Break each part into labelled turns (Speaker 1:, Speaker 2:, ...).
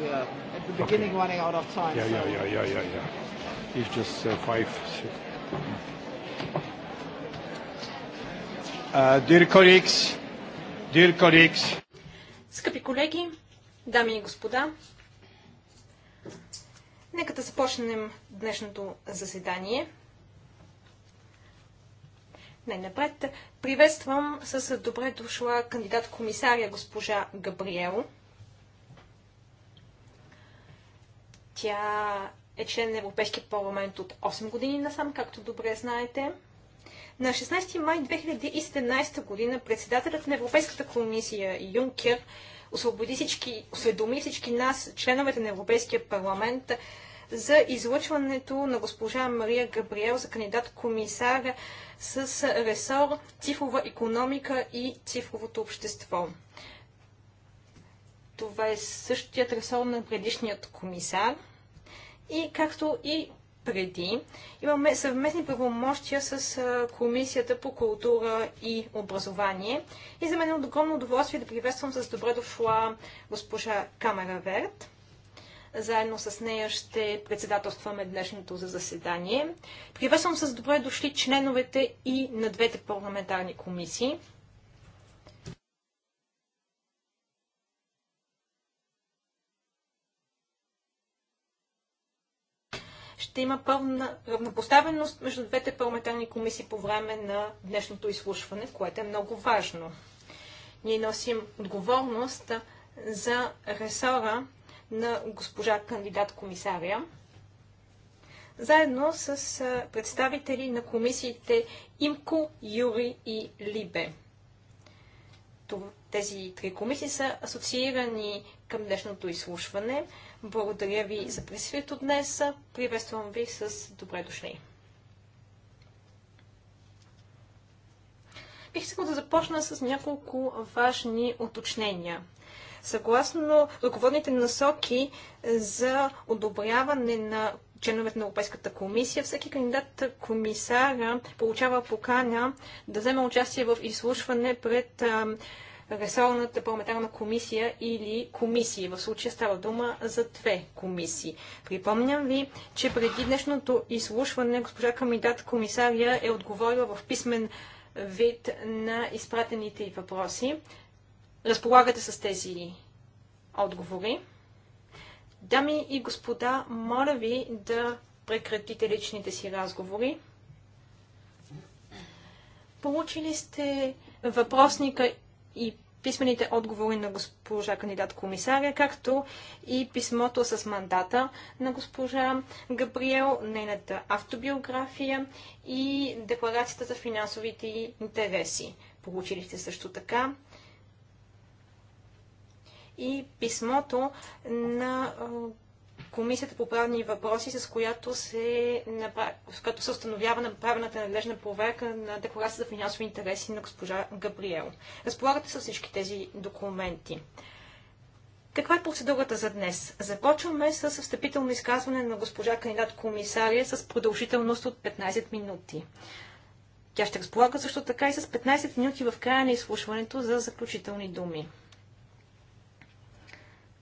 Speaker 1: we are at the beginning okay. running out of time. Yeah, so. yeah, yeah, yeah, yeah, yeah.
Speaker 2: He's just uh, five. Six. Uh, dear colleagues, dear colleagues.
Speaker 3: Скъпи колеги, дами и господа, нека да започнем днешното заседание. Най-напред приветствам с добре дошла кандидат-комисаря госпожа Габриел. Тя е член на Европейския парламент от 8 години насам, както добре знаете. На 16 май 2017 година председателят на Европейската комисия Юнкер освободи всички, осведоми всички нас, членовете на Европейския парламент, за излъчването на госпожа Мария Габриел за кандидат-комисар с ресор цифрова економика и цифровото общество. Това е същият ресор на предишният комисар – и както и преди, имаме съвместни правомощия с Комисията по култура и образование. И за мен е огромно удоволствие да приветствам с добре дошла госпожа Камера Верт. Заедно с нея ще председателстваме днешното за заседание. Приветствам с добре дошли членовете и на двете парламентарни комисии. ще има пълна равнопоставеност между двете парламентарни комисии по време на днешното изслушване, което е много важно. Ние носим отговорност за ресора на госпожа кандидат комисаря, заедно с представители на комисиите ИМКО, ЮРИ и ЛИБЕ. Тези три комисии са асоциирани към днешното изслушване. Благодаря ви за присъствието днес. Приветствам ви с добре дошли. Бих искал да започна с няколко важни уточнения. Съгласно ръководните насоки за одобряване на членовете на Европейската комисия, всеки кандидат комисара получава покана да вземе участие в изслушване пред ресорната парламентарна комисия или комисии. В случая става дума за две комисии. Припомням ви, че преди днешното изслушване госпожа кандидат комисария е отговорила в писмен вид на изпратените й въпроси. Разполагате с тези отговори. Дами и господа, моля ви да прекратите личните си разговори. Получили сте въпросника и писмените отговори на госпожа кандидат комисаря, както и писмото с мандата на госпожа Габриел, нейната автобиография и декларацията за финансовите интереси. Получили сте също така и писмото на Комисията по правни въпроси, с която се, направ... с която се установява направената надлежна проверка на декларация за финансови интереси на госпожа Габриел. Разполагате с всички тези документи. Каква е процедурата за днес? Започваме с встъпително изказване на госпожа кандидат комисария с продължителност от 15 минути. Тя ще разполага също така и с 15 минути в края на изслушването за заключителни думи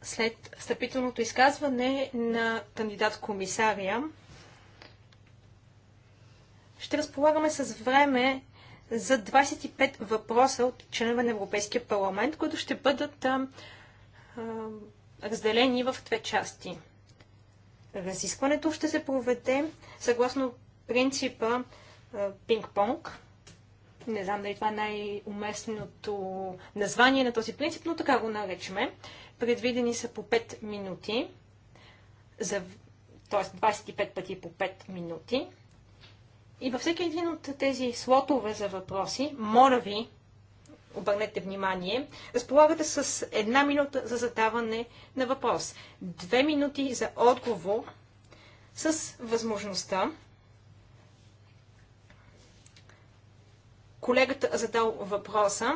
Speaker 3: след встъпителното изказване на кандидат-комисария. Ще разполагаме с време за 25 въпроса от членове на Европейския парламент, които ще бъдат а, а, разделени в две части. Разискването ще се проведе съгласно принципа пинг-понг. Не знам дали това е най-уместното название на този принцип, но така го наречеме. Предвидени са по 5 минути, за, т.е. 25 пъти по 5 минути. И във всеки един от тези слотове за въпроси, моля ви, обърнете внимание, разполагате с една минута за задаване на въпрос, две минути за отговор с възможността колегата задал въпроса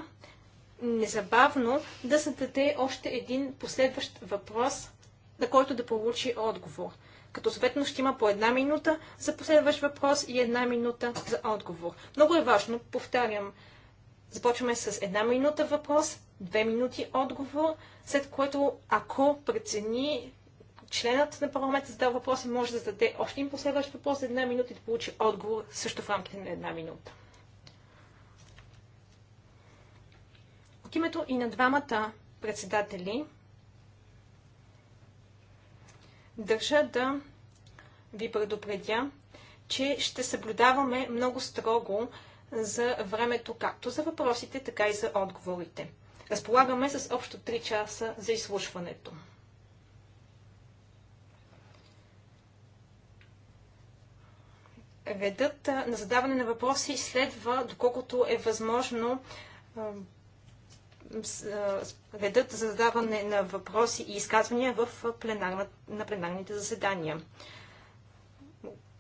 Speaker 3: незабавно да зададе още един последващ въпрос, на който да получи отговор. Като съответно ще има по една минута за последващ въпрос и една минута за отговор. Много е важно, повтарям, започваме с една минута въпрос, две минути отговор, след което ако прецени членът на парламента задава въпрос и може да зададе още един последващ въпрос за една минута и да получи отговор също в рамките на една минута. От името и на двамата председатели държа да ви предупредя, че ще съблюдаваме много строго за времето както за въпросите, така и за отговорите. Разполагаме с общо 3 часа за изслушването. Редът на задаване на въпроси следва, доколкото е възможно, редът за задаване на въпроси и изказвания в пленарна, на пленарните заседания.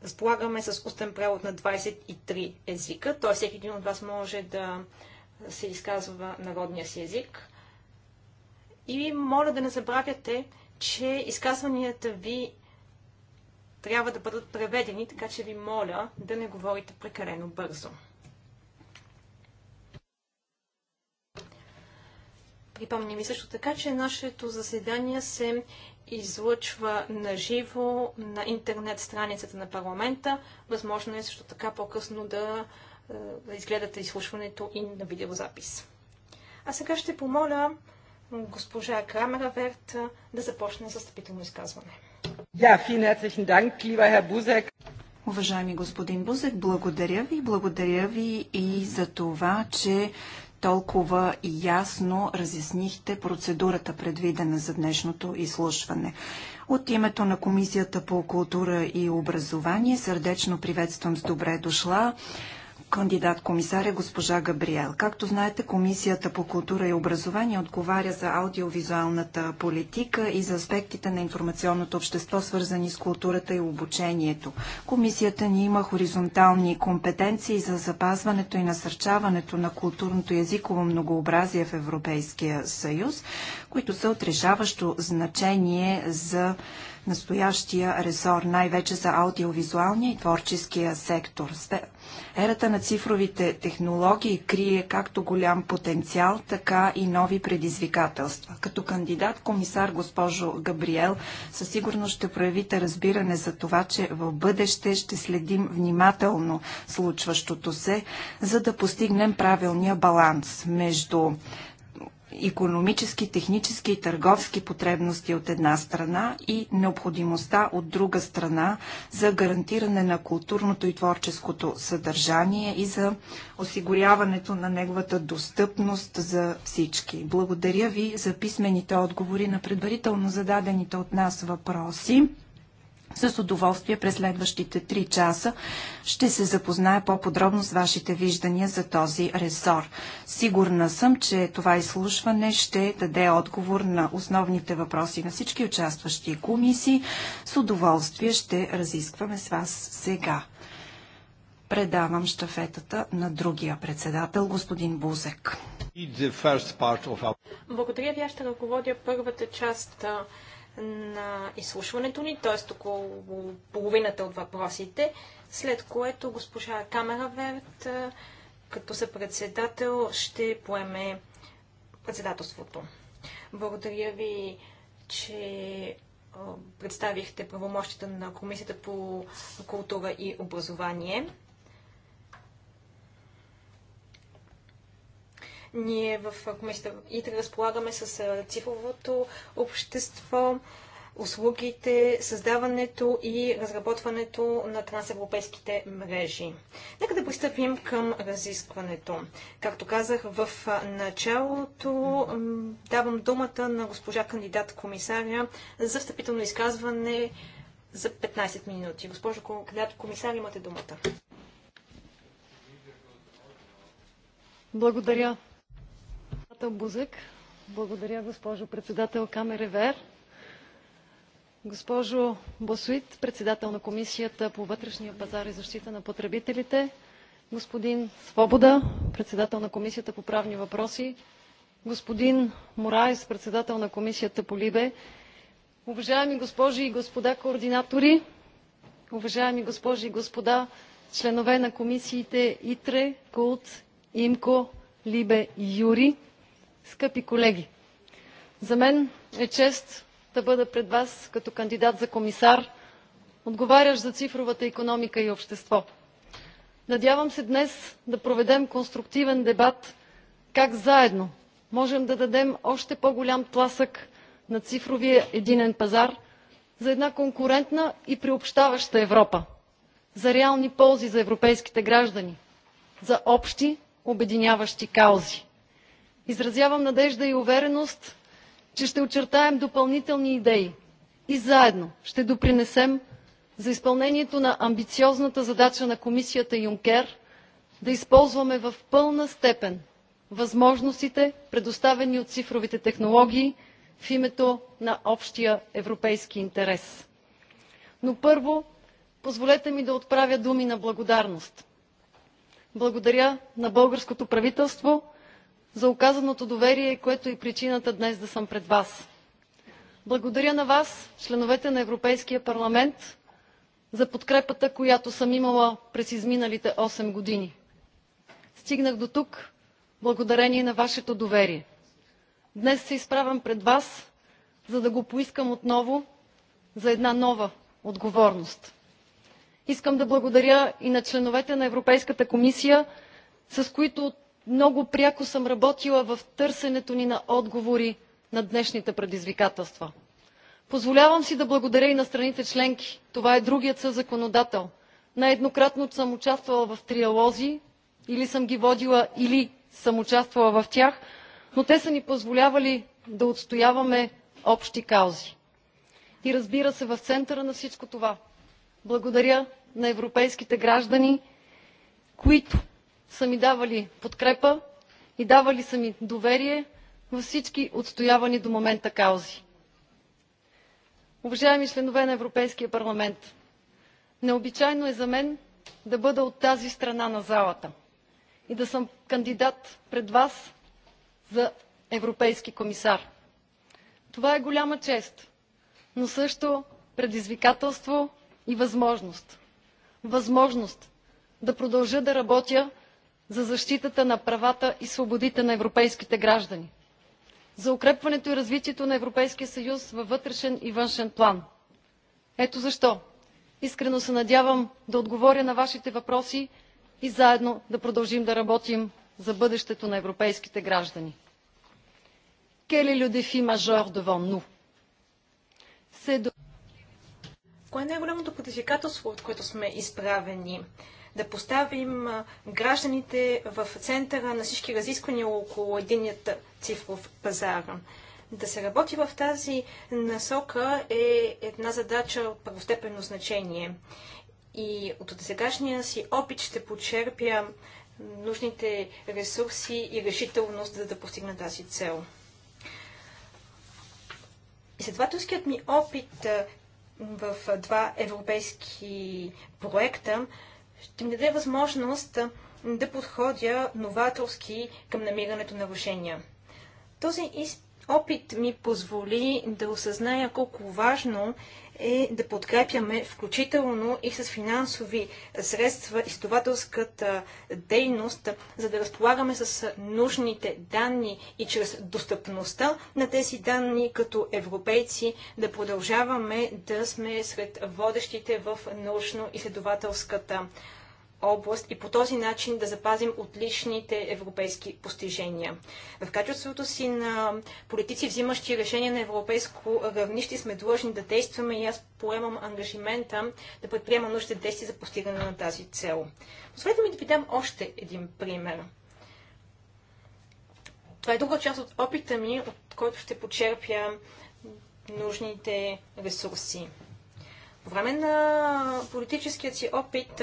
Speaker 3: Разполагаме с устен превод на 23 езика, т.е. всеки един от вас може да се изказва народния си език. И моля да не забравяте, че изказванията ви трябва да бъдат преведени, така че ви моля да не говорите прекалено бързо. Припомня ми също така, че нашето заседание се излъчва наживо на интернет страницата на парламента. Възможно е също така по-късно да, е, да изгледате изслушването и на видеозапис. А сега ще помоля госпожа Крамера Верт е, да започне с стъпително изказване.
Speaker 4: Да, vielen herzlichen Dank, lieber Herr Уважаеми господин Бузек, благодаря ви. Благодаря ви и за това, че толкова и ясно разяснихте процедурата, предвидена за днешното изслушване. От името на Комисията по култура и образование сърдечно приветствам с добре дошла кандидат комисаря е госпожа Габриел. Както знаете, Комисията по култура и образование отговаря за аудиовизуалната политика и за аспектите на информационното общество, свързани с културата и обучението. Комисията ни има хоризонтални компетенции за запазването и насърчаването на културното и езиково многообразие в Европейския съюз, които са отрешаващо значение за настоящия ресор, най-вече за аудиовизуалния и творческия сектор. Ерата на цифровите технологии крие както голям потенциал, така и нови предизвикателства. Като кандидат комисар госпожо Габриел, със сигурност ще проявите разбиране за това, че в бъдеще ще следим внимателно случващото се, за да постигнем правилния баланс между економически, технически и търговски потребности от една страна и необходимостта от друга страна за гарантиране на културното и творческото съдържание и за осигуряването на неговата достъпност за всички. Благодаря ви за писмените отговори на предварително зададените от нас въпроси. С удоволствие през следващите 3 часа ще се запозная по-подробно с вашите виждания за този ресор. Сигурна съм, че това изслушване ще даде отговор на основните въпроси на всички участващи комисии. С удоволствие ще разискваме с вас сега. Предавам штафетата на другия председател, господин Бузек.
Speaker 3: Благодаря ви, аз ще ръководя първата част на изслушването ни, т.е. около половината от въпросите, след което госпожа Камераверт, е, като съпредседател, ще поеме председателството. Благодаря ви, че е, представихте правомощите на Комисията по култура и образование. Ние в комисията и да разполагаме с цифровото общество, услугите, създаването и разработването на трансевропейските мрежи. Нека да пристъпим към разискването. Както казах в началото, давам думата на госпожа кандидат комисаря за встъпително изказване за 15 минути. Госпожо кандидат комисар, имате думата.
Speaker 1: Благодаря, колегата Бузък. Благодаря, госпожо председател Камере Вер, Госпожо Босуит, председател на Комисията по вътрешния пазар и защита на потребителите, господин Свобода, председател на Комисията по правни въпроси, господин Морайс, председател на Комисията по Либе, уважаеми госпожи и господа координатори, уважаеми госпожи и господа членове на комисиите ИТРЕ, КУЛТ, ИМКО, ЛИБЕ и ЮРИ, скъпи колеги! За мен е чест да бъда пред Вас като кандидат за комисар, отговарящ за цифровата икономика и общество. Надявам се днес да проведем конструктивен дебат как заедно можем да дадем още по-голям тласък на цифровия единен пазар за една конкурентна и приобщаваща Европа, за реални ползи за европейските граждани, за общи обединяващи каузи. Изразявам надежда и увереност, че ще очертаем допълнителни идеи и заедно ще допринесем за изпълнението на амбициозната задача на комисията Юнкер да използваме в пълна степен възможностите, предоставени от цифровите технологии в името на общия европейски интерес. Но първо, позволете ми да отправя думи на благодарност. Благодаря на българското правителство за оказаното доверие, което е причината днес да съм пред вас. Благодаря на вас, членовете на Европейския парламент, за подкрепата, която съм имала през изминалите 8 години. Стигнах до тук благодарение на вашето доверие. Днес се изправям пред вас, за да го поискам отново за една нова отговорност. Искам да благодаря и на членовете на Европейската комисия, с които много пряко съм работила в търсенето ни на отговори на днешните предизвикателства. Позволявам си да благодаря и на страните членки. Това е другият със Най-еднократно съм участвала в триалози, или съм ги водила, или съм участвала в тях, но те са ни позволявали да отстояваме общи каузи. И разбира се, в центъра на всичко това благодаря на европейските граждани, които са ми давали подкрепа и давали са ми доверие във всички отстоявани до момента каузи. Уважаеми членове на Европейския парламент, необичайно е за мен да бъда от тази страна на залата и да съм кандидат пред вас за европейски комисар. Това е голяма чест, но също предизвикателство и възможност. Възможност да продължа да работя за защитата на правата и свободите на европейските граждани за укрепването и развитието на европейския съюз във вътрешен и външен план. ето защо искрено се надявам да отговоря на вашите въпроси и заедно да продължим да работим за бъдещето на европейските граждани. Кели Людефи Мажор défi
Speaker 3: majeur Кое е най-голямото предизвикателство, от което сме изправени? да поставим гражданите в центъра на всички разисквания около единият цифров пазар. Да се работи в тази насока е една задача от първостепенно значение. И от сегашния си опит ще почерпя нужните ресурси и решителност, за да постигна тази цел. Изследователският ми опит в два европейски проекта ще ми даде възможност да подходя новаторски към намирането на решения. Този опит ми позволи да осъзная колко важно е да подкрепяме включително и с финансови средства изследователската дейност, за да разполагаме с нужните данни и чрез достъпността на тези данни като европейци да продължаваме да сме сред водещите в научно-изследователската област и по този начин да запазим отличните европейски постижения. В качеството си на политици, взимащи решения на европейско равнище, сме длъжни да действаме и аз поемам ангажимента да предприема нужните действия за постигане на тази цел. Позволете ми да ви дам още един пример. Това е друга част от опита ми, от който ще почерпя нужните ресурси. По време на политическият си опит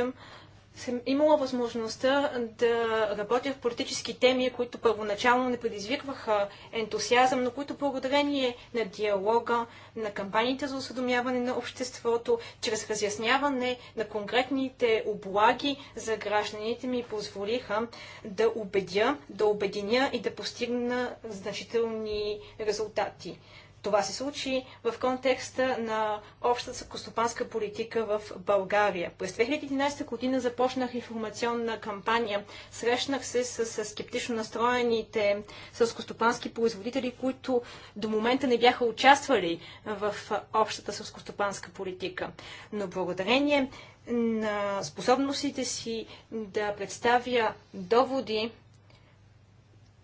Speaker 3: съм имала възможността да работя в политически теми, които първоначално не предизвикваха ентусиазъм, но които благодарение на диалога, на кампаниите за осведомяване на обществото, чрез разясняване на конкретните облаги за гражданите ми позволиха да убедя, да обединя и да постигна значителни резултати. Това се случи в контекста на общата съкостопанска политика в България. През 2011 година започнах информационна кампания. Срещнах се с, скептично настроените с производители, които до момента не бяха участвали в общата сълскостопанска политика. Но благодарение на способностите си да представя доводи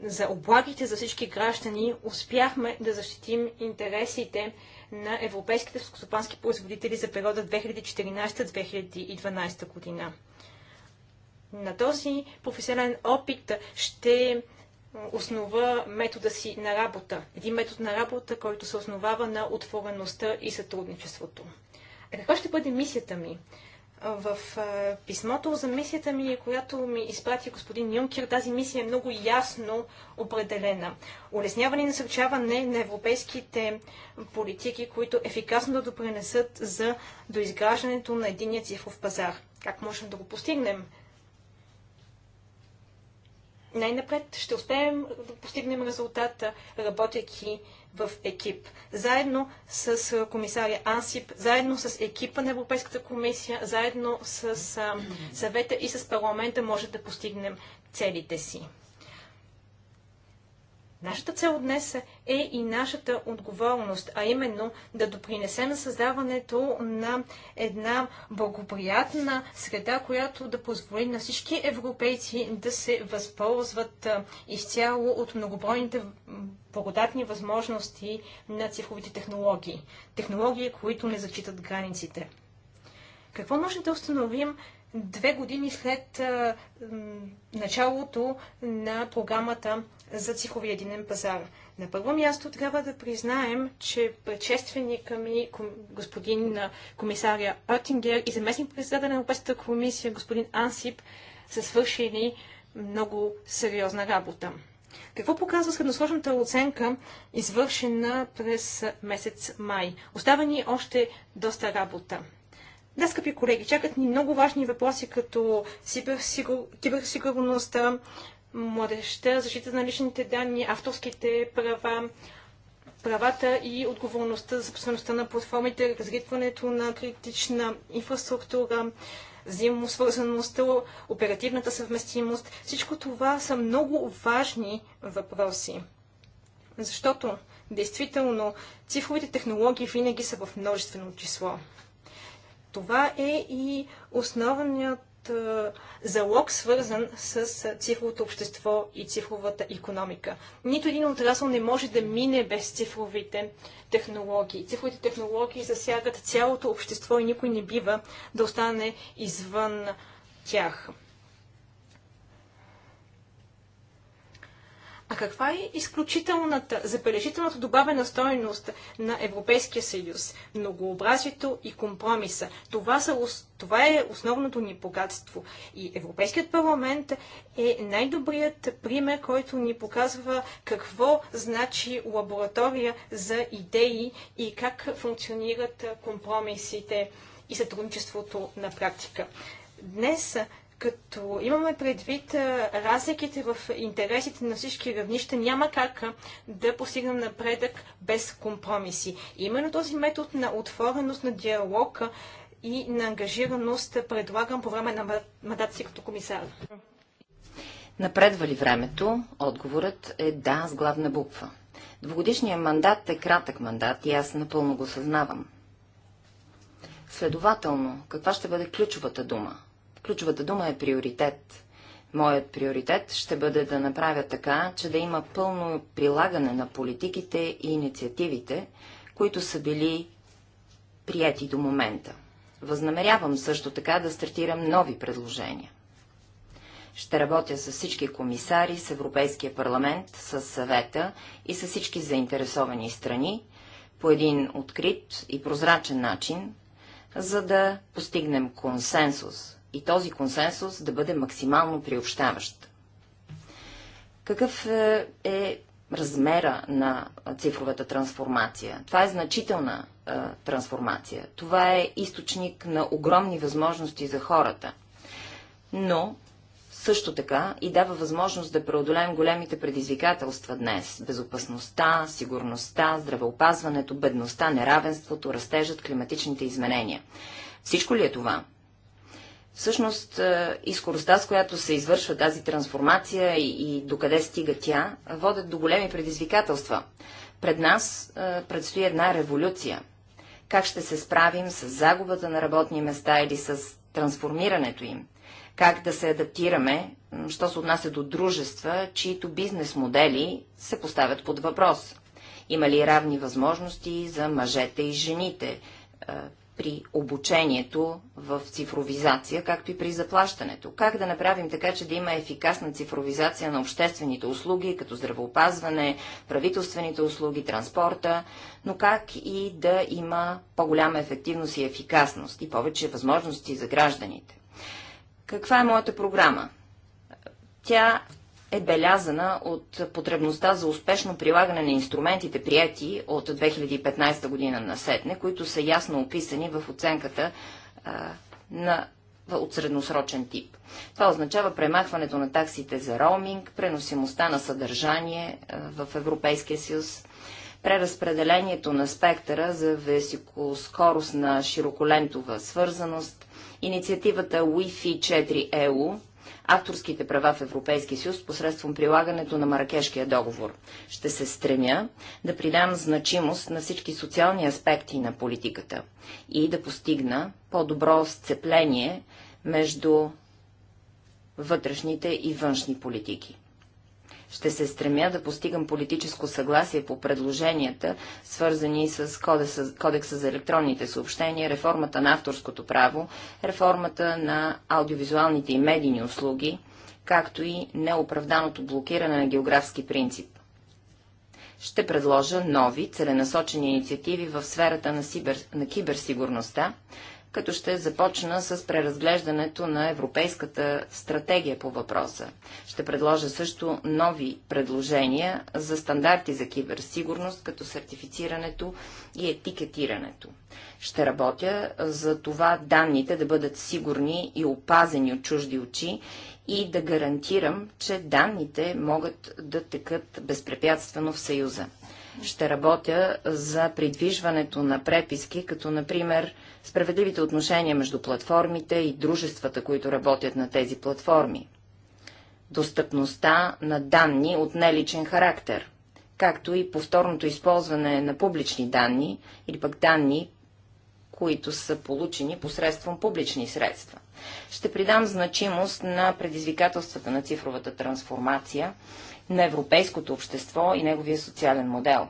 Speaker 3: за облагите за всички граждани успяхме да защитим интересите на европейските скосопански производители за периода 2014-2012 година. На този професионален опит ще основа метода си на работа. Един метод на работа, който се основава на отвореността и сътрудничеството. А е, каква ще бъде мисията ми? В писмото за мисията ми, която ми изпрати господин Юнкер, тази мисия е много ясно определена. Улесняване и насърчаване на европейските политики, които ефикасно да допринесат за доизграждането на единия цифров пазар. Как можем да го постигнем? Най-напред ще успеем да постигнем резултата, работейки в екип. Заедно с комисаря Ансип, заедно с екипа на Европейската комисия, заедно с съвета и с парламента може да постигнем целите си. Нашата цел днес е и нашата отговорност, а именно да допринесем създаването на една благоприятна среда, която да позволи на всички европейци да се възползват изцяло от многобройните благодатни възможности на цифровите технологии. Технологии, които не зачитат границите. Какво може да установим две години след началото на програмата за цифровия единен пазар. На първо място трябва да признаем, че предшественика ми, господин комисаря Оттингер и заместник председател на Европейската комисия, господин Ансип, са свършили много сериозна работа. Какво показва средносрочната оценка, извършена през месец май? Остава ни още доста работа. Да, скъпи колеги, чакат ни много важни въпроси, като киберсигурността, младеща, защита на личните данни, авторските права, правата и отговорността за собствеността на платформите, разгритването на критична инфраструктура, взаимосвързаността, оперативната съвместимост. Всичко това са много важни въпроси. Защото, действително, цифровите технологии винаги са в множествено число. Това е и основният залог, свързан с цифровото общество и цифровата економика. Нито един отрасъл не може да мине без цифровите технологии. Цифровите технологии засягат цялото общество и никой не бива да остане извън тях. А каква е изключителната, забележителната добавена стойност на Европейския съюз? Многообразието и компромиса. Това, са, това е основното ни богатство. И Европейският парламент е най-добрият пример, който ни показва какво значи лаборатория за идеи и как функционират компромисите и сътрудничеството на практика. Днес като имаме предвид разликите в интересите на всички равнища, няма как да постигнем напредък без компромиси. И именно този метод на отвореност на диалог и на ангажираност предлагам по време на мандата си като комисар.
Speaker 5: Напредва ли времето? Отговорът е да с главна буква. Двогодишният мандат е кратък мандат и аз напълно го съзнавам. Следователно, каква ще бъде ключовата дума? Ключовата дума е приоритет. Моят приоритет ще бъде да направя така, че да има пълно прилагане на политиките и инициативите, които са били прияти до момента. Възнамерявам също така да стартирам нови предложения. Ще работя с всички комисари, с Европейския парламент, с съвета и с всички заинтересовани страни по един открит и прозрачен начин, за да постигнем консенсус и този консенсус да бъде максимално приобщаващ. Какъв е, е размера на цифровата трансформация? Това е значителна е, трансформация. Това е източник на огромни възможности за хората. Но също така и дава възможност да преодолеем големите предизвикателства днес – безопасността, сигурността, здравеопазването, бедността, неравенството, растежът, климатичните изменения. Всичко ли е това? Всъщност е, и скоростта, с която се извършва тази трансформация и, и докъде стига тя, водят до големи предизвикателства. Пред нас е, предстои една революция. Как ще се справим с загубата на работни места или с трансформирането им? Как да се адаптираме, що се отнася до дружества, чието бизнес модели се поставят под въпрос? Има ли равни възможности за мъжете и жените? Е, при обучението в цифровизация, както и при заплащането. Как да направим така, че да има ефикасна цифровизация на обществените услуги, като здравеопазване, правителствените услуги, транспорта, но как и да има по-голяма ефективност и ефикасност и повече възможности за гражданите. Каква е моята програма? Тя е белязана от потребността за успешно прилагане на инструментите, прияти от 2015 година на Сетне, които са ясно описани в оценката а, на от средносрочен тип. Това означава премахването на таксите за роуминг, преносимостта на съдържание в Европейския съюз, преразпределението на спектъра за високоскорост на широколентова свързаност, инициативата Wi-Fi 4 EU е авторските права в Европейския съюз посредством прилагането на Маракешкия договор. Ще се стремя да придам значимост на всички социални аспекти на политиката и да постигна по-добро сцепление между вътрешните и външни политики. Ще се стремя да постигам политическо съгласие по предложенията, свързани с кодекса, кодекса за електронните съобщения, реформата на авторското право, реформата на аудиовизуалните и медийни услуги, както и неоправданото блокиране на географски принцип. Ще предложа нови целенасочени инициативи в сферата на, сибер... на киберсигурността, като ще започна с преразглеждането на Европейската стратегия по въпроса. Ще предложа също нови предложения за стандарти за киберсигурност, като сертифицирането и етикетирането. Ще работя за това данните да бъдат сигурни и опазени от чужди очи и да гарантирам, че данните могат да текат безпрепятствено в Съюза. Ще работя за придвижването на преписки, като например справедливите отношения между платформите и дружествата, които работят на тези платформи. Достъпността на данни от неличен характер, както и повторното използване на публични данни или пък данни, които са получени посредством публични средства. Ще придам значимост на предизвикателствата на цифровата трансформация на европейското общество и неговия социален модел.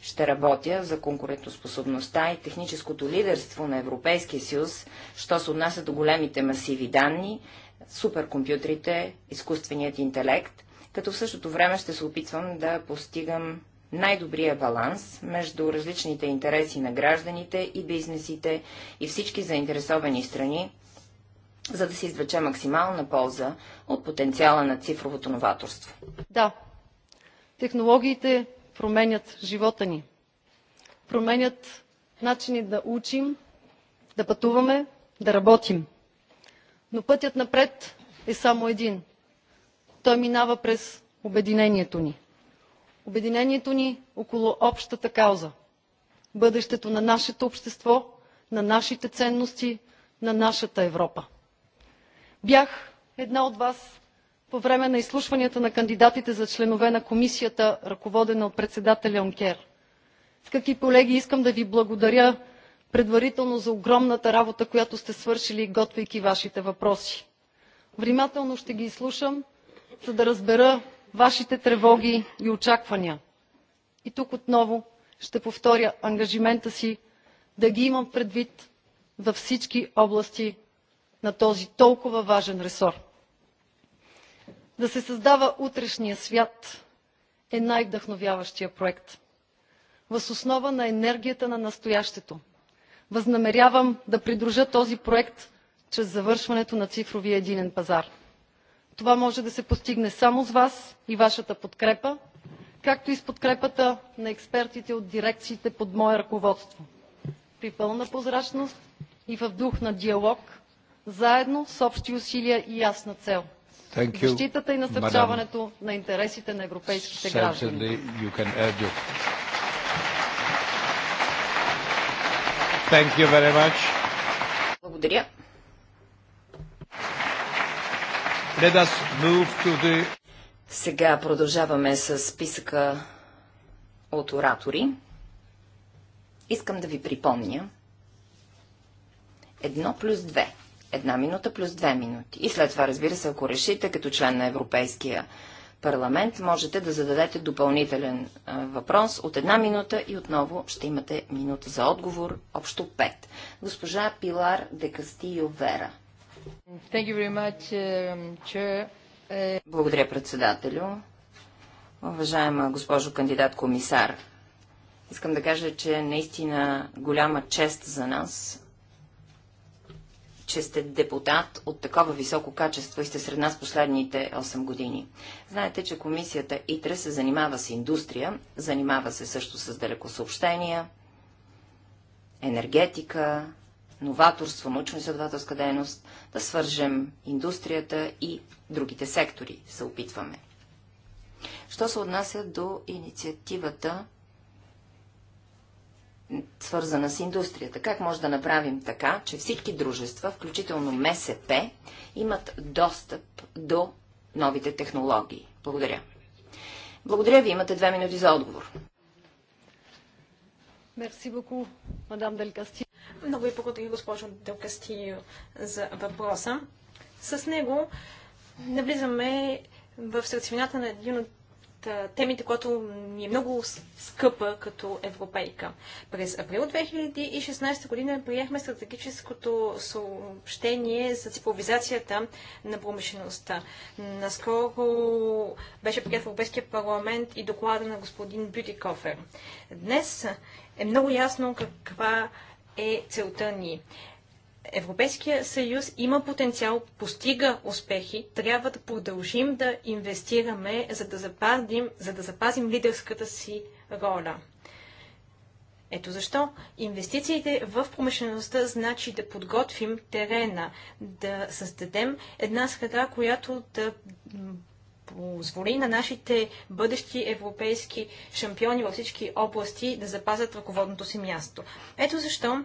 Speaker 5: Ще работя за конкурентоспособността и техническото лидерство на Европейския съюз, що се отнася до големите масиви данни, суперкомпютрите, изкуственият интелект, като в същото време ще се опитвам да постигам най-добрия баланс между различните интереси на гражданите и бизнесите и всички заинтересовани страни, за да се извлече максимална полза от потенциала на цифровото новаторство.
Speaker 1: Да, технологиите променят живота ни. Променят начини да учим, да пътуваме, да работим. Но пътят напред е само един. Той минава през обединението ни. Обединението ни около общата кауза. Бъдещето на нашето общество, на нашите ценности, на нашата Европа. Бях една от вас по време на изслушванията на кандидатите за членове на комисията, ръководена от председателя Юнкер. Скъпи колеги, искам да ви благодаря предварително за огромната работа, която сте свършили, готвейки вашите въпроси. Внимателно ще ги изслушам, за да разбера вашите тревоги и очаквания. И тук отново ще повторя ангажимента си да ги имам предвид във всички области на този толкова важен ресор. Да се създава утрешния свят е най-вдъхновяващия проект. Въз основа на енергията на настоящето. Възнамерявам да придружа този проект чрез завършването на цифровия единен пазар. Това може да се постигне само с вас и вашата подкрепа, както и с подкрепата на експертите от дирекциите под мое ръководство. При пълна прозрачност и в дух на диалог заедно с общи усилия и ясна цел.
Speaker 2: Защитата и насърчаването
Speaker 1: на интересите на европейските граждани.
Speaker 5: Благодаря.
Speaker 2: The...
Speaker 5: Сега продължаваме с списъка от оратори. Искам да ви припомня. Едно плюс две – една минута плюс две минути. И след това, разбира се, ако решите, като член на Европейския парламент, можете да зададете допълнителен въпрос от една минута и отново ще имате минута за отговор, общо пет. Госпожа Пилар Декастио Вера. Much, uh, е, Благодаря, председателю. Уважаема госпожо кандидат комисар, искам да кажа, че наистина голяма чест за нас че сте депутат от такова високо качество и сте сред нас последните 8 години. Знаете, че комисията ИТРЕ се занимава с индустрия, занимава се също с далекосъобщения, енергетика, новаторство, научно-изследователска дейност, да свържем индустрията и другите сектори, се опитваме. Що се отнася до инициативата свързана с индустрията. Как може да направим така, че всички дружества, включително МСП, имат достъп до новите технологии? Благодаря. Благодаря ви. Имате две минути за
Speaker 1: отговор. Мерси боку, мадам Дел
Speaker 3: Много ви благодаря, госпожо Делкастио за въпроса. С него навлизаме в сърцевината на един от темите, която ми е много скъпа като европейка. През април 2016 година приехме стратегическото съобщение за цифровизацията на промишлеността. Наскоро беше прият в Европейския парламент и доклада на господин Кофер. Днес е много ясно каква е целта ни. Европейския съюз има потенциал, постига успехи, трябва да продължим да инвестираме, за да запазим, за да запазим лидерската си роля. Ето защо инвестициите в промишлеността значи да подготвим терена, да създадем една среда, която да позволи на нашите бъдещи европейски шампиони във всички области да запазят ръководното си място. Ето защо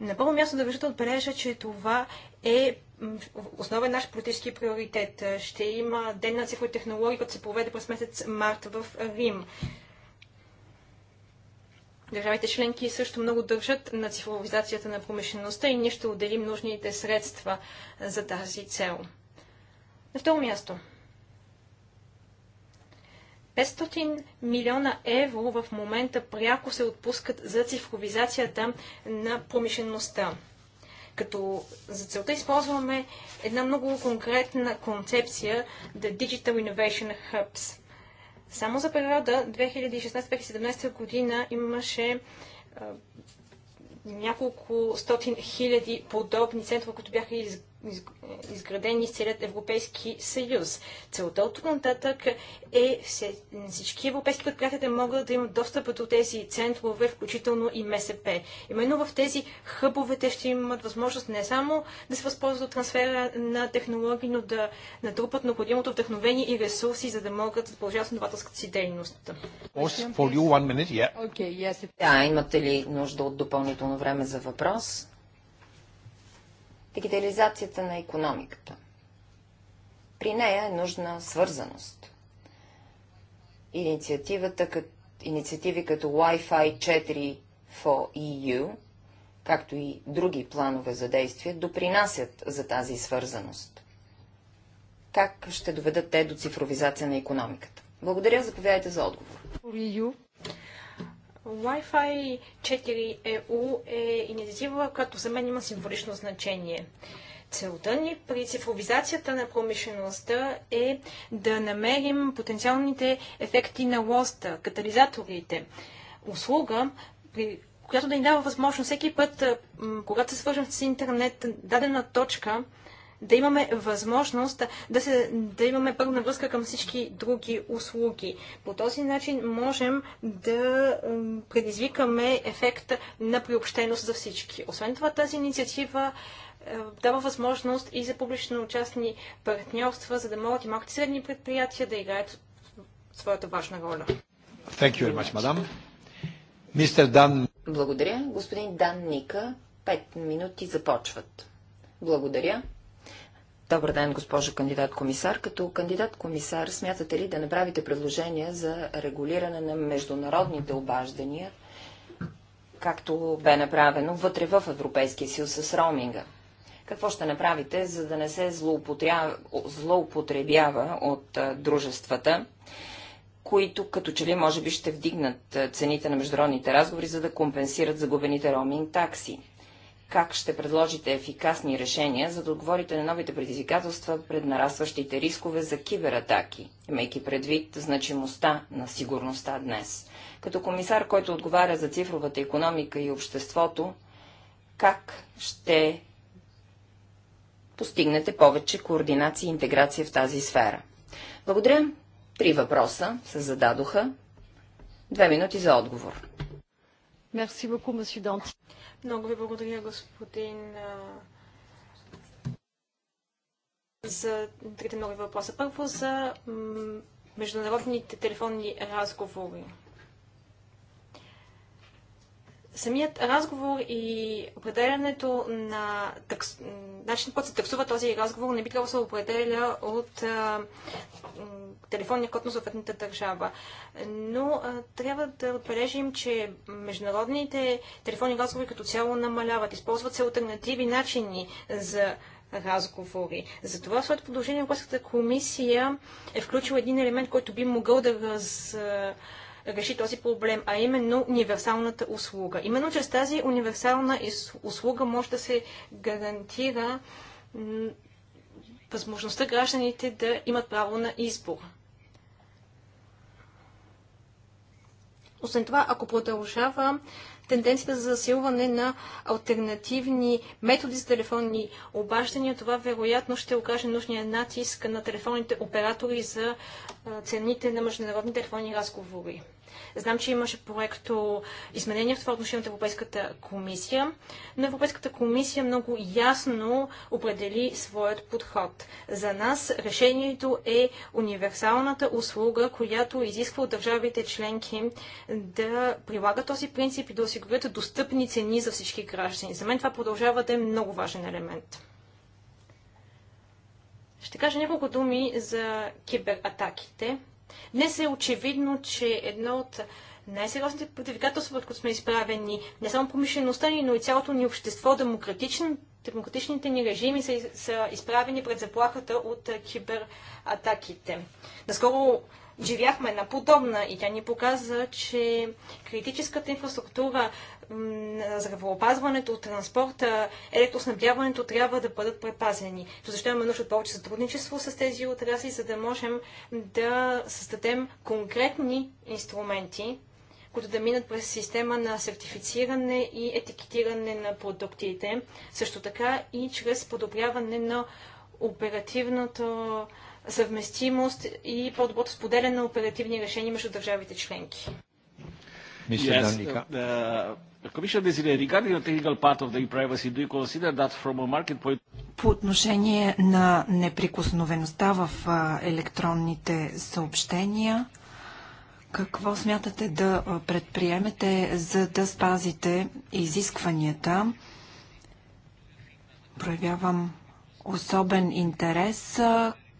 Speaker 3: на първо място държа да отбележа, че това е основен наш политически приоритет. Е, ще има Ден на цифрови технологии, който се проведе през месец март в Рим. Държавите членки също много държат на цифровизацията на промишлеността и ние ще отделим нужните средства за тази цел. На второ място – 500 милиона евро в момента пряко се отпускат за цифровизацията на промишлеността. Като за целта използваме една много конкретна концепция The Digital Innovation Hubs. Само за периода 2016-2017 година имаше няколко стотин хиляди подобни центрове, които бяха изградени изградени с целият Европейски съюз. Целта от тук нататък е всички европейски предприятия да могат да имат достъп до тези центрове, включително и МСП. Именно в тези хъбове те ще имат възможност не само да се възползват от трансфера на технологии, но да натрупат необходимото вдъхновение и ресурси, за да могат да продължават основателската си дейност. Да, имате ли нужда от допълнително време за въпрос?
Speaker 5: дигитализацията на економиката. При нея е нужна свързаност. Инициативата, кът, инициативи като Wi-Fi 4 for EU, както и други планове за действие, допринасят за тази свързаност. Как ще доведат те до цифровизация на економиката? Благодаря, заповядайте за отговор.
Speaker 3: Wi-Fi 4EU е, е инициатива, която за мен има символично значение. Целта ни при цифровизацията на промишлеността е да намерим потенциалните ефекти на лоста, катализаторите. Услуга, при която да ни дава възможност всеки път, когато се свържем с интернет, дадена точка, да имаме възможност да, се, да имаме пълна връзка към всички други услуги. По този начин можем да предизвикаме ефект на приобщеност за всички. Освен това, тази инициатива е, дава възможност и за публично-частни партньорства, за да могат и малките средни предприятия да играят своята важна роля.
Speaker 2: Thank you very much, madam. Mr. Dan...
Speaker 3: Благодаря. Господин Дан Ника,
Speaker 5: пет минути започват. Благодаря. Добър ден, госпожо
Speaker 4: кандидат-комисар.
Speaker 5: Като кандидат-комисар смятате ли да направите предложение за регулиране на международните обаждания, както бе направено вътре в Европейския съюз с роуминга? Какво ще направите, за да не се злоупотребява, от дружествата, които като че ли може би ще вдигнат цените на международните разговори, за да компенсират загубените роуминг такси? как ще предложите ефикасни решения, за да отговорите на новите предизвикателства пред нарастващите рискове за кибератаки, имайки предвид значимостта на сигурността днес. Като комисар, който отговаря за цифровата економика и обществото, как ще постигнете повече координация и интеграция в тази сфера? Благодаря. Три въпроса се зададоха.
Speaker 1: Две минути за отговор. Merci beaucoup, много ви благодаря,
Speaker 3: господин за трите нови въпроса. Първо за международните телефонни разговори самият разговор и определянето на такс... начин, който се таксува този разговор, не би трябвало да се определя от а, телефонния код на съответната държава. Но а, трябва да отбележим, че международните телефонни разговори като цяло намаляват. Използват се альтернативи начини за разговори. Затова в своето продължение Европейската комисия е включила един елемент, който би могъл да раз реши този проблем, а именно универсалната услуга. Именно чрез тази универсална услуга може да се гарантира възможността гражданите да имат право на избор. Освен това, ако продължава тенденцията за засилване на альтернативни методи за телефонни обаждания, това вероятно ще окаже нужния натиск на телефонните оператори за цените на международни телефонни разговори. Знам, че имаше проекто изменения в това отношение от Европейската комисия, но Европейската комисия много ясно определи своят подход. За нас решението е универсалната услуга, която изисква от държавите членки да прилагат този принцип и да осигурят достъпни цени за всички граждани. За мен това продължава да е много важен елемент. Ще кажа няколко думи за кибератаките. Днес е очевидно, че едно от най-сериозните предизвикателства, пред които сме изправени, не само промишлеността ни, но и цялото ни общество, демократично, демократичните ни режими са, са изправени пред заплахата от кибератаките. Наскоро живяхме на подобна и тя ни показа, че критическата инфраструктура на здравеопазването, транспорта, електроснабдяването трябва да бъдат предпазени. Защо имаме нужда от повече сътрудничество с тези отрасли, за да можем да създадем конкретни инструменти, които да минат през система на сертифициране и етикетиране на продуктите, също така и чрез подобряване на оперативното съвместимост и по-доброто споделяне на оперативни решения между държавите членки.
Speaker 1: Uh,
Speaker 4: По отношение на неприкосновеността в електронните съобщения, какво смятате да предприемете, за да спазите изискванията? Проявявам особен интерес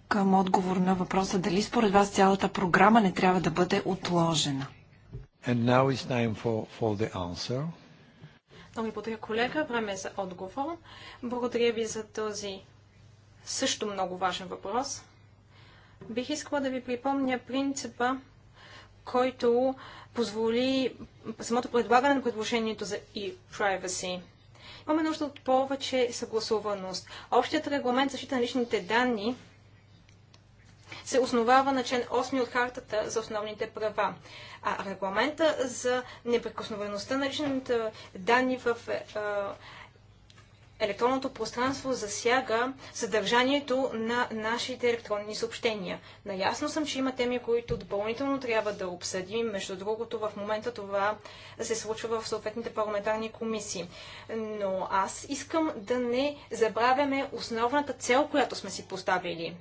Speaker 4: към отговор на въпроса дали според вас цялата програма не трябва да бъде отложена.
Speaker 2: And now it's time for, for the answer.
Speaker 3: Много ви благодаря, колега. Време е за отговор. Благодаря ви за този също много важен въпрос. Бих искала да ви припомня принципа, който позволи самото предлагане на предложението за e-privacy. Имаме нужда от повече съгласуваност. Общият регламент за защита на личните данни се основава на член 8 от Хартата за основните права. А регламента за неприкосновеността на личните данни в е, електронното пространство засяга съдържанието на нашите електронни съобщения. Наясно съм, че има теми, които допълнително трябва да обсъдим. Между другото, в момента това се случва в съответните парламентарни комисии. Но аз искам да не забравяме основната цел, която сме си поставили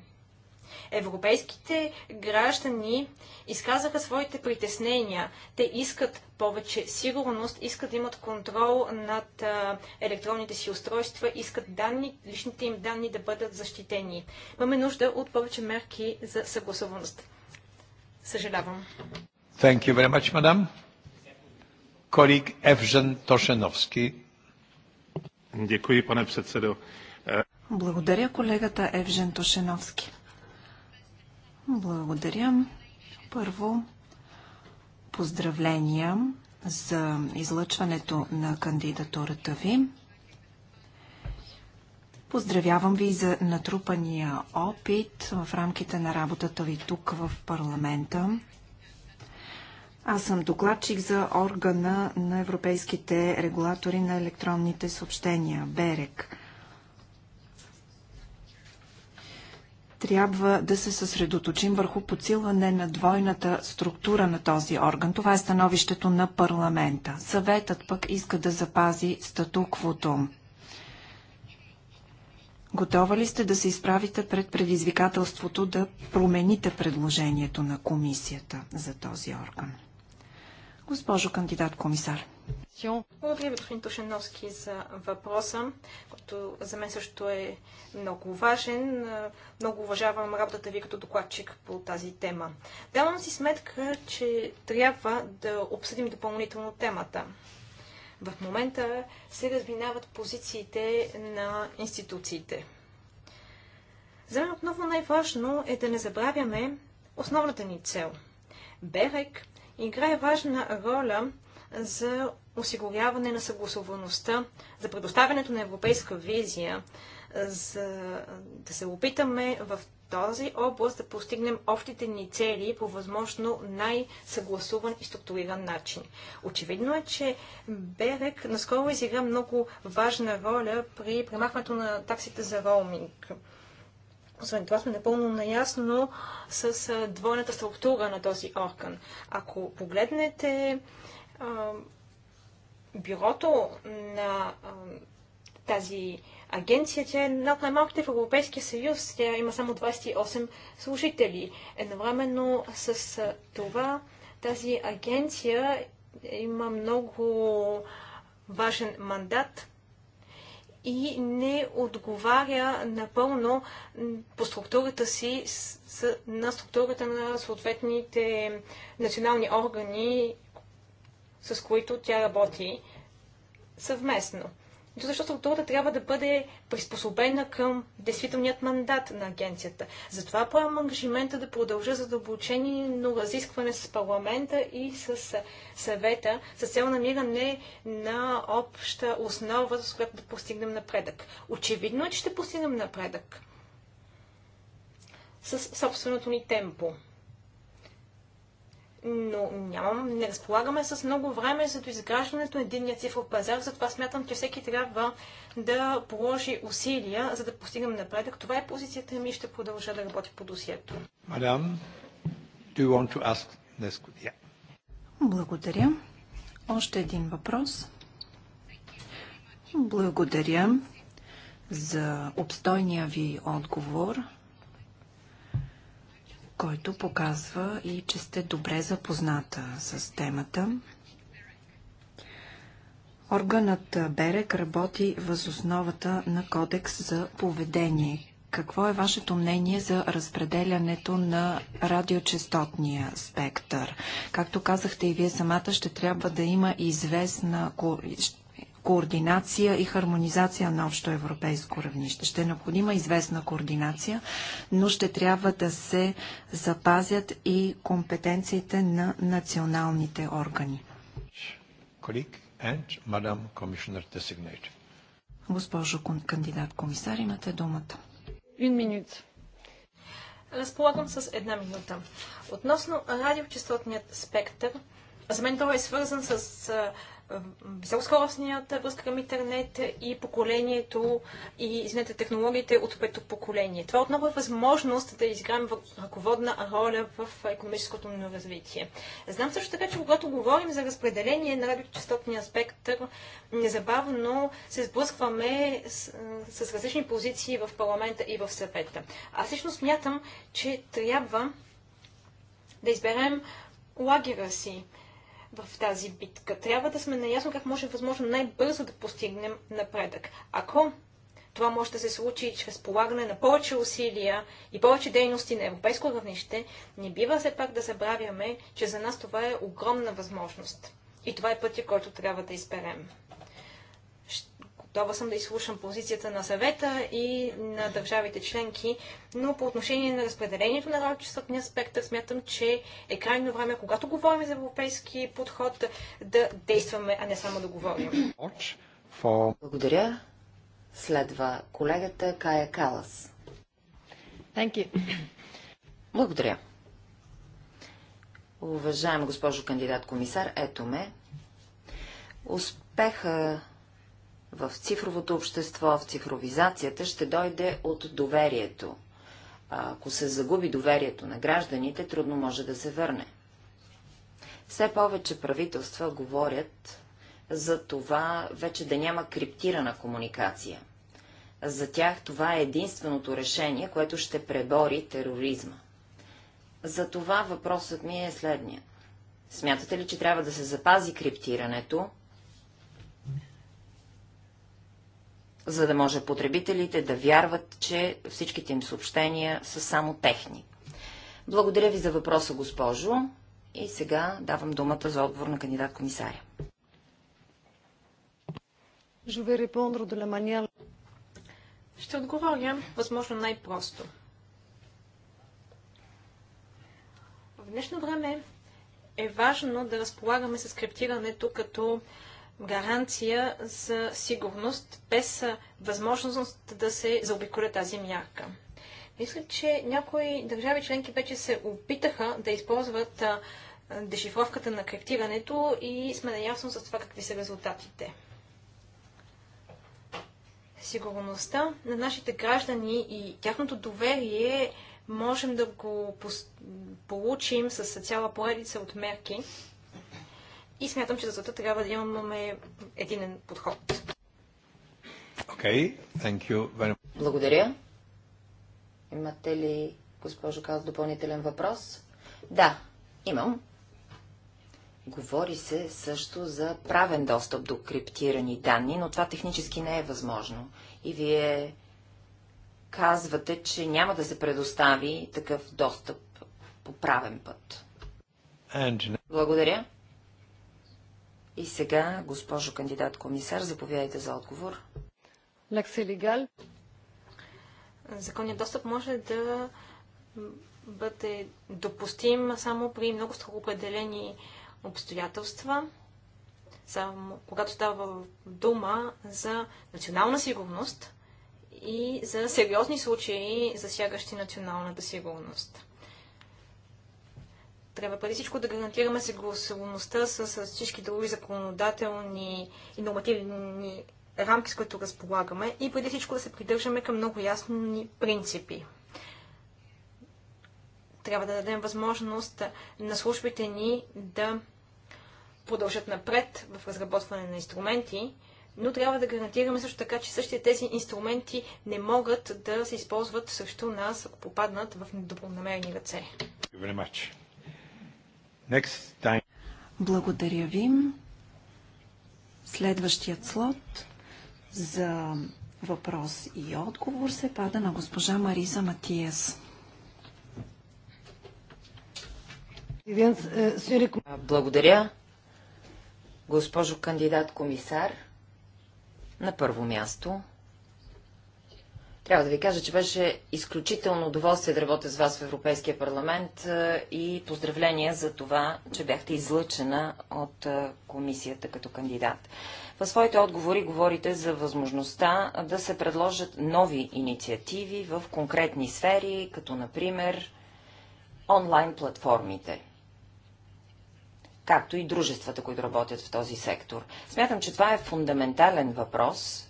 Speaker 3: Европейските граждани изказаха своите притеснения. Те искат повече сигурност, искат да имат контрол над електронните си устройства, искат данни, личните им данни да бъдат защитени. Имаме нужда от повече мерки за съгласуваност. Съжалявам.
Speaker 2: Thank you very much, madam. Kolik Evžen Тошеновски. Děkuji, pane předsedo.
Speaker 4: Благодаря колегата Евжен Тошеновски. Благодаря. Първо, поздравления за излъчването на кандидатурата ви. Поздравявам ви за натрупания опит в рамките на работата ви тук в парламента. Аз съм докладчик за органа на европейските регулатори на електронните съобщения, БЕРЕК. трябва да се съсредоточим върху подсилване на двойната структура на този орган. Това е становището на парламента. Съветът пък иска да запази статуквото. Готова ли сте да се изправите пред предизвикателството да промените предложението на комисията за този орган? Госпожо кандидат комисар.
Speaker 3: Благодаря ви, господин Тушеновски, за въпроса, който за мен също е много важен. Много уважавам работата ви като докладчик по тази тема. Давам си сметка, че трябва да обсъдим допълнително темата. В момента се разминават позициите на институциите. За мен отново най-важно е да не забравяме основната ни цел. Берек играе важна роля за осигуряване на съгласоваността, за предоставянето на европейска визия, за да се опитаме в този област да постигнем общите ни цели по възможно най-съгласуван и структуриран начин. Очевидно е, че Берек наскоро изигра много важна роля при премахването на таксите за роуминг. Освен това сме напълно наясно с двойната структура на този орган. Ако погледнете а, бюрото на а, тази агенция, тя е една от най-малките в Европейския съюз. Тя има само 28 служители. Едновременно с това тази агенция има много важен мандат и не отговаря напълно по структурата си с на структурата на съответните национални органи, с които тя работи съвместно. Защото структурата трябва да бъде приспособена към действителният мандат на агенцията. Затова поемам ангажимента да продължа но разискване с парламента и с съвета с цел намиране на обща основа, с която да постигнем напредък. Очевидно е, че ще постигнем напредък с собственото ни темпо но нямам, не разполагаме с много време за изграждането на единния цифров пазар, затова смятам, че всеки трябва да положи усилия, за да постигнем напредък. Това е позицията ми и ще продължа да работя по
Speaker 4: досието.
Speaker 2: Мадам, do you want to ask this? Yeah.
Speaker 4: Благодаря. Още един въпрос. Благодаря за обстойния ви отговор който показва и че сте добре запозната с темата. Органът Берек работи въз основата на кодекс за поведение. Какво е вашето мнение за разпределянето на радиочастотния спектър? Както казахте и вие самата, ще трябва да има известна, координация и хармонизация на общо европейско равнище. Ще е необходима известна координация, но ще трябва да се запазят и компетенциите на националните органи. Госпожо кандидат комисар, имате думата. Един минут.
Speaker 3: Разполагам с една минута. Относно радиочастотният спектър, за мен той е свързан с високоскоростният връзка към интернет и поколението и извинете, технологиите от пето поколение. Това отново е възможност да изиграем ръководна роля в економическото ни развитие. Знам също така, че когато говорим за разпределение на радиочастотния спектър, незабавно се сблъскваме с, с различни позиции в парламента и в съвета. Аз лично смятам, че трябва да изберем лагера си в тази битка. Трябва да сме наясно как може възможно най-бързо да постигнем напредък. Ако това може да се случи чрез полагане на повече усилия и повече дейности на европейско равнище, не бива все пак да забравяме, че за нас това е огромна възможност. И това е пътя, който трябва да изберем. Готова съм да изслушам позицията на съвета и на държавите членки, но по отношение на разпределението на радиочастотния спектър смятам, че е крайно време, когато говорим за европейски подход, да действаме, а не само да говорим.
Speaker 5: Благодаря. Следва колегата Кая Калас. Благодаря. Уважаема госпожо кандидат комисар, ето ме. Успеха в цифровото общество, в цифровизацията, ще дойде от доверието. А ако се загуби доверието на гражданите, трудно може да се върне. Все повече правителства говорят за това вече да няма криптирана комуникация. За тях това е единственото решение, което ще пребори тероризма. За това въпросът ми е следния. Смятате ли, че трябва да се запази криптирането за да може потребителите да вярват, че всичките им съобщения са само техни. Благодаря ви за въпроса, госпожо. И сега давам думата за отговор на кандидат комисаря.
Speaker 1: Ще отговоря възможно най-просто.
Speaker 3: В днешно време е важно да разполагаме с криптирането като гаранция за сигурност, без възможност да се заобиколя тази мярка. Мисля, че някои държави членки вече се опитаха да използват дешифровката на криптирането и сме наясно с това какви са резултатите. Сигурността на нашите граждани и тяхното доверие можем да го получим с цяла поредица от мерки, и смятам, че за това трябва да имаме единен подход.
Speaker 2: Okay, thank you very much.
Speaker 5: Благодаря. Имате
Speaker 3: ли, госпожо
Speaker 5: Каз, допълнителен въпрос? Да, имам. Говори се също за правен достъп до криптирани данни, но това технически не е възможно. И вие казвате, че няма да се предостави такъв достъп по правен път. And... Благодаря. И сега, госпожо кандидат комисар, заповядайте за отговор.
Speaker 1: е легал.
Speaker 3: Законният достъп може да бъде допустим само при много строго определени обстоятелства, само когато става дума за национална сигурност и за сериозни случаи, засягащи националната сигурност. Трябва преди всичко да гарантираме съгласуваността с, с всички други законодателни и нормативни рамки, с които разполагаме и преди всичко да се придържаме към много ясни принципи. Трябва да дадем възможност на службите ни да продължат напред в разработване на инструменти, но трябва да гарантираме също така, че същите тези инструменти не могат да се използват срещу нас, ако попаднат в недобронамерени
Speaker 4: ръце. Next time. Благодаря ви. Следващият слот за въпрос и отговор се пада на госпожа Мариза Матиес.
Speaker 5: Благодаря. Госпожо кандидат комисар, на първо място трябва да ви кажа, че беше изключително удоволствие да работя с вас в Европейския парламент е, и поздравления за това, че бяхте излъчена от е, комисията като кандидат. Във своите отговори говорите за възможността да се предложат нови инициативи в конкретни сфери, като например онлайн платформите както и дружествата, които работят в този сектор. Смятам, че това е фундаментален въпрос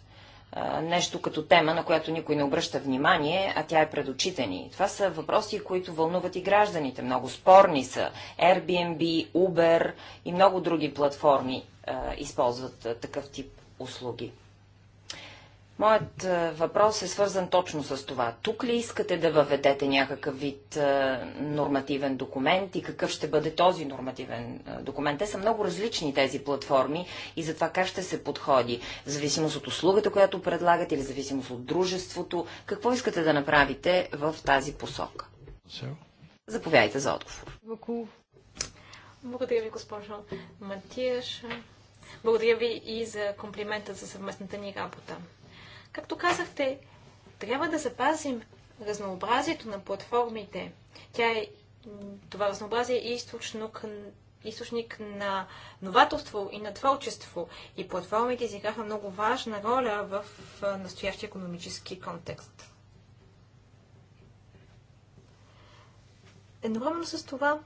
Speaker 5: нещо като тема, на която никой не обръща внимание, а тя е пред очите ни. Това са въпроси, които вълнуват и гражданите. Много спорни са. Airbnb, Uber и много други платформи а, използват а, такъв тип услуги. Моят е, въпрос е свързан точно с това. Тук ли искате да въведете някакъв вид е, нормативен документ и какъв ще бъде този нормативен е, документ? Те са много различни тези платформи и за това как ще се подходи. В зависимост от услугата, която предлагате или в зависимост от дружеството, какво искате да направите в тази посока? Заповядайте за
Speaker 1: отговор.
Speaker 3: Благодаря ви, госпожо Матияш. Благодаря ви и за комплимента за съвместната ни работа. Както казахте, трябва да запазим разнообразието на платформите. Тя е, това разнообразие е източник, източник на новаторство и на творчество. И платформите изиграха много важна роля в настоящия економически контекст. Едновременно с това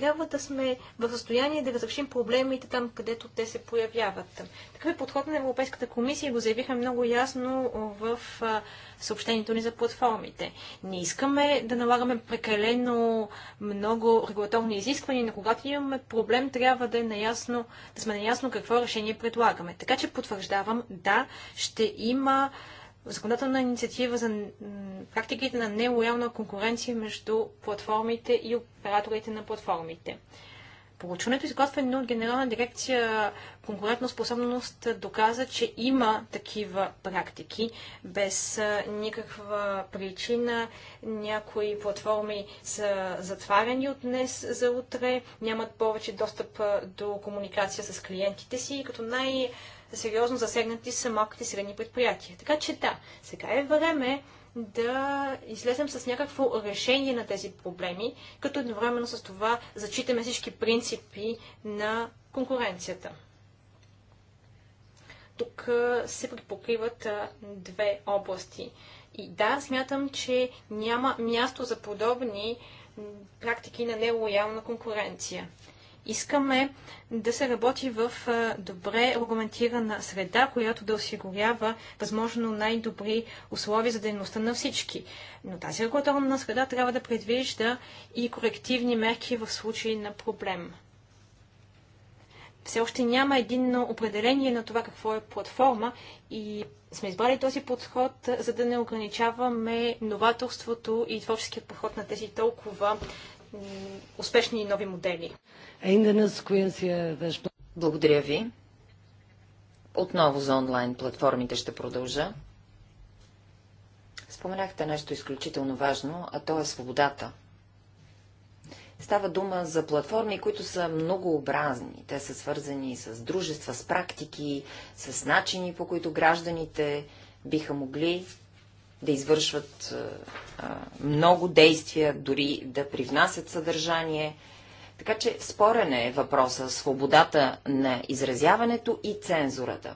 Speaker 3: трябва да сме в състояние да разрешим проблемите там, където те се появяват. Такъв е подход на Европейската комисия го заявихме много ясно в съобщението ни за платформите. Не искаме да налагаме прекалено много регулаторни изисквания, но когато имаме проблем, трябва да, е наясно, да сме наясно какво решение предлагаме. Така че потвърждавам, да, ще има законодателна инициатива за практиките на нелоялна конкуренция между платформите и операторите на платформите. Получването, изготвено от Генерална дирекция конкурентна способност, доказа, че има такива практики. Без никаква причина някои платформи са затваряни от днес за утре, нямат повече достъп до комуникация с клиентите си, като най- сериозно засегнати са малките и средни предприятия. Така че да, сега е време да излезем с някакво решение на тези проблеми, като едновременно с това зачитаме всички принципи на конкуренцията. Тук се припокриват две области. И да, смятам, че няма място за подобни практики на нелоялна конкуренция. Искаме да се работи в добре аргументирана среда, която да осигурява възможно най-добри условия за дейността на всички. Но тази регулаторна среда трябва да предвижда и корективни мерки в случай на проблем. Все още няма единно определение на това какво е платформа и сме избрали този подход, за да не ограничаваме новаторството и творческият подход на тези толкова успешни нови модели
Speaker 1: ainda na sequência das...
Speaker 5: Благодаря ви. Отново за онлайн платформите ще продължа. Споменахте нещо изключително важно, а то е свободата. Става дума за платформи, които са многообразни. Те са свързани с дружества, с практики, с начини, по които гражданите биха могли да извършват а, много действия, дори да привнасят съдържание така че спорен е въпроса свободата на изразяването и цензурата.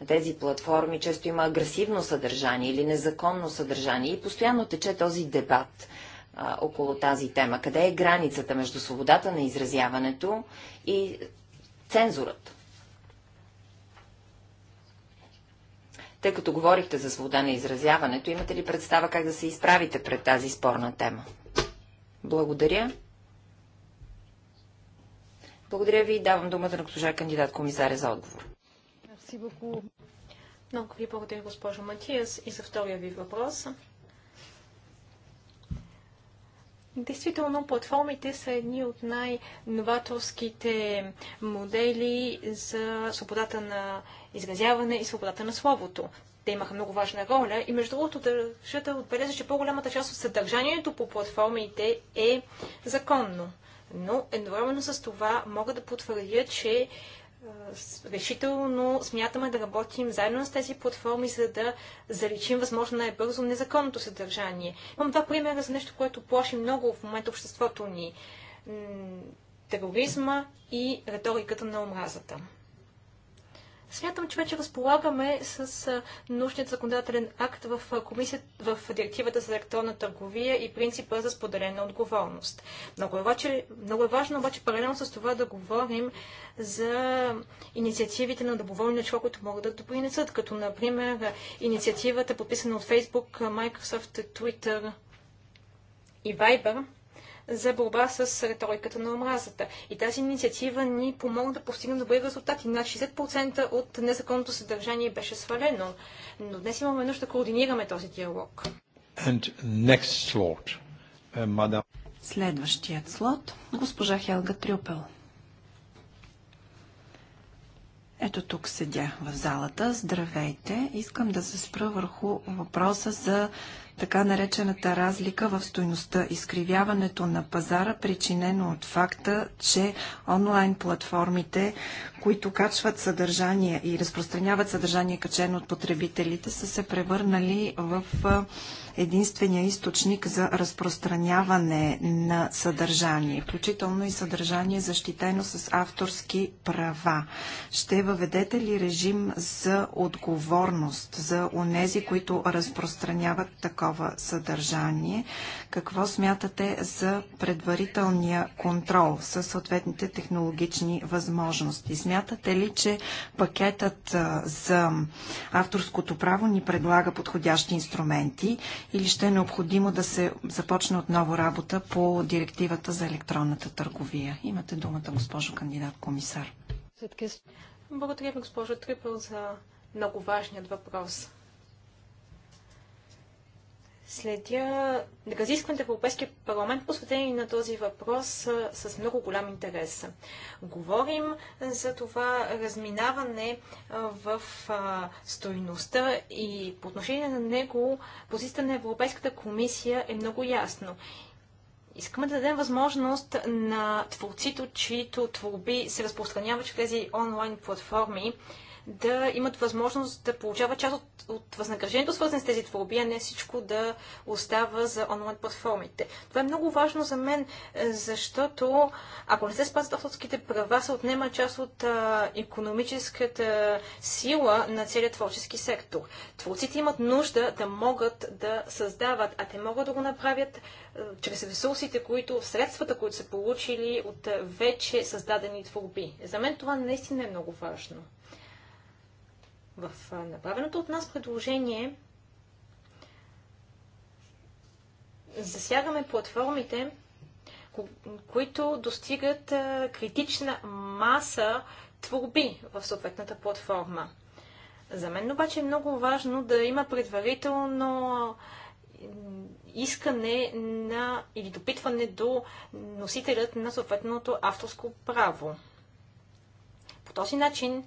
Speaker 5: На тези платформи често има агресивно съдържание или незаконно съдържание и постоянно тече този дебат а, около тази тема. Къде е границата между свободата на изразяването и цензурата? Тъй като говорихте за свобода на изразяването, имате ли представа как да се изправите пред тази спорна тема? Благодаря. Благодаря ви и давам думата на госпожа кандидат комисаря за отговор.
Speaker 3: Много ви благодаря, госпожо Матиас, и за втория ви въпрос. Действително, платформите са едни от най-новаторските модели за свободата на изразяване и свободата на словото. Те имаха много важна роля и между другото държата отбележа, че по-голямата част от съдържанието по платформите е законно но едновременно с това мога да потвърдя, че решително смятаме да работим заедно с тези платформи, за да заличим възможно най-бързо незаконното съдържание. Имам два примера за нещо, което плаши много в момента обществото ни. Тероризма и риториката на омразата. Смятам, че вече разполагаме с нужният законодателен акт в, комисията, в директивата за електронна търговия и принципа за споделена отговорност. Много е, обаче, много е важно обаче паралелно с това да говорим за инициативите на доброволни начала, които могат да допринесат, като например инициативата подписана от Facebook, Microsoft, Twitter и Viber – за борба с риториката на омразата. И тази инициатива ни помогна да постигнем добри резултати. На 60% от незаконното съдържание беше свалено. Но днес имаме нужда да координираме този диалог.
Speaker 2: And next slot, uh,
Speaker 4: Следващият слот – госпожа Хелга Трюпел. Ето тук седя в залата. Здравейте! Искам да се спра върху въпроса за така наречената разлика в стойността, изкривяването на пазара, причинено от факта, че онлайн платформите, които качват съдържание и разпространяват съдържание качено от потребителите, са се превърнали в единствения източник за разпространяване на съдържание, включително и съдържание защитено с авторски права. Ще въведете ли режим за отговорност за онези, които разпространяват такова такова съдържание. Какво смятате за предварителния контрол със съответните технологични възможности? Смятате ли, че пакетът за авторското право ни предлага подходящи инструменти или ще е необходимо да се започне отново работа по директивата за електронната търговия? Имате думата, госпожо кандидат комисар.
Speaker 3: Благодаря ви, госпожо Трипъл, за много важният въпрос следя разискването в Европейския парламент, посветени на този въпрос с много голям интерес. Говорим за това разминаване в стойността и по отношение на него позицията на Европейската комисия е много ясно. Искаме да дадем възможност на творците, чието творби се разпространяват чрез тези онлайн платформи, да имат възможност да получават част от, от възнаграждението, свързано с тези творби, а не всичко да остава за онлайн платформите. Това е много важно за мен, е, защото ако не се спазват авторските права, се отнема част от а, економическата сила на целият творчески сектор. Творците имат нужда да могат да създават, а те могат да го направят а, е, чрез ресурсите, които, средствата, които са получили от а, е, вече създадени творби. За мен това наистина е много важно. В направеното от нас предложение засягаме платформите, които достигат критична маса творби в съответната платформа. За мен обаче е много важно да има предварително искане на или допитване до носителят на съответното авторско право. По този начин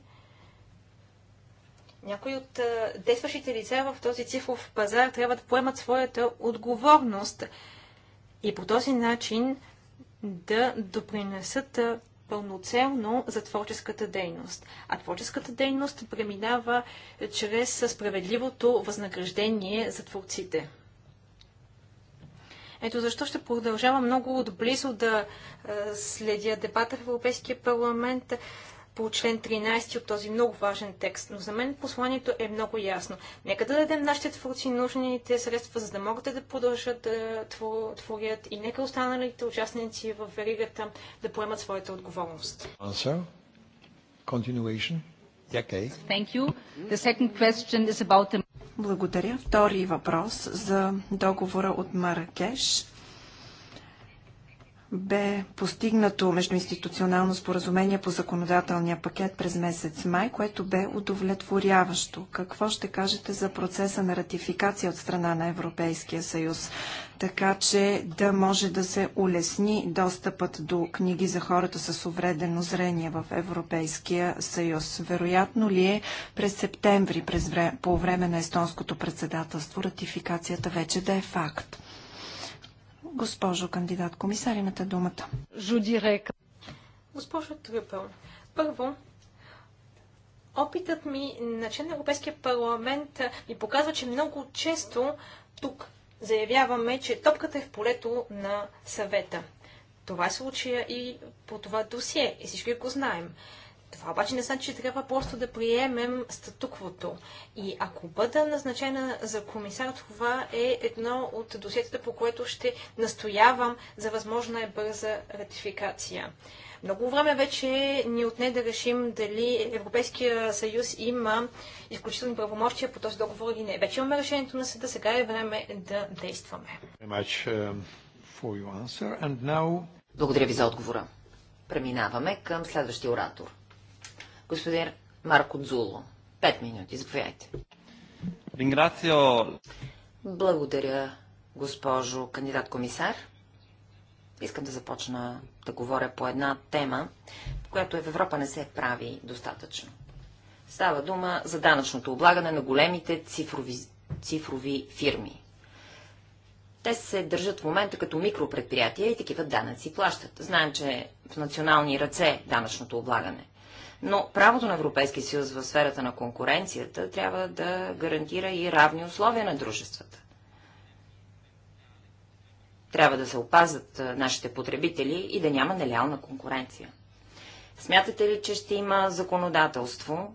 Speaker 3: някои от действащите лица в този цифров пазар трябва да поемат своята отговорност и по този начин да допринесат пълноценно за творческата дейност. А творческата дейност преминава чрез справедливото възнаграждение за творците. Ето защо ще продължава много отблизо да следя дебата в Европейския парламент, по член 13 от този много важен текст. Но за мен посланието е много ясно. Нека да дадем нашите творци нужните средства, за да могат да продължат да творят и нека останалите участници в веригата да поемат своята отговорност.
Speaker 2: Answer? Continuation? Okay.
Speaker 4: Thank you. The second question is about the... Благодаря. Втори въпрос за договора от Маракеш бе постигнато междуинституционално споразумение по законодателния пакет през месец май, което бе удовлетворяващо. Какво ще кажете за процеса на ратификация от страна на Европейския съюз, така че да може да се улесни достъпът до книги за хората с увредено зрение в Европейския съюз? Вероятно ли е през септември, през вре, по време на естонското председателство, ратификацията вече да е факт? Госпожо кандидат комисар, имате думата. Рек.
Speaker 3: Госпожо Трюпел, първо, опитът ми на член на Европейския парламент ми показва, че много често тук заявяваме, че топката е в полето на съвета. Това е случая и по това досие и всички го знаем. Това обаче не значи, че трябва просто да приемем статуквото. И ако бъда назначена за комисар, това е едно от досетата, по което ще настоявам за възможна е бърза ратификация. Много време вече ни отне да решим дали Европейския съюз има изключителни правомощия по този договор или не. Вече имаме решението на съда, сега е време да действаме.
Speaker 2: Um,
Speaker 5: Благодаря ви за отговора. Преминаваме към следващия оратор господин Марко Дзуло. Пет минути, заповядайте. Благодаря, госпожо кандидат-комисар. Искам да започна да говоря по една тема, по която в Европа не се прави достатъчно. Става дума за данъчното облагане на големите цифрови, цифрови фирми. Те се държат в момента като микропредприятия и такива данъци плащат. Знаем, че в национални ръце данъчното облагане. Но правото на Европейския съюз в сферата на конкуренцията трябва да гарантира и равни условия на дружествата. Трябва да се опазят нашите потребители и да няма нелялна конкуренция. Смятате ли, че ще има законодателство?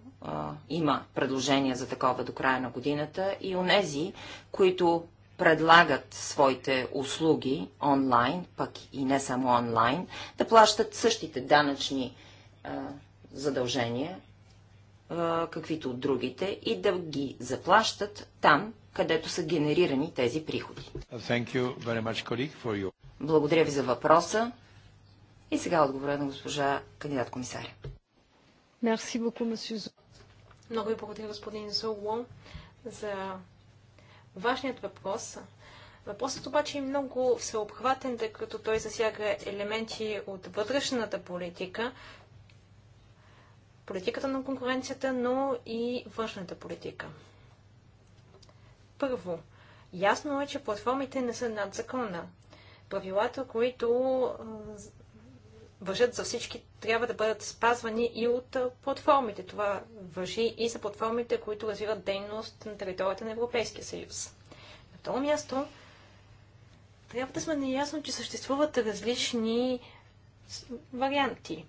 Speaker 5: има предложения за такова до края на годината и онези, които предлагат своите услуги онлайн, пък и не само онлайн, да плащат същите данъчни а, задължения, каквито от другите, и да ги заплащат там, където са генерирани тези приходи.
Speaker 2: Much, Благодаря ви за
Speaker 5: въпроса. И сега отговоря на госпожа кандидат комисаря. Merci
Speaker 1: beaucoup, monsieur.
Speaker 3: Много ви благодаря, господин Золо, за важният въпрос. Въпросът обаче е много всеобхватен, тъй като той засяга елементи от вътрешната политика, политиката на конкуренцията, но и външната политика. Първо, ясно е, че платформите не са над закона. Правилата, които въжат за всички, трябва да бъдат спазвани и от платформите. Това въжи и за платформите, които развиват дейност на територията на Европейския съюз. На това място, трябва да сме наясно, че съществуват различни варианти.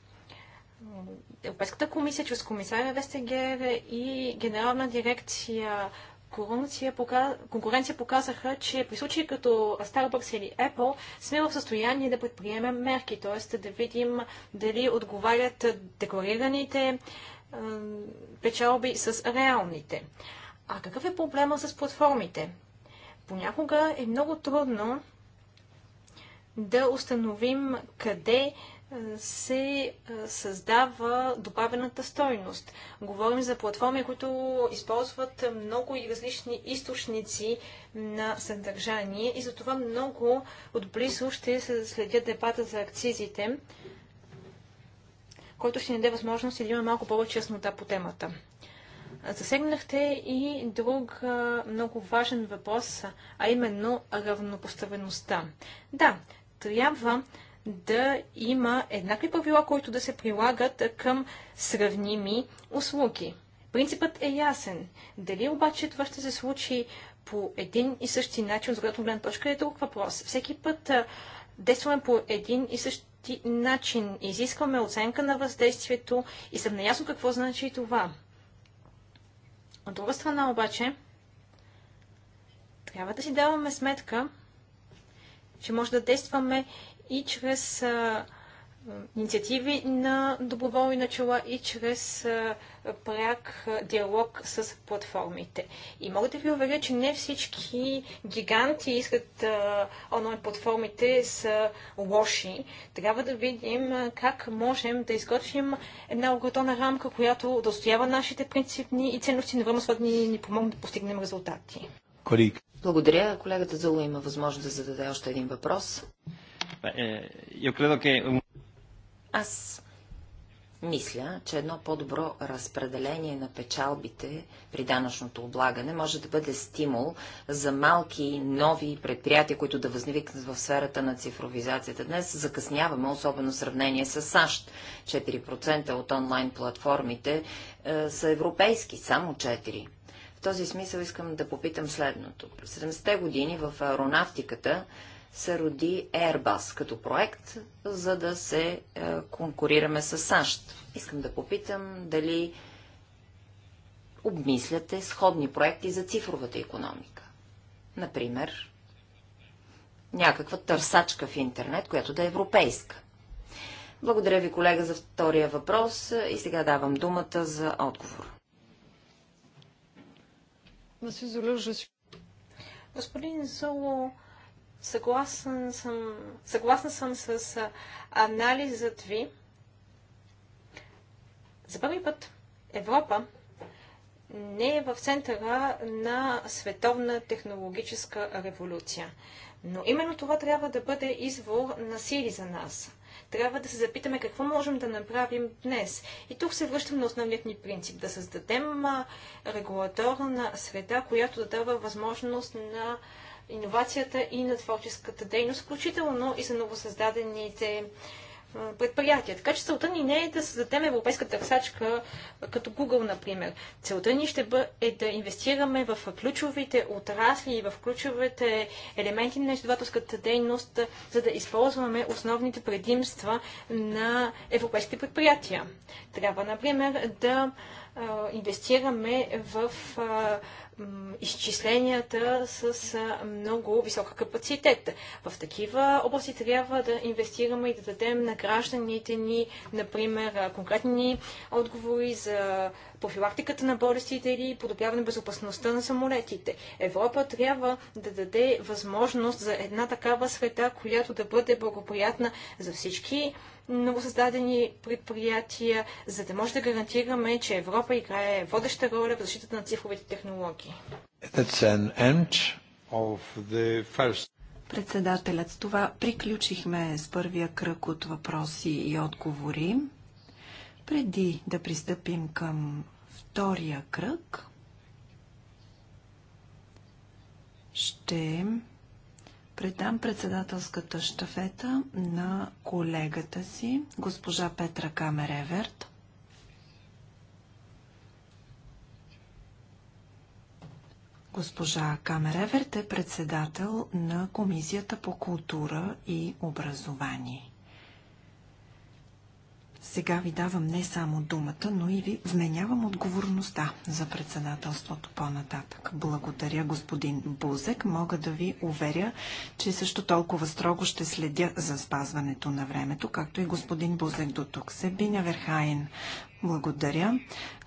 Speaker 3: Европейската комисия, чрез комисаря Вестегер и генерална дирекция конкуренция, показ... конкуренция показаха, че при случаи като Starbucks или Apple сме в състояние да предприемем мерки, т.е. да видим дали отговарят декларираните печалби с реалните. А какъв е проблема с платформите? Понякога е много трудно да установим къде се създава добавената стойност. Говорим за платформи, които използват много и различни източници на съдържание и затова много отблизо ще се следят дебата за акцизите, който ще ни даде възможност да има малко повече яснота по темата. Засегнахте и друг а, много важен въпрос, а именно равнопоставеността. Да, трябва да има еднакви правила, които да се прилагат към сравними услуги. Принципът е ясен. Дали обаче това ще се случи по един и същи начин, от която гледна точка е друг въпрос. Всеки път действаме по един и същи начин. Изискваме оценка на въздействието и съм наясно какво значи и това. От друга страна обаче, трябва да си даваме сметка, че може да действаме и чрез инициативи на доброволни начала и чрез пряк диалог с платформите. И мога да ви уверя, че не всички гиганти искат онлайн платформите са лоши. Трябва да видим как можем да изготвим една огротона рамка, която да устоява нашите принципни и ценности, на време да ни, ни да постигнем резултати.
Speaker 5: Благодаря. Колегата Зало има възможност да зададе още един въпрос. Е, Аз мисля, че едно по-добро разпределение на печалбите при данъчното облагане може да бъде стимул за малки, нови предприятия, които да възникнат в сферата на цифровизацията. Днес закъсняваме, особено в сравнение с САЩ. 4% от онлайн платформите е, са европейски, само 4%. В този смисъл искам да попитам следното. В 70-те години в аеронавтиката се роди Airbus като проект, за да се е, конкурираме с САЩ. Искам да попитам дали обмисляте сходни проекти за цифровата економика. Например, някаква търсачка в интернет, която да е европейска. Благодаря ви, колега, за втория въпрос и сега давам думата за отговор.
Speaker 3: Господин Соло, Съгласен съм, съгласна съм с анализът ви. За първи път Европа не е в центъра на световна технологическа революция. Но именно това трябва да бъде извор на сили за нас. Трябва да се запитаме какво можем да направим днес. И тук се връщам на основният ни принцип да създадем регулаторна среда, която да дава възможност на иновацията и на творческата дейност, включително и за новосъздадените предприятия. Така че целта ни не е да създадем европейска търсачка като Google, например. Целта ни ще бъде е да инвестираме в ключовите отрасли и в ключовите елементи на изследователската дейност, за да използваме основните предимства на европейските предприятия. Трябва, например, да инвестираме в изчисленията с много висока капацитет. В такива области трябва да инвестираме и да дадем на гражданите ни, например, конкретни отговори за профилактиката на болестите или подобряване безопасността на самолетите. Европа трябва да даде възможност за една такава среда, която да бъде благоприятна за всички новосъздадени предприятия, за да може да гарантираме, че Европа играе водеща роля в защитата на цифровите технологии.
Speaker 4: Председателят, с това приключихме с първия кръг от въпроси и отговори. Преди да пристъпим към втория кръг, ще предам председателската щафета на колегата си, госпожа Петра Камереверт. Госпожа Камереверт е председател на Комисията по култура и образование. Сега ви давам не само думата, но и ви вменявам отговорността за председателството по-нататък. Благодаря, господин Бузек. Мога да ви уверя, че също толкова строго ще следя за спазването на времето, както и господин Бузек до тук. Себиня Верхайн, благодаря.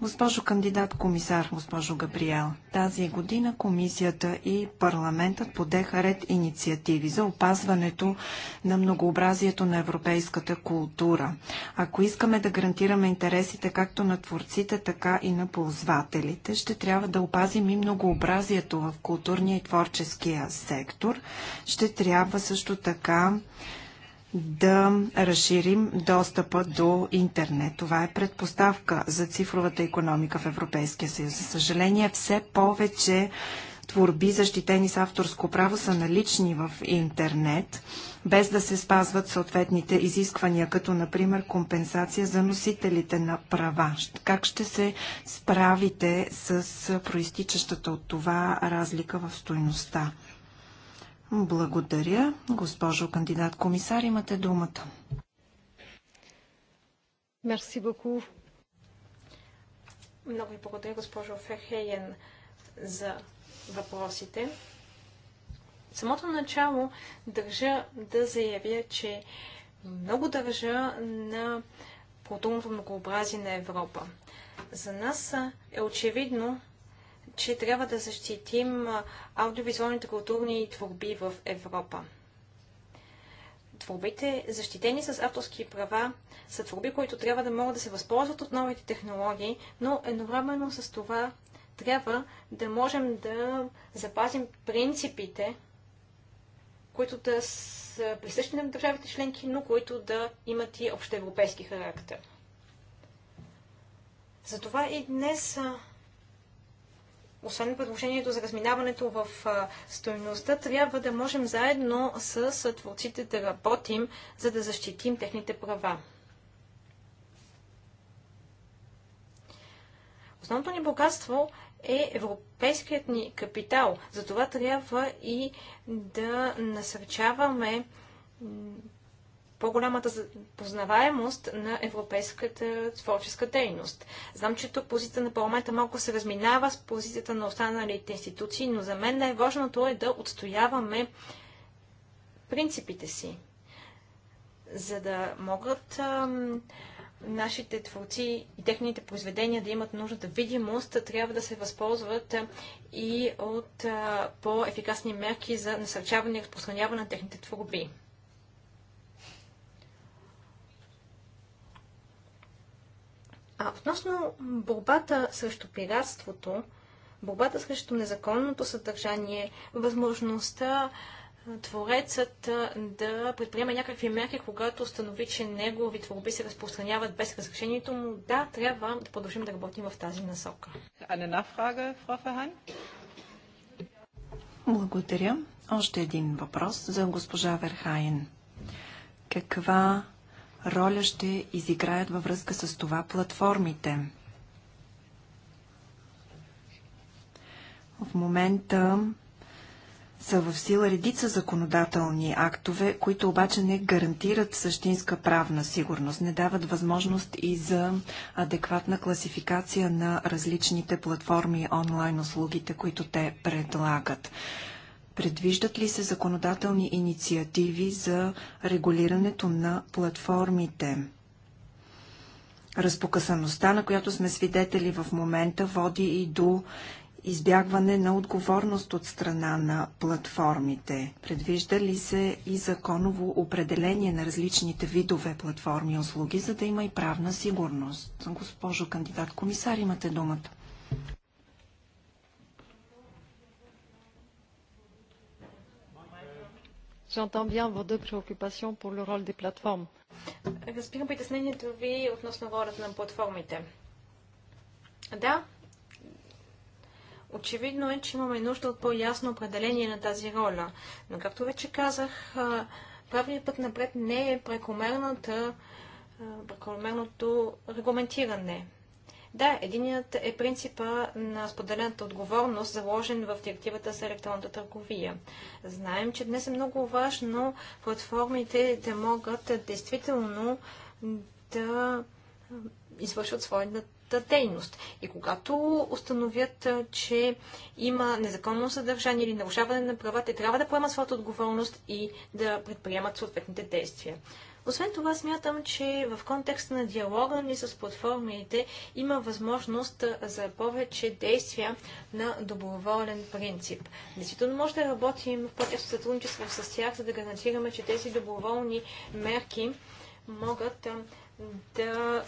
Speaker 4: Госпожо кандидат комисар, госпожо Габриел, тази година комисията и парламентът подеха ред инициативи за опазването на многообразието на европейската култура. Ако искаме да гарантираме интересите както на творците, така и на ползвателите, ще трябва да опазим и многообразието в културния и творческия сектор. Ще трябва също така да разширим достъпа до интернет. Това е предпоставка за цифровата економика в Европейския съюз. За съжаление, все повече творби, защитени с авторско право, са налични в интернет, без да се спазват съответните изисквания, като например компенсация за носителите на права. Как ще се справите с проистичащата от това разлика в стойността? Благодаря. Госпожо кандидат комисар, имате думата.
Speaker 1: Мерси beaucoup.
Speaker 3: Много ви благодаря, госпожо Ферхейен, за въпросите. В самото начало държа да заявя, че много държа на културното многообразие на Европа. За нас е очевидно, че трябва да защитим аудиовизуалните културни творби в Европа. Творбите, защитени с авторски права, са творби, които трябва да могат да се възползват от новите технологии, но едновременно с това трябва да можем да запазим принципите, които да са присъщи на държавите членки, но които да имат и общоевропейски характер. Затова и днес освен предложението за разминаването в стоеността, трябва да можем заедно с творците да работим, за да защитим техните права. Основното ни богатство е европейският ни капитал. Затова трябва и да насърчаваме по-голямата познаваемост на европейската творческа дейност. Знам, че тук позицията на парламента малко се разминава с позицията на останалите институции, но за мен най-важното е да отстояваме принципите си, за да могат ам, нашите творци и техните произведения да имат нужната видимост, трябва да се възползват и от по-ефикасни мерки за насърчаване и разпространяване на техните творби. А относно борбата срещу пиратството, борбата срещу незаконното съдържание, възможността творецът да предприеме някакви мерки, когато установи, че негови творби се разпространяват без разрешението му. Да, трябва да продължим да работим в тази насока.
Speaker 4: Благодаря. Още един въпрос за госпожа Верхайен. Каква роля ще изиграят във връзка с това платформите? В момента са в сила редица законодателни актове, които обаче не гарантират същинска правна сигурност, не дават възможност и за адекватна класификация на различните платформи и онлайн услугите, които те предлагат. Предвиждат ли се законодателни инициативи за регулирането на платформите? Разпокъсаността, на която сме свидетели в момента, води и до избягване на отговорност от страна на платформите? Предвижда ли се и законово определение на различните видове платформи и услуги, за да има и правна сигурност? Госпожо кандидат комисар,
Speaker 1: имате думата. J'entends bien vos deux préoccupations pour le rôle des plateformes.
Speaker 3: Разбирам притеснението ви относно ролята на платформите. Да, очевидно е, че имаме нужда от по-ясно определение на тази роля. Но както вече казах, правилният път напред не е прекомерното регламентиране. Да, единият е принципа на споделената отговорност, заложен в директивата за електронната търговия. Знаем, че днес е много важно платформите да могат действително да извършват своята дейност. И когато установят, че има незаконно съдържание или нарушаване на права, те трябва да поемат своята отговорност и да предприемат съответните действия. Освен това, смятам, че в контекста на диалога ни с платформите има възможност за повече действия на доброволен принцип. Действително може да работим в по тесно сътрудничество с тях, за да гарантираме, че тези доброволни мерки могат да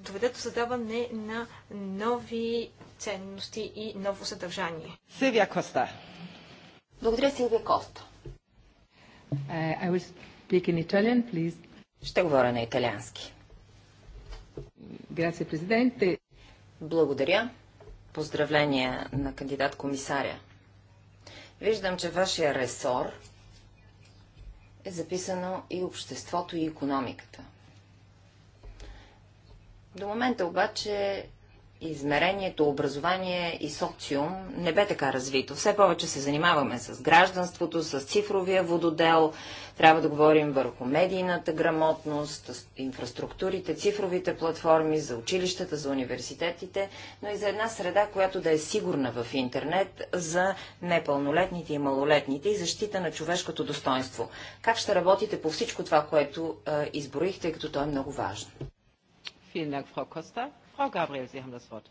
Speaker 3: доведат до създаване на нови ценности и ново съдържание.
Speaker 4: Силвия Коста.
Speaker 3: Благодаря, Силвия Коста.
Speaker 4: Uh, I will speak in Italian, please.
Speaker 5: Ще говоря на италиански. Грация, президенте. Благодаря. Поздравления на кандидат комисаря. Виждам, че вашия ресор е записано и обществото и економиката. До момента обаче измерението образование и социум не бе така развито. Все повече се занимаваме с гражданството, с цифровия вододел, трябва да говорим върху медийната грамотност, инфраструктурите, цифровите платформи, за училищата, за университетите, но и за една среда, която да е сигурна в интернет за непълнолетните и малолетните и защита на човешкото достоинство. Как ще работите по всичко това, което
Speaker 1: изборихте, изброихте, като то е много важно? Vielen Dank, Frau Costa. Frau Gabriel, Sie haben das Wort.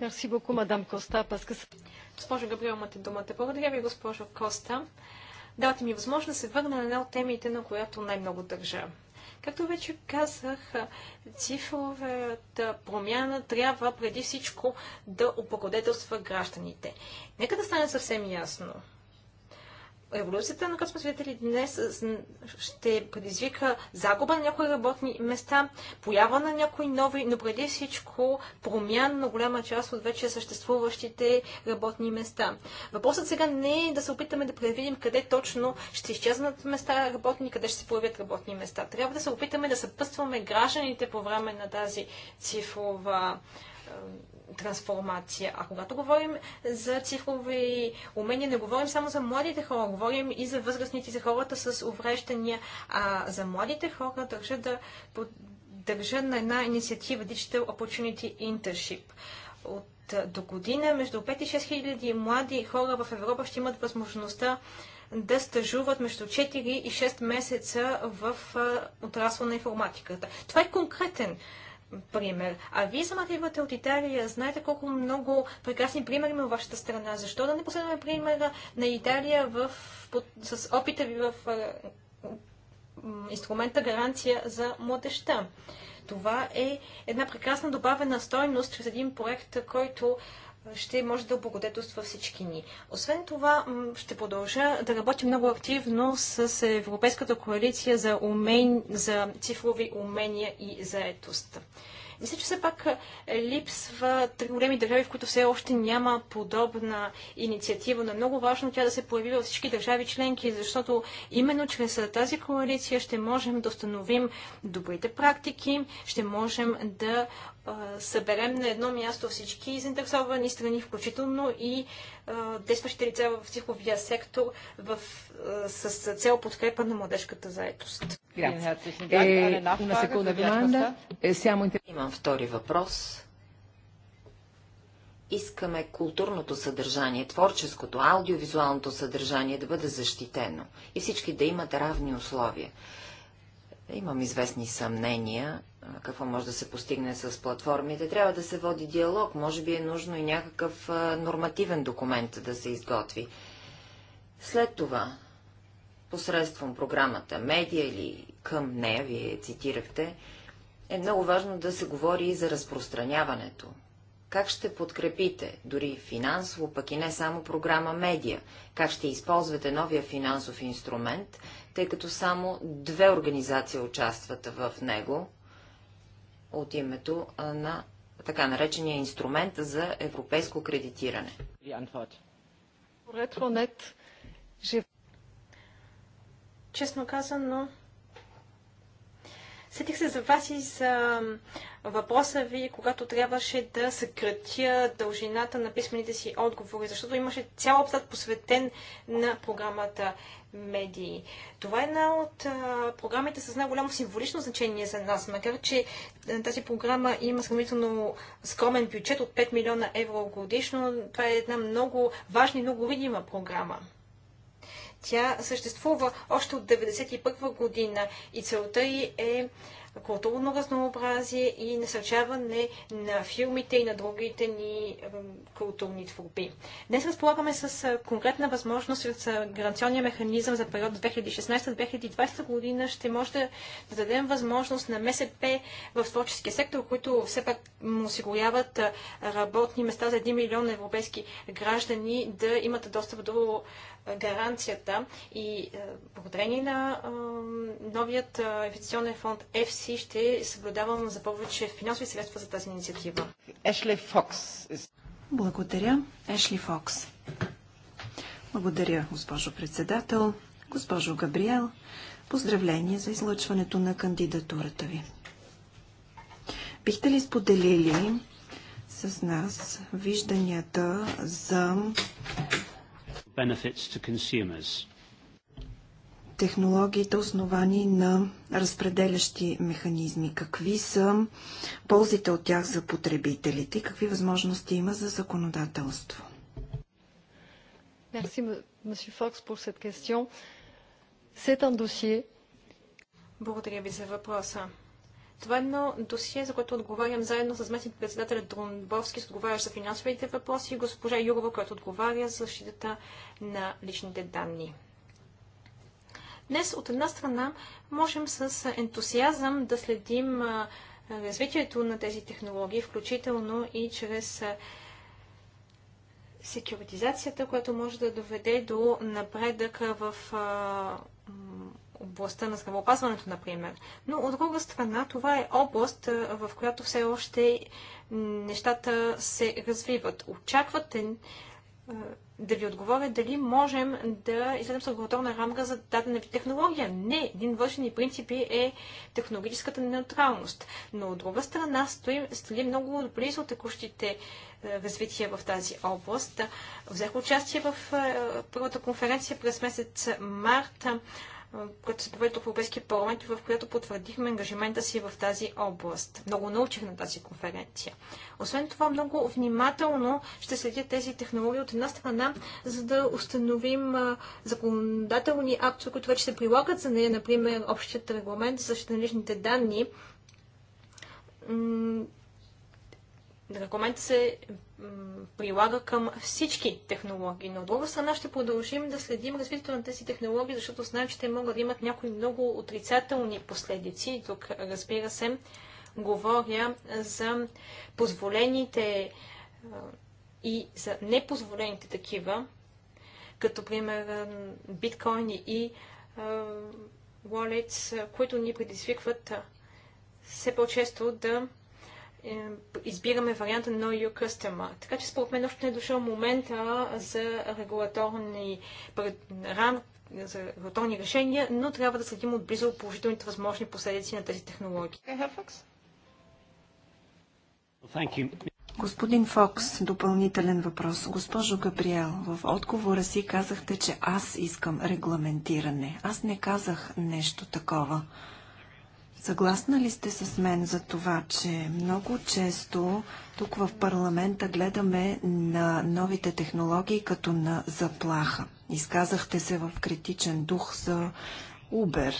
Speaker 1: beaucoup, Госпожо Габриел, имате думата. Благодаря ви, госпожо
Speaker 3: Коста. Давате ми възможност да се върна на една от темите, на която най-много държа. Както вече казах, цифровата промяна трябва преди всичко да облагодетелства гражданите. Нека да стане съвсем ясно. Еволюцията на която сме свидетели днес, ще предизвика загуба на някои работни места, поява на някои нови, но преди всичко промяна на голяма част от вече съществуващите работни места. Въпросът сега не е да се опитаме да предвидим къде точно ще изчезнат места работни, къде ще се появят работни места. Трябва да се опитаме да съпътстваме гражданите по време на тази цифрова трансформация. А когато говорим за цифрови умения, не говорим само за младите хора, говорим и за възрастните, за хората с увреждания. А за младите хора държа да държа на една инициатива Digital Opportunity Internship. От до година между 5 и 6 хиляди млади хора в Европа ще имат възможността да стажуват между 4 и 6 месеца в отрасла на информатиката. Това е конкретен пример. А вие самата идвате от Италия, знаете колко много прекрасни примери има в вашата страна. Защо да не последваме примера на Италия в, под, с опита ви в инструмента гаранция за младеща. Това е една прекрасна добавена стойност чрез един проект, който ще може да облагодетелства всички ни. Освен това, ще продължа да работя много активно с Европейската коалиция за, умен... за цифрови умения и заетост. Мисля, че все пак липсва три големи държави, в които все още няма подобна инициатива, но е много важно тя да се появи във всички държави членки, защото именно чрез тази коалиция ще можем да установим добрите практики, ще можем да съберем на едно място всички заинтересовани страни, включително и действащите лица в цифровия сектор в, с цел подкрепа на младежката заетост. Е,
Speaker 5: е, Имам втори въпрос. Искаме културното съдържание, творческото, аудиовизуалното съдържание да бъде защитено и всички да имат равни условия. Имам известни съмнения какво може да се постигне с платформите. Трябва да се води диалог. Може би е нужно и някакъв нормативен документ да се изготви. След това, посредством програмата медия или към нея, вие цитирахте, е много важно да се говори и за разпространяването. Как ще подкрепите, дори финансово, пък и не само програма медия? Как ще използвате новия финансов инструмент, тъй като само две организации участват в него от името на така наречения инструмент за европейско кредитиране.
Speaker 1: Честно казано,
Speaker 3: Сетих се за вас и за въпроса ви, когато трябваше да съкратя дължината на писмените си отговори, защото имаше цял абзац посветен на програмата медии. Това е една от а, програмите с най-голямо символично значение за нас, макар че тази програма има сравнително скромен бюджет от 5 милиона евро годишно. Това е една много важна и много видима програма. Тя съществува още от 1991 година и целта й е културно разнообразие и насърчаване на филмите и на другите ни културни творби. Днес разполагаме с конкретна възможност с гаранционния механизъм за период 2016-2020 година. Ще може да дадем възможност на МСП в творческия сектор, които все пак му осигуряват работни места за 1 милион европейски граждани да имат достъп до гаранцията и е, благодарение на е, новият е, инвестиционен фонд FC ще съблюдавам за повече финансови средства за тази инициатива.
Speaker 4: Ешли Фокс. Благодаря. Ешли Фокс. Благодаря, госпожо председател. Госпожо Габриел, поздравление за излъчването на кандидатурата ви. Бихте ли споделили с нас вижданията за
Speaker 3: benefits to consumers.
Speaker 4: Технологиите основани на разпределящи механизми. Какви са ползите от тях за потребителите и какви възможности има за законодателство?
Speaker 1: Merci, monsieur Fox, pour cette question. C'est un dossier. Благодаря ви за
Speaker 3: въпроса. Това е едно досие, за което отговарям заедно с местните председателя Друнбовски, отговаря за финансовите въпроси, и госпожа Юрова, която отговаря за защитата на личните данни. Днес, от една страна, можем с ентусиазъм да следим развитието на тези технологии, включително и чрез секюритизацията, която може да доведе до напредък в областта на здравеопазването, например. Но от друга страна, това е област, в която все още нещата се развиват. Очаквате да ви отговоря дали можем да изследвам регулаторна рамка за дадена ви технология. Не, един външен принципи е технологическата неутралност. Но от друга страна стоим, стоим много близо текущите развития в тази област. Взех участие в първата конференция през месец марта която се проведе в Европейския парламент и в която потвърдихме ангажимента си в тази област. Много научих на тази конференция. Освен това, много внимателно ще следя тези технологии от една страна, за да установим законодателни акции, които вече се прилагат за нея, например, общият регламент за защита личните данни, регламентът се прилага към всички технологии. Но от друга страна ще продължим да следим развитието на тези технологии, защото знаем, че те могат да имат някои много отрицателни последици. Тук, разбира се, говоря за позволените и за непозволените такива, като пример биткоини и wallets, които ни предизвикват все по-често да е, избираме варианта Know Your Customer. Така че според мен още не е дошъл момента за регулаторни рамки за регулаторни решения, но трябва да следим отблизо положителните възможни последици на тези технологии.
Speaker 4: Господин Фокс, допълнителен въпрос. Госпожо Габриел, в отговора си казахте, че аз искам регламентиране. Аз не казах нещо такова. Съгласна ли сте с мен за това, че много често тук в парламента гледаме на новите технологии като на заплаха? Изказахте се в критичен дух за Uber.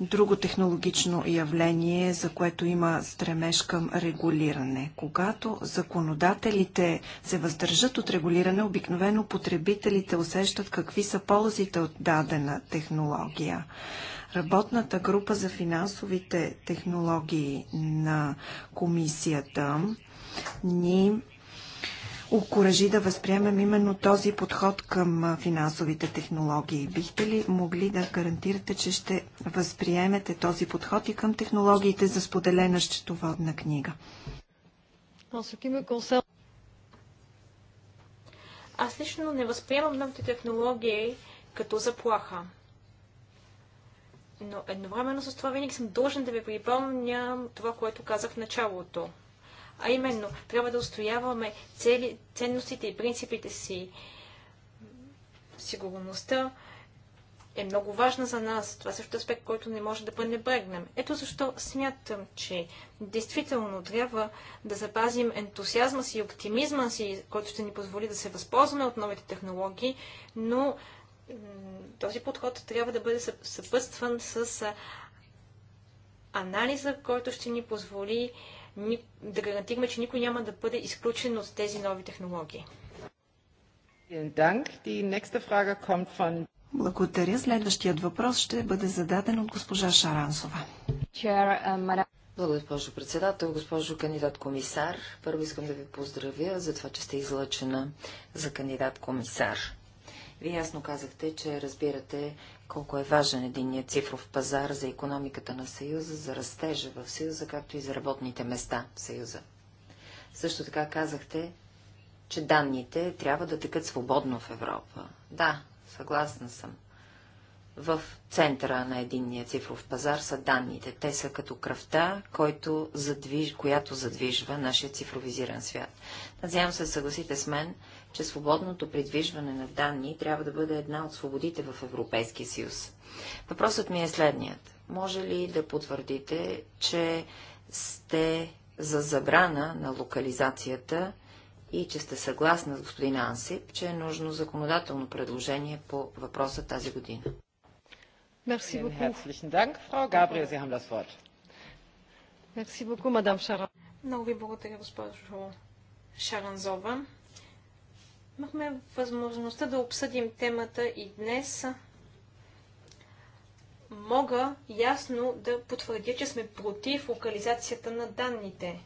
Speaker 4: Друго технологично явление, за което има стремеж към регулиране. Когато законодателите се въздържат от регулиране, обикновено потребителите усещат какви са ползите от дадена технология. Работната група за финансовите технологии на комисията ни окоръжи да възприемем именно този подход към финансовите технологии. Бихте ли могли да гарантирате, че ще възприемете този подход и към технологиите за споделена счетоводна книга?
Speaker 3: Аз лично не възприемам новите технологии като заплаха. Но едновременно с това винаги съм дължен да ви припомня това, което казах в началото – а именно, трябва да устояваме цели, ценностите и принципите си. Сигурността е много важна за нас. Това е също е аспект, който не може да пренебрегнем. Ето защо смятам, че действително трябва да запазим ентусиазма си и оптимизма си, който ще ни позволи да се възползваме от новите технологии, но този подход трябва да бъде съпътстван с анализа, който ще ни позволи да гарантираме, че никой няма да бъде изключен от тези нови технологии.
Speaker 4: Благодаря. Следващият въпрос ще бъде зададен от госпожа Шарансова.
Speaker 5: Uh, Благодаря, госпожо председател, госпожо кандидат комисар. Първо искам да ви поздравя за това, че сте излъчена за кандидат комисар. Вие ясно казахте, че разбирате колко е важен единния цифров пазар за економиката на Съюза, за растежа в Съюза, както и за работните места в Съюза. Също така казахте, че данните трябва да текат свободно в Европа. Да, съгласна съм. В центъра на единния цифров пазар са данните. Те са като кръвта, който задвиж... която задвижва нашия цифровизиран свят. Надявам се да съгласите с мен, че свободното придвижване на данни трябва да бъде една от свободите в Европейския съюз. Въпросът ми е следният. Може ли да потвърдите, че сте за забрана на локализацията и че сте съгласна с господин Ансип, че е нужно законодателно предложение по въпроса тази година? Merci
Speaker 1: Много ви благодаря, госпожо
Speaker 3: Шаранзова. Имахме възможността да обсъдим темата и днес. Мога ясно да потвърдя, че сме против локализацията на данните.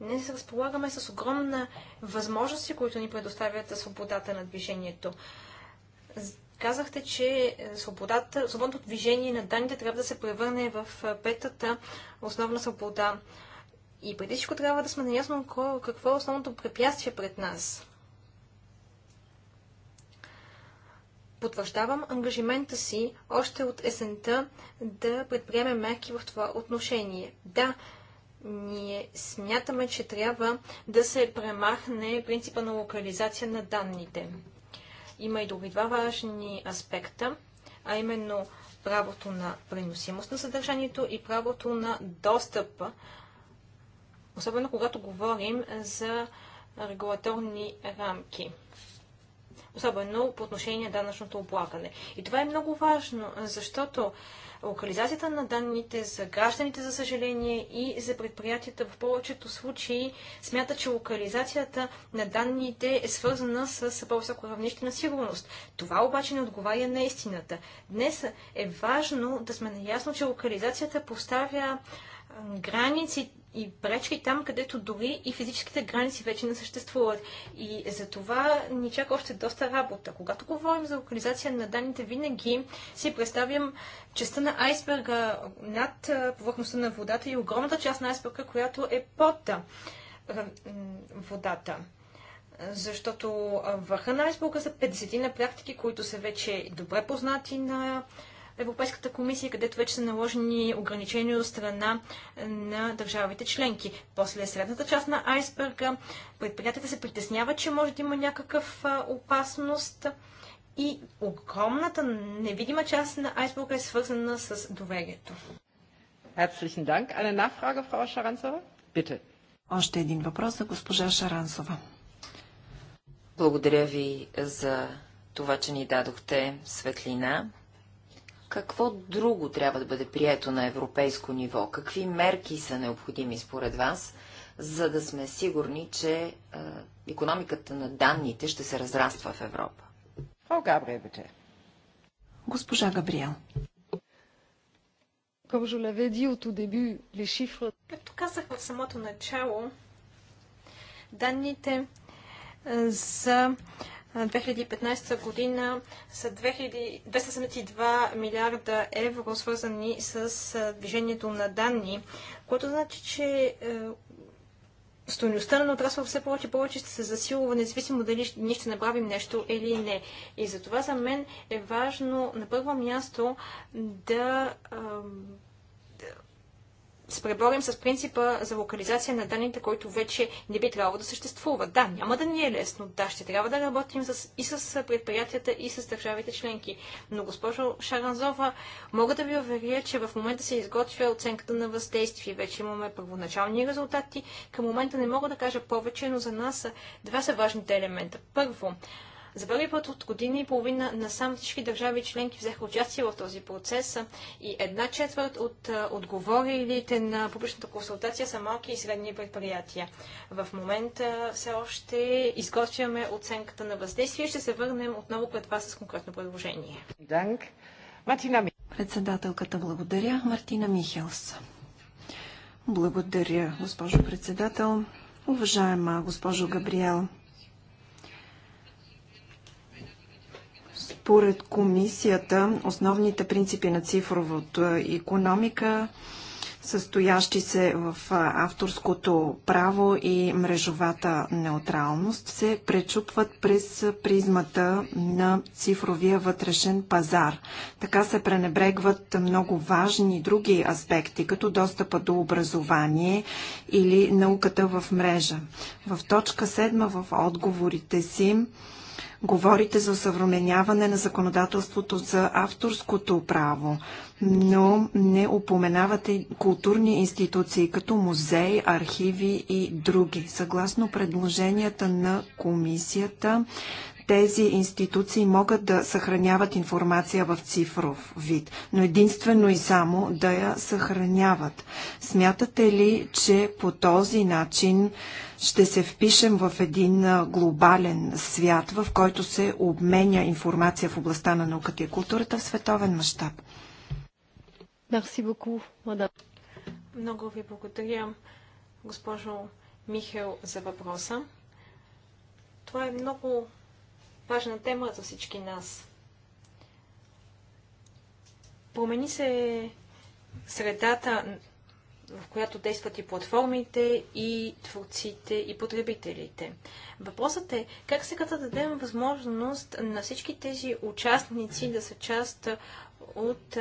Speaker 3: Днес разполагаме с огромна възможности, които ни предоставят свободата на движението. Казахте, че свободното движение на данните трябва да се превърне в петата основна свобода и преди всичко трябва да сме наясно какво е основното препятствие пред нас. Потвърждавам ангажимента си още от есента да предприемем мерки в това отношение. Да, ние смятаме, че трябва да се премахне принципа на локализация на данните. Има и други два важни аспекта, а именно правото на преносимост на съдържанието и правото на достъп особено когато говорим за регулаторни рамки. Особено по отношение на данъчното облагане. И това е много важно, защото локализацията на данните за гражданите, за съжаление, и за предприятията в повечето случаи смята, че локализацията на данните е свързана с по-високо равнище на сигурност. Това обаче не отговаря на истината. Днес е важно да сме наясно, че локализацията поставя граници и пречки там, където дори и физическите граници вече не съществуват. И за това ни чака още доста работа. Когато говорим за локализация на данните, винаги си представям частта на айсберга над повърхността на водата и огромната част на айсберга, която е под водата защото върха на айсбурга са 50 на практики, които са вече добре познати на Европейската комисия, където вече са наложени ограничения от страна на държавите членки. После е средната част на айсберга, предприятията се притесняват, че може да има някакъв опасност и огромната невидима част на айсберга е свързана с доверието.
Speaker 1: Herzlichen Dank. Eine Nachfrage, Frau Scharanzova?
Speaker 4: Bitte. Още един въпрос за госпожа Шаранцова.
Speaker 5: Благодаря ви за това, че ни дадохте светлина какво друго трябва да бъде прието на европейско ниво? Какви мерки са необходими според вас, за да сме сигурни, че а, е, економиката на данните ще
Speaker 4: се разраства в Европа? О, Габриел, Госпожа Габриел.
Speaker 1: Както казах в
Speaker 3: самото начало, данните е, за 2015 година са 272 милиарда евро, свързани с движението на данни, което значи, че е, стоеността на отрасъл все повече и повече ще се засилва, независимо дали ние ще направим нещо или не. И за това за мен е важно на първо място да с преборим с принципа за локализация на данните, който вече не би трябвало да съществува. Да, няма да ни е лесно. Да, ще трябва да работим с, и с предприятията, и с държавите членки. Но, госпожо Шаранзова, мога да ви уверя, че в момента се изготвя оценката на въздействие. Вече имаме първоначални резултати. Към момента не мога да кажа повече, но за нас два са важните елемента. Първо, за първи път от година и половина насам всички държави членки взеха участие в този процес и една четвърт от отговорилите на публичната консултация са малки и средни предприятия. В момента все още изготвяме оценката на въздействие и ще се върнем отново пред вас с конкретно предложение.
Speaker 4: Данк. Председателката благодаря. Мартина Михелс. Благодаря, госпожо председател. Уважаема госпожо Габриел, Според комисията, основните принципи на цифровото економика, състоящи се в авторското право и мрежовата неутралност, се пречупват през призмата на цифровия вътрешен пазар. Така се пренебрегват много важни други аспекти, като достъпа до образование или науката в мрежа. В точка 7 в отговорите си Говорите за съвременяване на законодателството за авторското право, но не упоменавате културни институции като музеи, архиви и други. Съгласно предложенията на комисията, тези институции могат да съхраняват информация в цифров вид, но единствено и само да я съхраняват. Смятате ли, че по този начин ще се впишем в един глобален свят, в който се обменя информация в областта на науката и културата в световен мащаб?
Speaker 1: Много ви благодаря,
Speaker 3: госпожо Михел, за въпроса. Това е много важна тема за всички нас. Промени се средата, в която действат и платформите, и творците, и потребителите. Въпросът е как сега да дадем възможност на всички тези участници да са част от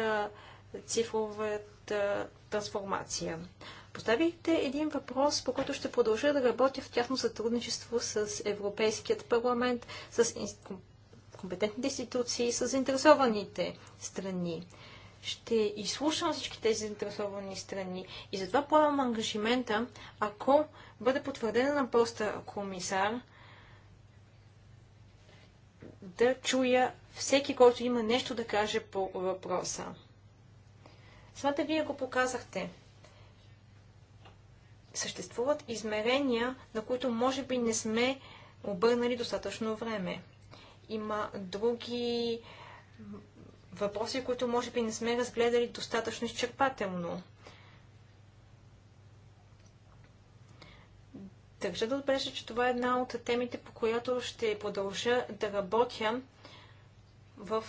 Speaker 3: цифровата трансформация. Поставихте един въпрос, по който ще продължа да работя в тяхно сътрудничество с Европейският парламент, с компетентните институции, с заинтересованите страни. Ще изслушам всички тези заинтересовани страни и затова поемам ангажимента, ако бъде потвърдена на поста комисар, да чуя всеки, който има нещо да каже по въпроса. Смата вие го показахте съществуват измерения, на които може би не сме обърнали достатъчно време. Има други въпроси, които може би не сме разгледали достатъчно изчерпателно. Държа да отбележа, че това е една от темите, по която ще продължа да работя в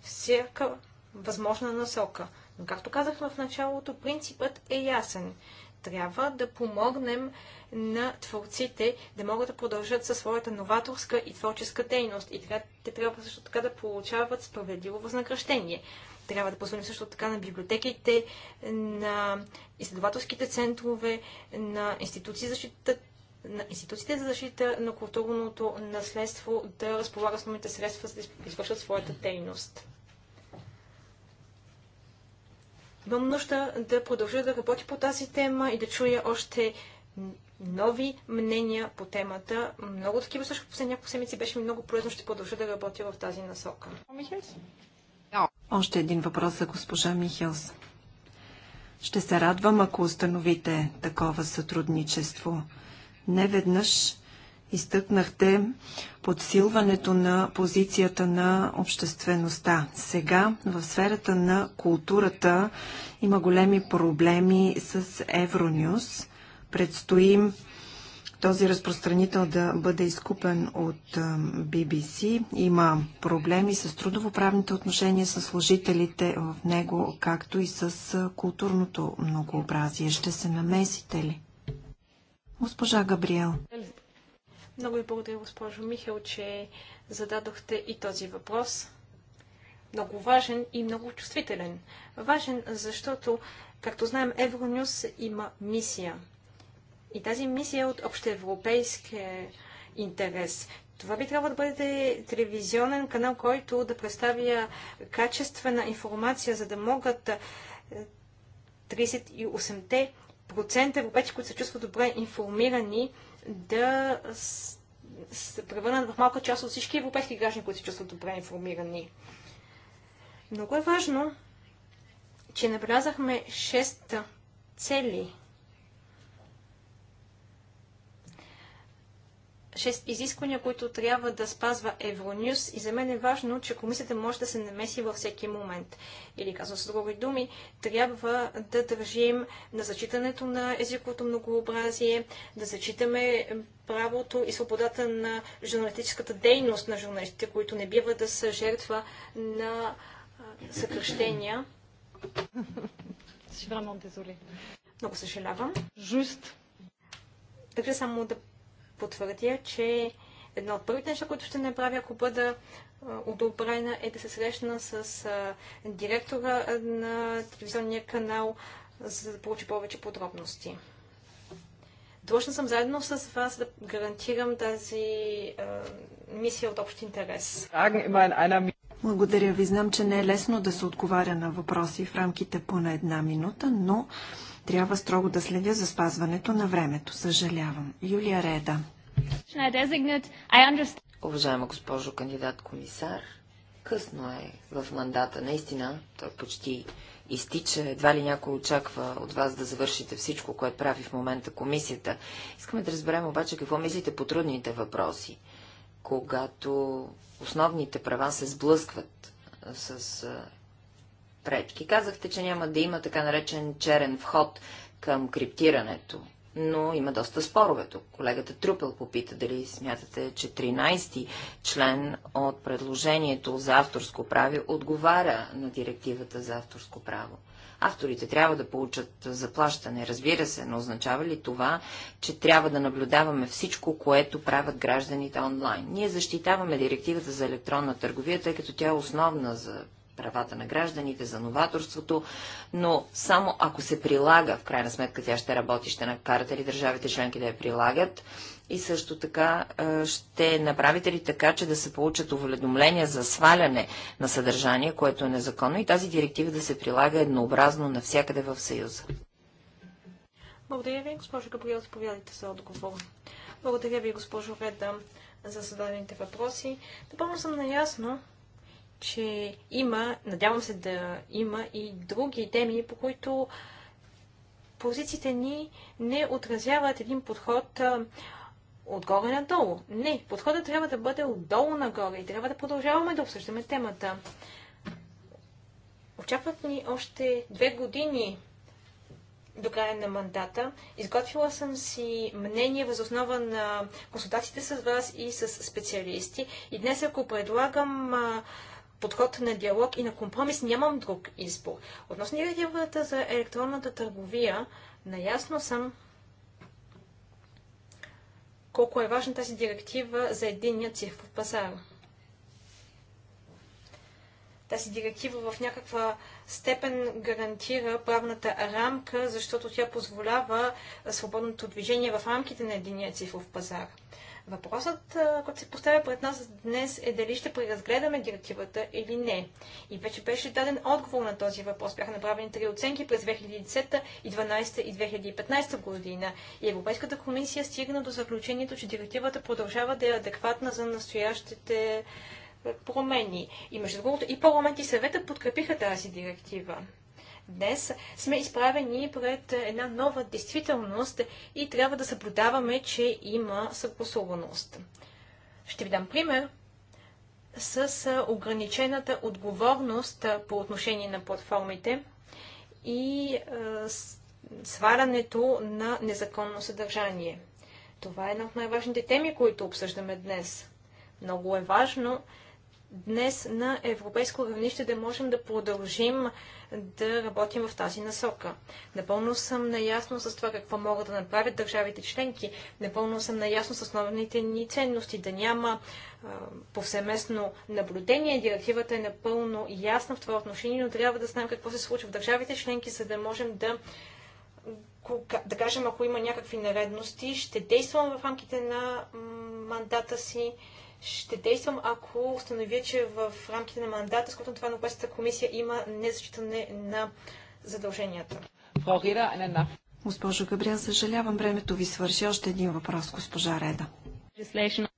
Speaker 3: всяка възможна насока. Но, както казах в началото, принципът е ясен. Трябва да помогнем на творците да могат да продължат със своята новаторска и творческа дейност. И така, те трябва също така да получават справедливо възнаграждение. Трябва да позволим също така на библиотеките, на изследователските центрове, на институции за защита на институциите за защита на културното наследство да разполага с новите средства, за да извършат своята дейност. Имам нужда да продължа да работя по тази тема и да чуя още нови мнения по темата. Много такива също последни няколко седмици беше ми много полезно. Ще продължа да работя в тази насока.
Speaker 4: Още един въпрос за госпожа Михелс. Ще се радвам, ако установите такова сътрудничество. Не веднъж изтъкнахте подсилването на позицията на обществеността. Сега в сферата на културата има големи проблеми с Евронюс. Предстоим този разпространител да бъде изкупен от BBC. Има проблеми с трудовоправните отношения с служителите в него, както и с културното многообразие. Ще се намесите ли? Госпожа Габриел.
Speaker 3: Много ви благодаря, госпожо Михел, че зададохте и този въпрос. Много важен и много чувствителен. Важен, защото, както знаем, Евронюс има мисия. И тази мисия е от общоевропейски интерес. Това би трябвало да бъде телевизионен канал, който да представя качествена информация, за да могат 38-те е, процента европейци, които се чувстват добре информирани, да се превърнат в малка част от всички европейски граждани, които се чувстват добре информирани. Много е важно, че набелязахме 6 цели шест изисквания, които трябва да спазва Евронюс и за мен е важно, че комисията може да се намеси във всеки момент. Или казвам с други думи, трябва да държим на зачитането на езиковото многообразие, да зачитаме правото и свободата на журналистическата дейност на журналистите, които не бива да са жертва на съкръщения. Много съжалявам. Жуст. Така само да потвърдя, че едно от първите неща, които ще направя, ако бъда одобрена, е да се срещна с директора на телевизионния канал, за да получи повече подробности. Длъжна съм заедно с вас да гарантирам тази а, мисия от общ интерес.
Speaker 4: Благодаря ви. Знам, че не е лесно да се отговаря на въпроси в рамките по на една минута, но трябва строго да следя за спазването на времето. Съжалявам. Юлия Реда.
Speaker 5: Уважаема госпожо кандидат комисар, късно е в мандата. Наистина, той почти изтича. Едва ли някой очаква от вас да завършите всичко, което прави в момента комисията. Искаме да разберем обаче какво мислите по трудните въпроси, когато основните права се сблъскват с пречки. Казахте, че няма да има така наречен черен вход към криптирането, но има доста спорове тук. Колегата Трупел попита дали смятате, че 13-ти член от предложението за авторско право отговаря на директивата за авторско право. Авторите трябва да получат заплащане, разбира се, но означава ли това, че трябва да наблюдаваме всичко, което правят гражданите онлайн? Ние защитаваме директивата за електронна търговия, тъй като тя е основна за правата на гражданите, за новаторството, но само ако се прилага, в крайна сметка тя ще работи, ще накарате ли държавите членки да я прилагат и също така ще направите ли така, че да се получат уведомления за сваляне на съдържание, което е незаконно и тази директива да се прилага еднообразно навсякъде в Съюза?
Speaker 3: Благодаря ви, госпожо Габриел, заповядайте за отговор. Благодаря ви, госпожо Реда, за зададените въпроси. Напълно съм наясно, че има, надявам се да има и други теми, по които позициите ни не отразяват един подход а, отгоре надолу. Не, подходът трябва да бъде отдолу нагоре и трябва да продължаваме да обсъждаме темата. Очакват ни още две години до края на мандата. Изготвила съм си мнение въз основа на консултациите с вас и с специалисти. И днес, ако предлагам а, подход на диалог и на компромис нямам друг избор. Относно директивата за електронната търговия, наясно съм колко е важна тази директива за единния цифров пазар. Тази директива в някаква степен гарантира правната рамка, защото тя позволява свободното движение в рамките на единия цифров пазар. Въпросът, който се поставя пред нас днес е дали ще преразгледаме директивата или не. И вече беше даден отговор на този въпрос. Бяха направени три оценки през 2010, 2012 и 2015 година. И Европейската комисия стигна до заключението, че директивата продължава да е адекватна за настоящите промени. И между другото и парламент и съвета подкрепиха тази директива. Днес сме изправени пред една нова действителност и трябва да съблюдаваме, че има съгласуваност. Ще ви дам пример с ограничената отговорност по отношение на платформите и свалянето на незаконно съдържание. Това е една от най-важните теми, които обсъждаме днес. Много е важно днес на европейско равнище да можем да продължим да работим в тази насока. Напълно съм наясно с това какво могат да направят държавите членки. Напълно съм наясно с основните ни ценности. Да няма а, повсеместно наблюдение. Директивата е напълно ясна в това отношение, но трябва да знаем какво се случва в държавите членки, за да можем да да кажем, ако има някакви наредности, ще действам в рамките на мандата си, ще действам, ако установя, че в рамките на мандата, с на това на областната комисия има незачитане на задълженията.
Speaker 4: Госпожо Габриан, съжалявам, времето ви свърши. Още един въпрос, госпожа Реда.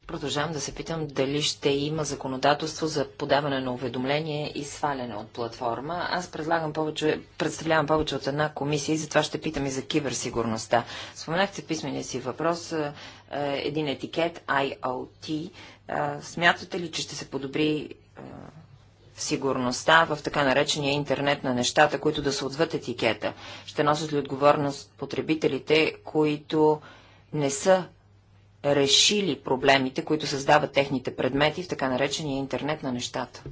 Speaker 4: Продължавам да се питам дали ще
Speaker 5: има законодателство за подаване на уведомление и сваляне от платформа. Аз предлагам повече, представлявам повече от една комисия и затова ще питам и за киберсигурността. Споменахте писмения си въпрос, е, е, един етикет IoT, Смятате ли, че ще се подобри сигурността в така наречения интернет на нещата, които да са отвъд етикета? Ще носят ли отговорност потребителите, които не са решили проблемите, които създават техните предмети в така наречения интернет на нещата?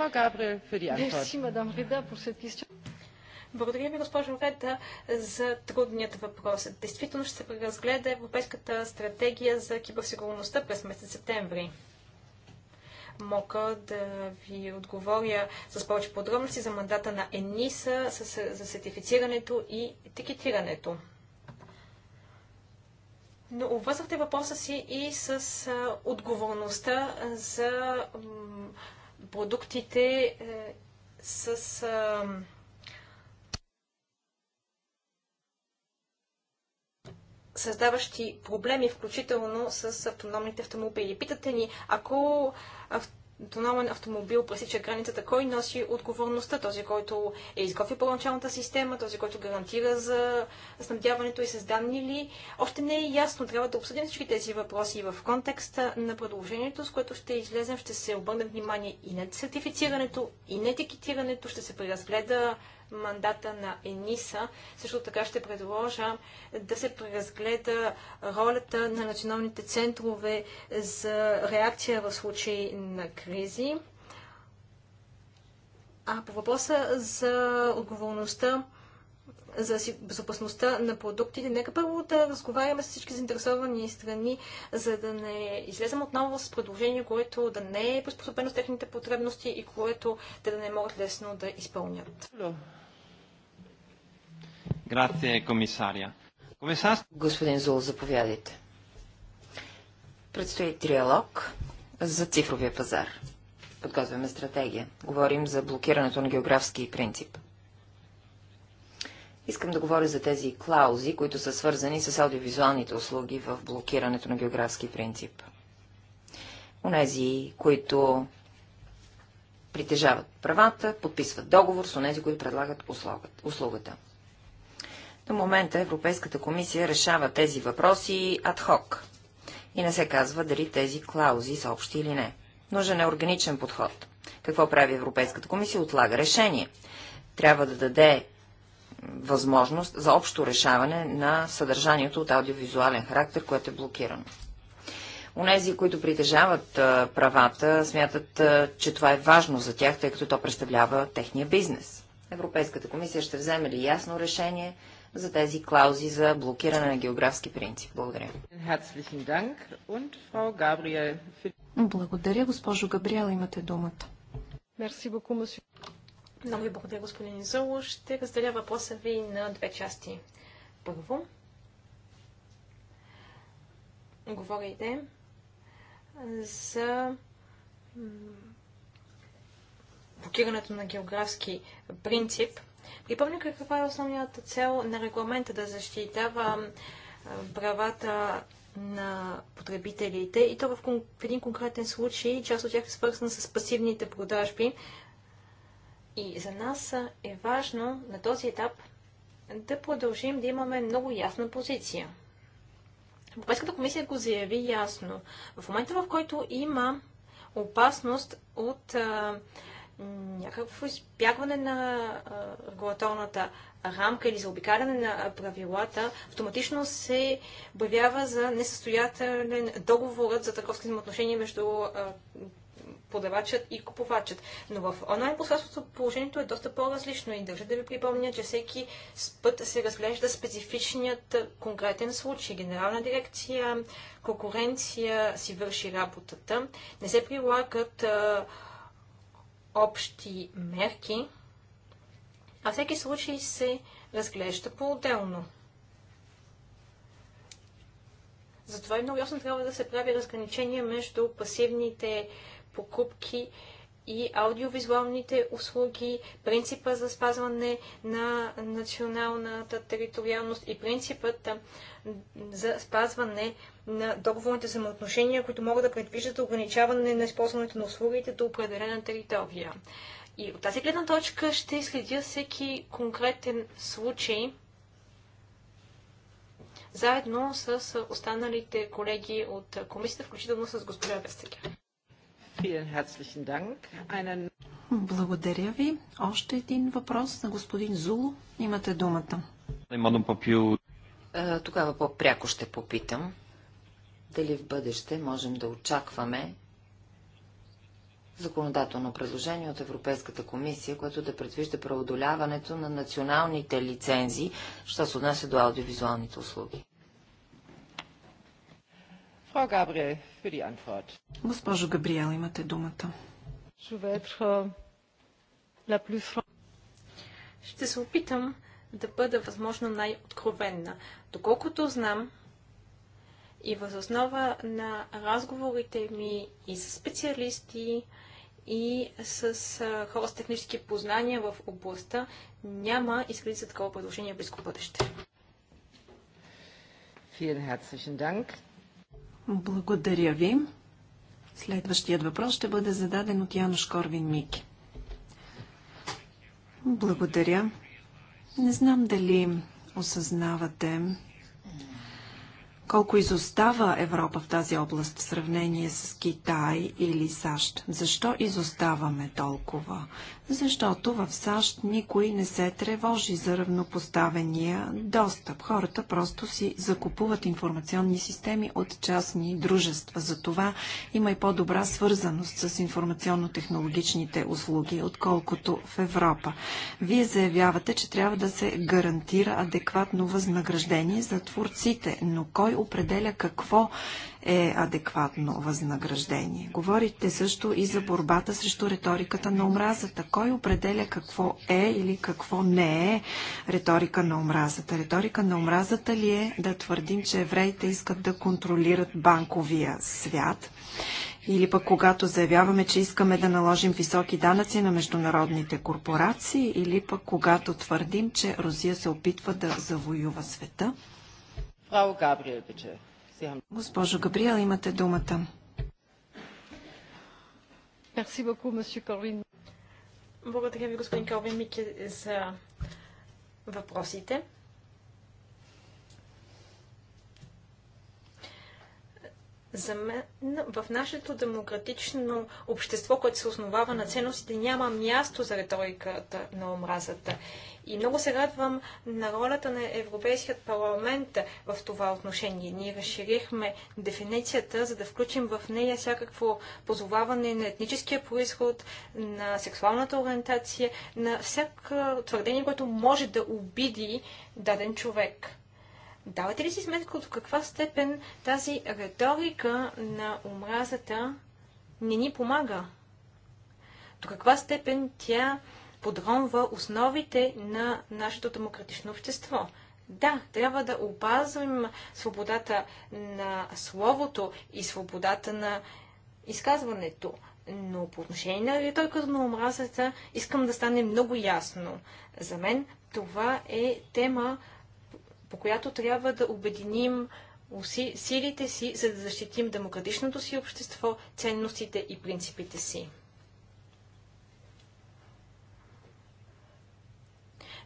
Speaker 1: Merci, Madame Reda,
Speaker 3: pour cette question. Благодаря ви, госпожо Реда, за трудният въпрос. Действително ще се преразгледа Европейската стратегия за киберсигурността през месец септември. Мога да ви отговоря с повече подробности за мандата на ЕНИСА, за сертифицирането и етикетирането. Но обвързвате въпроса си и с отговорността за продуктите е, с създаващи проблеми, включително с автономните автомобили. Питате ни, ако автономен автомобил пресича границата, кой носи отговорността? Този, който е изготвил първоначалната система, този, който гарантира за снабдяването и с данни ли? Още не е ясно. Трябва да обсъдим всички тези въпроси в контекста на предложението, с което ще излезем, ще се обърне внимание и на сертифицирането, и на етикетирането, ще се преразгледа мандата на ЕНИСА. Също така ще предложа да се преразгледа ролята на националните центрове за реакция в случай на кризи. А по въпроса за отговорността за безопасността на продуктите. Нека първо да разговаряме с всички заинтересовани страни, за да не излезем отново с предложение, което да не е приспособено с техните потребности и което те да не могат лесно да изпълнят.
Speaker 1: Грация, Комисар...
Speaker 5: Господин Зул, заповядайте. Предстои триалог за цифровия пазар. Подготвяме стратегия. Говорим за блокирането на географски принцип. Искам да говоря за тези клаузи, които са свързани с аудиовизуалните услуги в блокирането на географски принцип. Унези, които притежават правата, подписват договор с унези, които предлагат услугата. До момента Европейската комисия решава тези въпроси адхок и не се казва дали тези клаузи са общи или не. Нужен е органичен подход. Какво прави Европейската комисия? Отлага решение. Трябва да даде възможност за общо решаване на съдържанието от аудиовизуален характер, което е блокирано. Онези, които притежават а, правата, смятат, а, че това е важно за тях, тъй като то представлява техния бизнес. Европейската комисия ще вземе ли ясно решение за тези клаузи за блокиране на географски принцип. Благодаря.
Speaker 4: Благодаря, госпожо Габриел. Имате думата.
Speaker 1: Мерси боку, Много ви благодаря,
Speaker 3: господин Золо. Ще разделя въпроса ви на две части. Първо, говорите за блокирането на географски принцип Припомня каква е основната цел на регламента да защитава правата на потребителите и то в, кон- в един конкретен случай, част от тях е свързана с пасивните продажби. И за нас е важно на този етап да продължим да имаме много ясна позиция. Европейската комисия го заяви ясно. В момента, в който има опасност от а, някакво избягване на регулаторната рамка или за обикаляне на правилата, автоматично се обявява за несъстоятелен договорът за търговски взаимоотношения между продавачът и купувачът. Но в онлайн посредството положението е доста по-различно и държа да ви припомня, че всеки път се разглежда специфичният конкретен случай. Генерална дирекция, конкуренция си върши работата. Не се прилагат а, общи мерки, а всеки случай се разглежда по-отделно. Затова е много ясно трябва да се прави разграничение между пасивните покупки и аудиовизуалните услуги, принципа за спазване на националната териториалност и принципът за спазване на договорните самоотношения, които могат да предвиждат ограничаване на използването на услугите до определена територия. И от тази гледна точка ще следя всеки конкретен случай, заедно с останалите колеги от комисията, включително с госпожа Вестегер.
Speaker 4: Благодаря ви. Още един въпрос на господин Зуло. Имате думата. Е, тогава
Speaker 5: по-пряко ще попитам дали в бъдеще можем да очакваме законодателно предложение от Европейската комисия, което да предвижда преодоляването на националните лицензии, що се отнася до аудиовизуалните услуги.
Speaker 1: Госпожо Габриел,
Speaker 4: имате думата.
Speaker 1: Euh,
Speaker 3: Ще се опитам да бъда възможно най-откровенна. Доколкото знам, и въз основа на разговорите ми и с специалисти, и с хора с технически познания в областта, няма изгледи за такова предложение в близко бъдеще.
Speaker 4: Благодаря ви. Следващият въпрос ще бъде зададен от Янош Корвин Мики. Благодаря. Не знам дали осъзнавате, колко изостава Европа в тази област в сравнение с Китай или САЩ. Защо изоставаме толкова? Защото в САЩ никой не се тревожи за равнопоставения достъп. Хората просто си закупуват информационни системи от частни дружества. За това има и по-добра свързаност с информационно-технологичните услуги, отколкото в Европа. Вие заявявате, че трябва да се гарантира адекватно възнаграждение за творците, но кой определя какво е адекватно възнаграждение. Говорите също и за борбата срещу риториката на омразата. Кой определя какво е или какво не е риторика на омразата? Риторика на омразата ли е да твърдим, че евреите искат да контролират банковия свят? Или пък когато заявяваме, че искаме да наложим високи данъци на международните корпорации, или пък когато твърдим, че Русия се опитва да завоюва света? Госпожо Габриел, имате думата.
Speaker 1: Благодаря ви, господин Корвин Мике,
Speaker 3: за въпросите. За мен в нашето демократично общество, което се основава на ценностите, няма място за риториката на омразата. И много се радвам на ролята на Европейският парламент в това отношение. Ние разширихме дефиницията, за да включим в нея всякакво позоваване на етническия происход, на сексуалната ориентация, на всяко твърдение, което може да обиди даден човек. Давате ли си сметка до каква степен тази риторика на омразата не ни помага? До каква степен тя подронва основите на нашето демократично общество. Да, трябва да опазвам свободата на словото и свободата на изказването. Но по отношение на риториката на омразата искам да стане много ясно. За мен това е тема, по която трябва да обединим силите си, за да защитим демократичното си общество, ценностите и принципите си.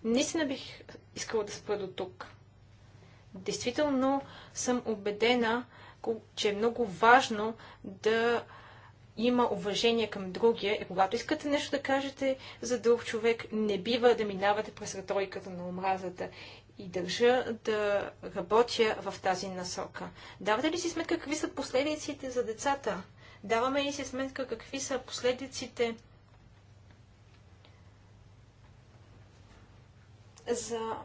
Speaker 3: Наистина бих искала да спра до тук. Действително съм убедена, че е много важно да има уважение към другия и когато искате нещо да кажете за друг човек, не бива да минавате през риториката на омразата и държа да работя в тази насока. Давате ли си сметка какви са последиците за децата? Даваме ли си сметка какви са последиците за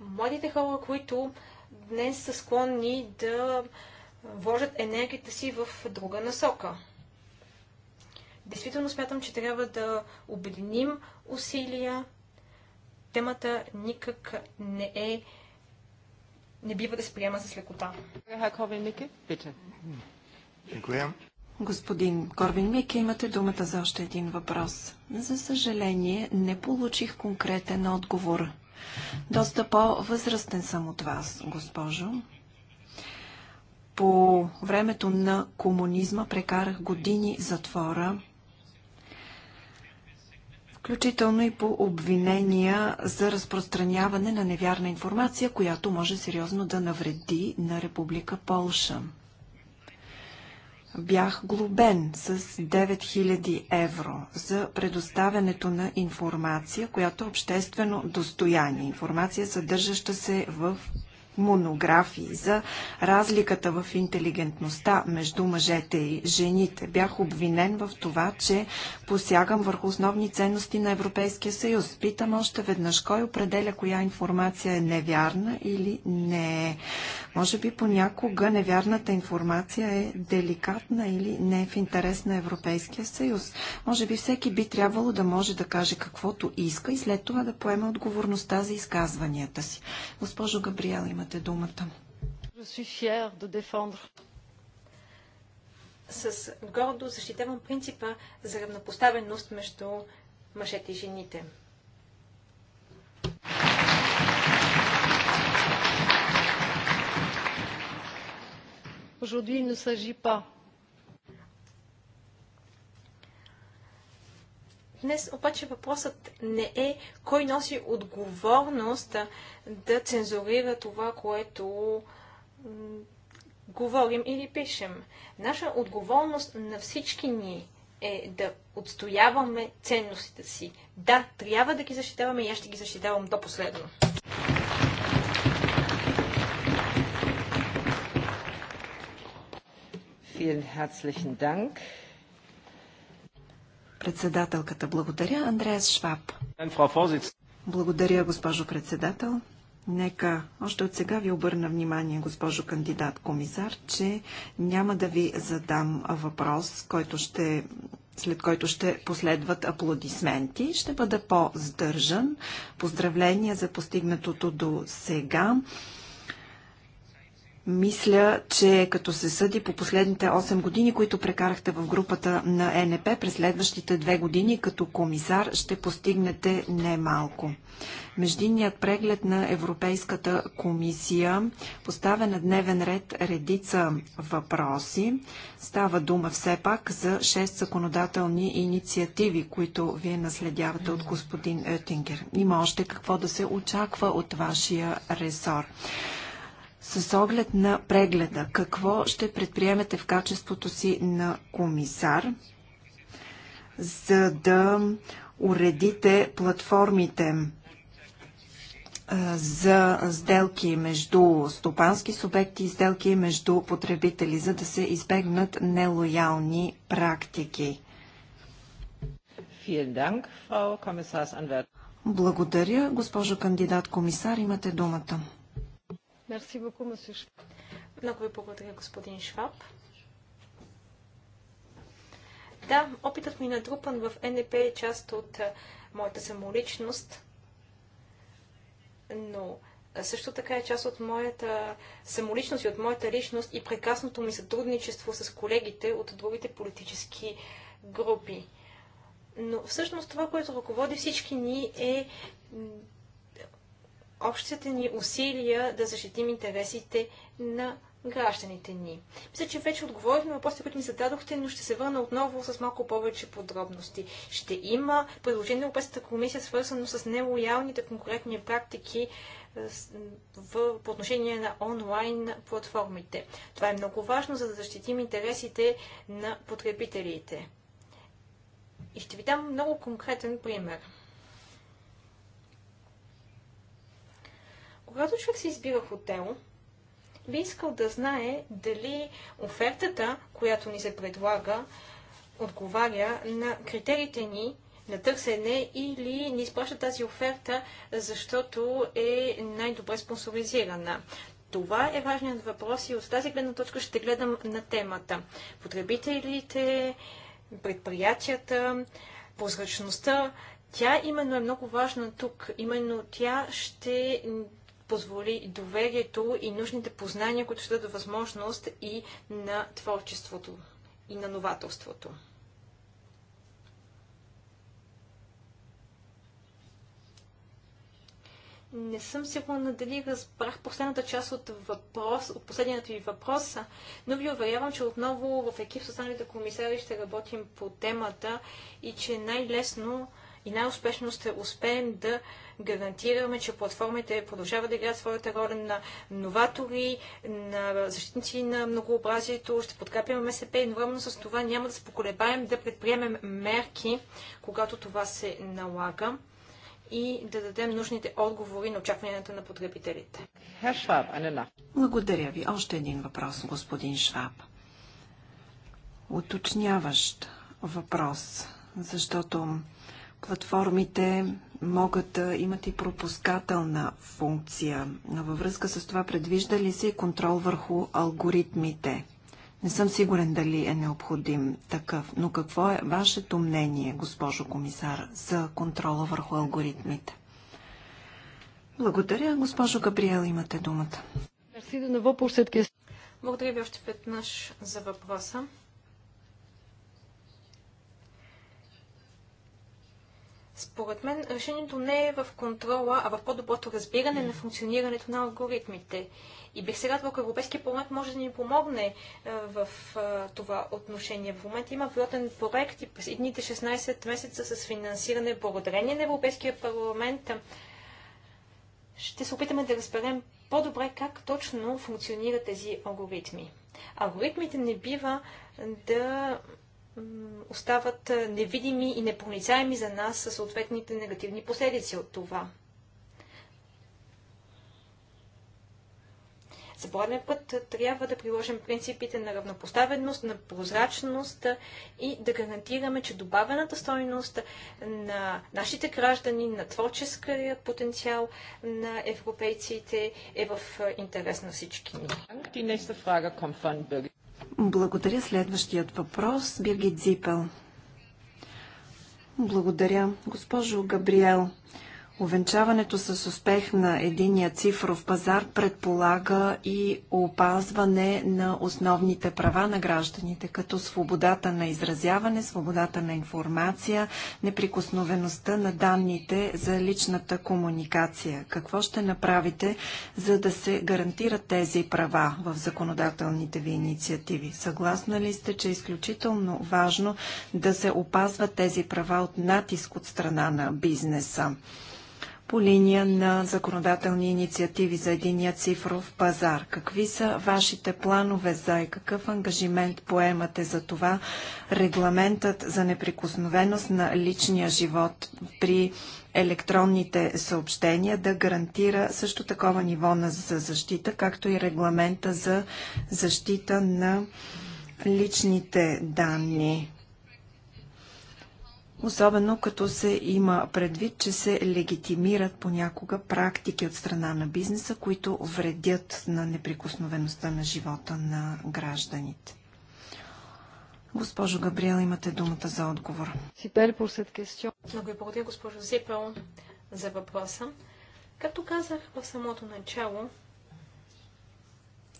Speaker 3: младите хора, които днес са склонни да вложат енергията си в друга насока. Действително смятам, че трябва да обединим усилия. Темата никак не е не бива да се приема
Speaker 4: с лекота. Благодаря. Господин Корвин Мике, имате думата за още един въпрос. За съжаление, не получих конкретен отговор. Доста по-възрастен съм от вас, госпожо. По времето на комунизма прекарах години затвора, включително и по обвинения за разпространяване на невярна информация, която може сериозно да навреди на Република Полша бях глобен с 9000 евро за предоставянето на информация, която е обществено достояние. Информация, съдържаща се в монографии за разликата в интелигентността между мъжете и жените. Бях обвинен в това, че посягам върху основни ценности на Европейския съюз. Питам още веднъж, кой определя коя информация е невярна или не е. Може би понякога невярната информация е деликатна или не е в интерес на Европейския съюз. Може би всеки би трябвало да може да каже каквото иска и след това да поеме отговорността за изказванията си. Госпожо Габриел, има Имате думата.
Speaker 1: С гордо
Speaker 3: защитавам принципа за равнопоставеност между мъжете и жените.
Speaker 1: Aujourd'hui, il ne s'agit pas
Speaker 3: Днес обаче въпросът не е кой носи отговорност да цензурира това, което говорим или пишем. Наша отговорност на всички ни е да отстояваме ценностите си. Да, трябва да ги защитаваме и аз ще ги защитавам до последно.
Speaker 1: Vielen herzlichen Dank.
Speaker 4: Председателката благодаря. Андреас Шваб. Благодаря, госпожо председател. Нека още от сега ви обърна внимание, госпожо кандидат комисар, че няма да ви задам въпрос, който ще, след който ще последват аплодисменти. Ще бъда по-здържан. Поздравления за постигнатото до сега. Мисля, че като се съди по последните 8 години, които прекарахте в групата на ЕНП, през следващите две години като комисар ще постигнете немалко. Междинният преглед на Европейската комисия поставя на дневен ред редица въпроси. Става дума все пак за 6 законодателни инициативи, които вие наследявате от господин Етингер. Има още какво да се очаква от вашия ресор. С оглед на прегледа, какво ще предприемете в качеството си на комисар, за да уредите платформите за сделки между стопански субекти и сделки между потребители, за да се избегнат нелоялни практики. Благодаря, госпожо кандидат комисар, имате думата.
Speaker 1: Merci beaucoup, monsieur
Speaker 3: Много ви благодаря, господин Шваб. Да, опитът ми е натрупан в НП е част от моята самоличност, но също така е част от моята самоличност и от моята личност и прекрасното ми сътрудничество с колегите от другите политически групи. Но всъщност това, което ръководи всички ни е общите ни усилия да защитим интересите на гражданите ни. Мисля, че вече отговорихме на въпросите, които ми зададохте, но ще се върна отново с малко повече подробности. Ще има предложение на Европейската комисия, свързано с нелоялните конкурентни практики е, в, по отношение на онлайн платформите. Това е много важно, за да защитим интересите на потребителите. И ще ви дам много конкретен пример. когато човек се избира хотел, би искал да знае дали офертата, която ни се предлага, отговаря на критериите ни на търсене или ни изпраща тази оферта, защото е най-добре спонсоризирана. Това е важният въпрос и от тази гледна точка ще гледам на темата. Потребителите, предприятията, прозрачността, тя именно е много важна тук. Именно тя ще позволи доверието и нужните познания, които ще дадат възможност и на творчеството, и на нователството. Не съм сигурна дали разбрах последната част от въпрос, от последният ви въпрос, но ви уверявам, че отново в екип с останалите комисари ще работим по темата и че най-лесно и най-успешно ще успеем да гарантираме, че платформите продължават да играят своята роля на новатори, на защитници на многообразието, ще подкрепяме МСП и едновременно с това няма да се поколебаем да предприемем мерки, когато това се налага и да дадем нужните отговори на очакванията на потребителите.
Speaker 4: Благодаря ви. Още един въпрос, господин Шваб. Уточняващ въпрос, защото платформите могат да имат и пропускателна функция. Но във връзка с това предвижда ли се контрол върху алгоритмите? Не съм сигурен дали е необходим такъв, но какво е вашето мнение, госпожо комисар, за контрола върху алгоритмите? Благодаря, госпожо Габриел, имате думата.
Speaker 3: Благодаря ви още веднъж за въпроса. Според мен решението не е в контрола, а в по-доброто разбиране на функционирането на алгоритмите. И бих се радвал, ако Европейския парламент може да ни помогне а, е, в а, е, това отношение. В момента има пилотен проект и през едните 16 месеца с финансиране благодарение на Европейския парламент. Ще се опитаме да разберем по-добре как точно функционират тези алгоритми. Алгоритмите не бива да остават невидими и непроницаеми за нас със съответните негативни последици от това. За пореден път трябва да приложим принципите на равнопоставеност, на прозрачност и да гарантираме, че добавената стойност на нашите граждани, на творческия потенциал на европейците е в интерес на всички ни.
Speaker 4: Благодаря. Следващият въпрос. Биргит Зипел. Благодаря. Госпожо Габриел, Овенчаването с успех на единия цифров пазар предполага и опазване на основните права на гражданите, като свободата на изразяване, свободата на информация, неприкосновеността на данните за личната комуникация. Какво ще направите, за да се гарантират тези права в законодателните ви инициативи? Съгласна ли сте, че е изключително важно да се опазват тези права от натиск от страна на бизнеса? по линия на законодателни инициативи за единия цифров пазар. Какви са вашите планове за и какъв ангажимент поемате за това регламентът за неприкосновеност на личния живот при електронните съобщения да гарантира също такова ниво на защита, както и регламента за защита на личните данни особено като се има предвид, че се легитимират понякога практики от страна на бизнеса, които вредят на неприкосновеността на живота на гражданите. Госпожо Габриел, имате
Speaker 1: думата за отговор. Много
Speaker 3: ви благодаря, госпожо Зипел, за въпроса. Както казах в самото начало,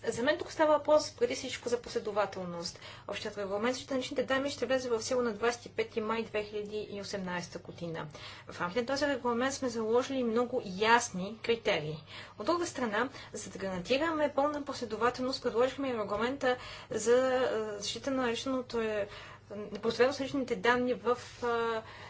Speaker 3: за мен тук става въпрос преди всичко за последователност. Общият регламент за личните данни ще влезе в сила на 25 май 2018 година. В рамките на този регламент сме заложили много ясни критерии. От друга страна, за да гарантираме пълна последователност, предложихме регламента за защита на личното е, непосредствено личните данни в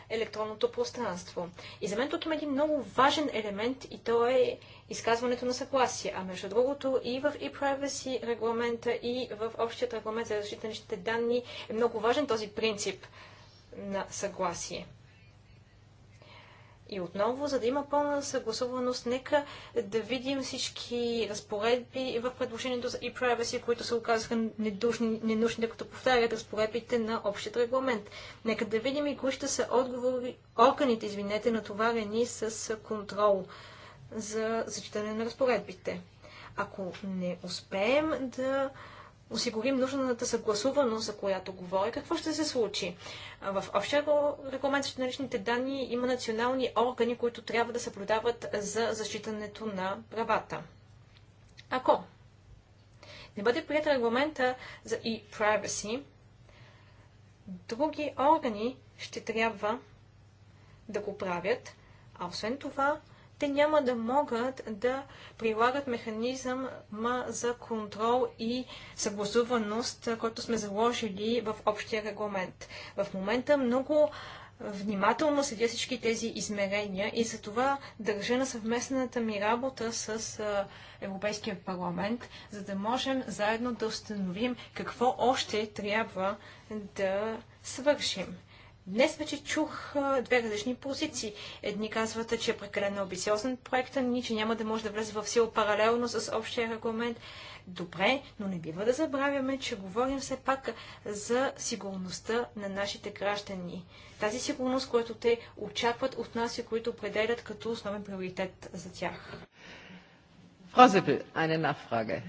Speaker 3: електронното пространство. И за мен тук има е един много важен елемент и то е изказването на съгласие. А между другото и в e-privacy регламента и в общият регламент за защита на личните данни е много важен този принцип на съгласие. И отново, за да има пълна съгласуваност, нека да видим всички разпоредби в предложението за e-privacy, които се оказаха недушни, ненужни, като повтарят разпоредбите на общият регламент. Нека да видим и кои ще са отговори, органите, извинете, натоварени с контрол за зачитане на разпоредбите. Ако не успеем да осигурим нужната съгласуваност, за която говоря, какво ще се случи? В общия регламент за наличните данни има национални органи, които трябва да съблюдават за защитането на правата. Ако не бъде прият регламента за e-privacy, други органи ще трябва да го правят, а освен това те няма да могат да прилагат механизъм за контрол и съгласуваност, който сме заложили в общия регламент. В момента много внимателно следя всички тези измерения и за това държа на съвместната ми работа с Европейския парламент, за да можем заедно да установим какво още трябва да свършим. Днес вече чух две различни позиции. Едни казват, че е прекалено амбициозен проект, а ни, че няма да може да влезе в сила паралелно с общия регламент. Добре, но не бива да забравяме, че говорим все пак за сигурността на нашите граждани. Тази сигурност, която те очакват от нас и които определят като основен
Speaker 4: приоритет за
Speaker 1: тях. Фразепе, една nachfrage.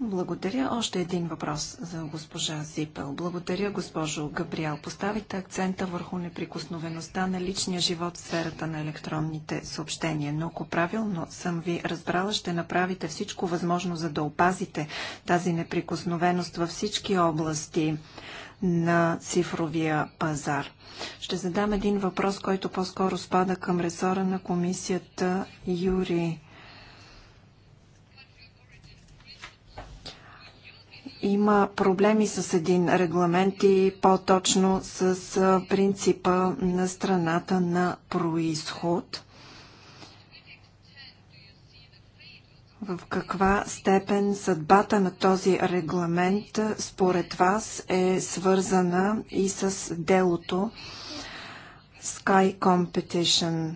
Speaker 4: Благодаря. Още един въпрос за госпожа Зипел. Благодаря, госпожо Габриел. Поставите акцента върху неприкосновеността на личния живот в сферата на електронните съобщения. Но ако правилно съм ви разбрала, ще направите всичко възможно, за да опазите тази неприкосновеност във всички области на цифровия пазар. Ще задам един въпрос, който по-скоро спада към ресора на комисията Юри. има проблеми с един регламент и по-точно с принципа на страната на происход. В каква степен съдбата на този регламент според вас е свързана и с делото Sky Competition?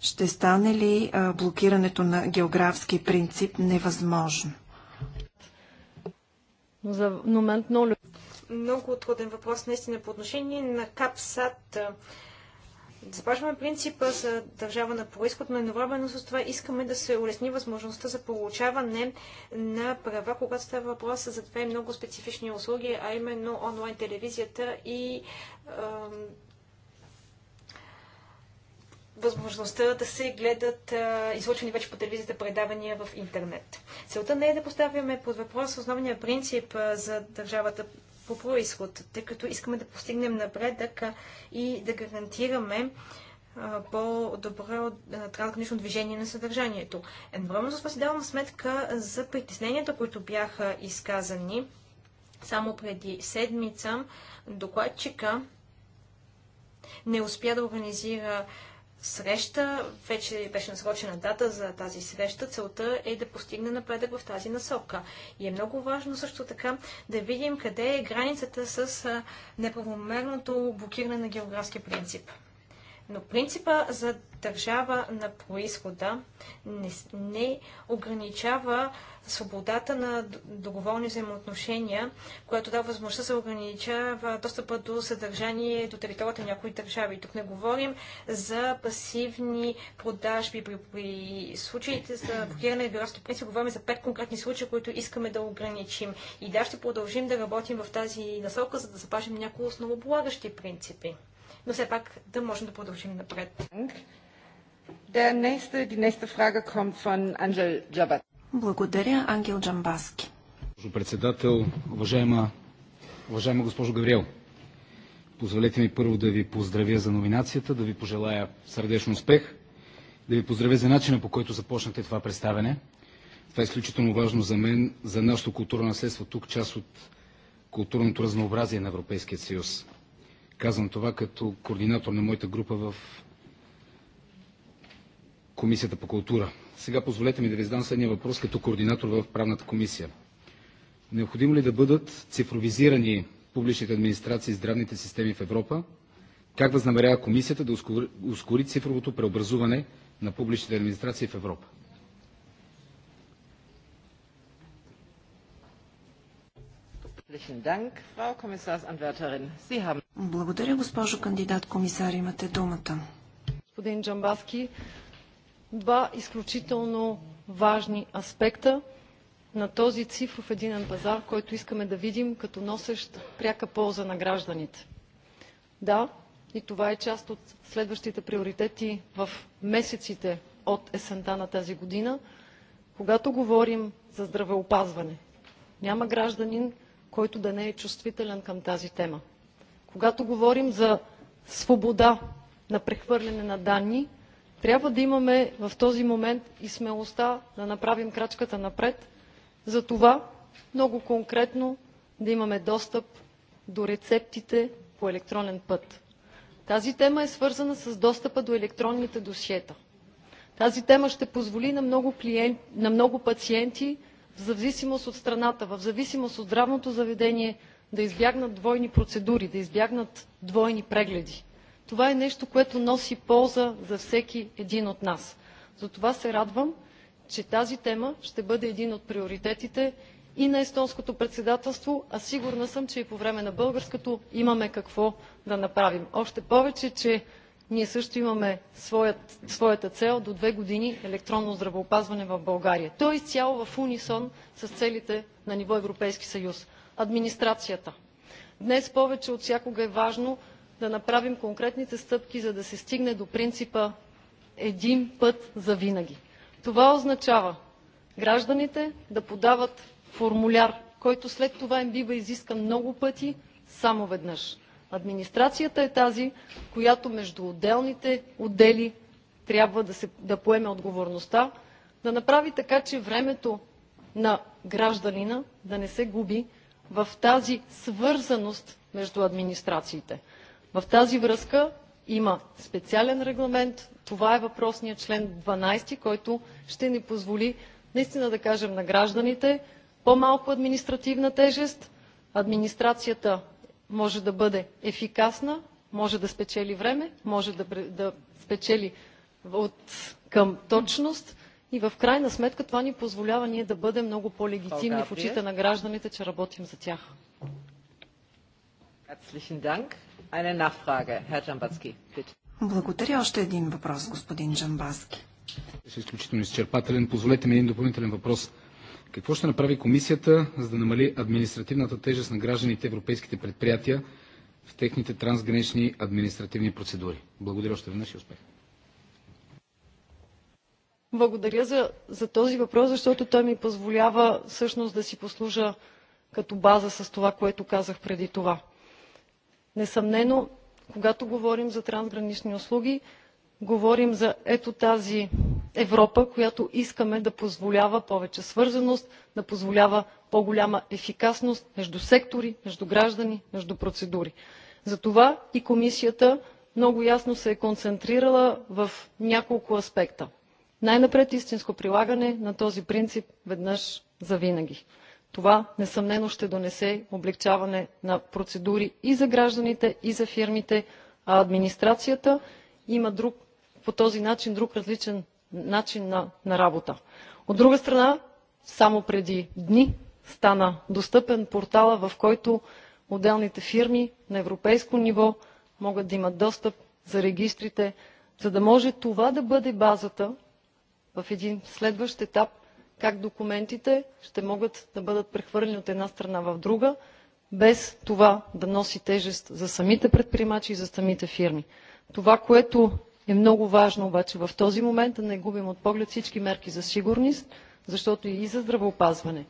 Speaker 4: Ще стане ли блокирането на географски принцип
Speaker 1: невъзможно? Много
Speaker 3: труден въпрос наистина по отношение на КАПСАТ. Започваме принципа за държава на происход, но едновременно с това искаме да се улесни възможността за получаване на права, когато става въпрос за две много специфични услуги, а именно онлайн телевизията и възможността да се гледат а, излучени вече по телевизията предавания в интернет. Целта не е да поставяме под въпрос основния принцип а, за държавата по происход, тъй като искаме да постигнем напредък а, и да гарантираме по-добро трансгранично движение на съдържанието. Едновременно с това си давам сметка за притесненията, които бяха изказани само преди седмица. Докладчика не успя да организира среща. Вече беше насрочена дата за тази среща. Целта е да постигне напредък в тази насока. И е много важно също така да видим къде е границата с неправомерното блокиране на географски принцип. Но принципа за държава на происхода не, не ограничава свободата на договорни взаимоотношения, което дава възможността да се ограничава достъпа до съдържание до територията на някои държави. Тук не говорим за пасивни продажби при, при случаите за блокиране на бюрарство принцип. Говорим за пет конкретни случаи, които искаме да ограничим. И да, ще продължим да работим в тази насока, за да запазим някои основополагащи принципи но все пак да можем да продължим напред.
Speaker 4: Благодаря, Ангел Джамбаски.
Speaker 2: Госпожо председател, уважаема, уважаема госпожо Гавриел, позволете ми първо да ви поздравя за номинацията, да ви пожелая сърдечен успех, да ви поздравя за начина по който започнахте това представене. Това е изключително важно за мен, за нашето културно наследство тук, част от културното разнообразие на Европейския съюз. Казвам това като координатор на моята група в Комисията по култура. Сега позволете ми да ви задам следния въпрос като координатор в правната комисия. Необходимо ли да бъдат цифровизирани публичните администрации и здравните системи в Европа? Как възнамерява комисията да ускори цифровото преобразуване на публичните администрации в Европа?
Speaker 4: Благодаря, госпожо кандидат комисар. Имате думата.
Speaker 1: Господин Джамбаски, два изключително важни аспекта на този цифров единен пазар, който искаме да видим като носещ пряка полза на гражданите. Да, и това е част от следващите приоритети в месеците от есента на тази година, когато говорим за здравеопазване. Няма гражданин, който да не е чувствителен към тази тема. Когато говорим за свобода на прехвърляне на данни, трябва да имаме в този момент и смелостта да направим крачката напред. Затова много конкретно да имаме достъп до рецептите по електронен път. Тази тема е свързана с достъпа до електронните досиета. Тази тема ще позволи на много, клиент, на много пациенти в зависимост от страната, в зависимост от здравното заведение да избягнат двойни процедури, да избягнат двойни прегледи. Това е нещо, което носи полза за всеки един от нас. Затова се радвам, че тази тема ще бъде един от приоритетите и на естонското председателство, а сигурна съм, че и по време на българското имаме какво да направим. Още повече, че ние също имаме своят, своята цел до две години електронно здравеопазване в България. То е изцяло в унисон с целите на ниво Европейски съюз. Администрацията. Днес повече от всякога е важно да направим конкретните стъпки, за да се стигне до принципа един път за винаги. Това означава гражданите да подават формуляр, който след това им бива изискан много пъти, само веднъж. Администрацията е тази, която между отделните отдели трябва да, се, да поеме отговорността, да направи така, че времето на гражданина да не се губи в тази свързаност между администрациите. В тази връзка има специален регламент. Това е въпросният член 12, който ще ни позволи наистина да кажем на гражданите по-малко административна тежест, администрацията може да бъде ефикасна, може да спечели време, може да, да спечели от, към точност и в крайна сметка това ни позволява ние да бъдем много по-легитимни в очите на гражданите, че работим за тях. Благодаря. Още един въпрос,
Speaker 4: господин Джамбаски.
Speaker 2: Изключително изчерпателен. Позволете ми един допълнителен въпрос. Какво ще направи комисията, за да намали административната тежест на гражданите европейските предприятия в техните трансгранични административни процедури? Благодаря още веднъж и успех.
Speaker 1: Благодаря за, за този въпрос, защото той ми позволява всъщност да си послужа като база с това, което казах преди това. Несъмнено, когато говорим за трансгранични услуги, говорим за ето тази Европа, която искаме да позволява повече свързаност, да позволява по-голяма ефикасност между сектори, между граждани, между процедури. Затова и комисията много ясно се е концентрирала в няколко аспекта. Най-напред истинско прилагане на този принцип веднъж за винаги. Това несъмнено ще донесе облегчаване на процедури и за гражданите, и за фирмите, а администрацията има друг, по този начин друг различен начин на, на работа. От друга страна, само преди дни стана достъпен портала, в който отделните фирми на европейско ниво могат да имат достъп за регистрите, за да може това да бъде базата в един следващ етап, как документите ще могат да бъдат прехвърлени от една страна в друга, без това да носи тежест за самите предприемачи и за самите фирми. Това, което е много важно обаче в този момент да не губим от поглед всички мерки за сигурност, защото и за здравеопазване,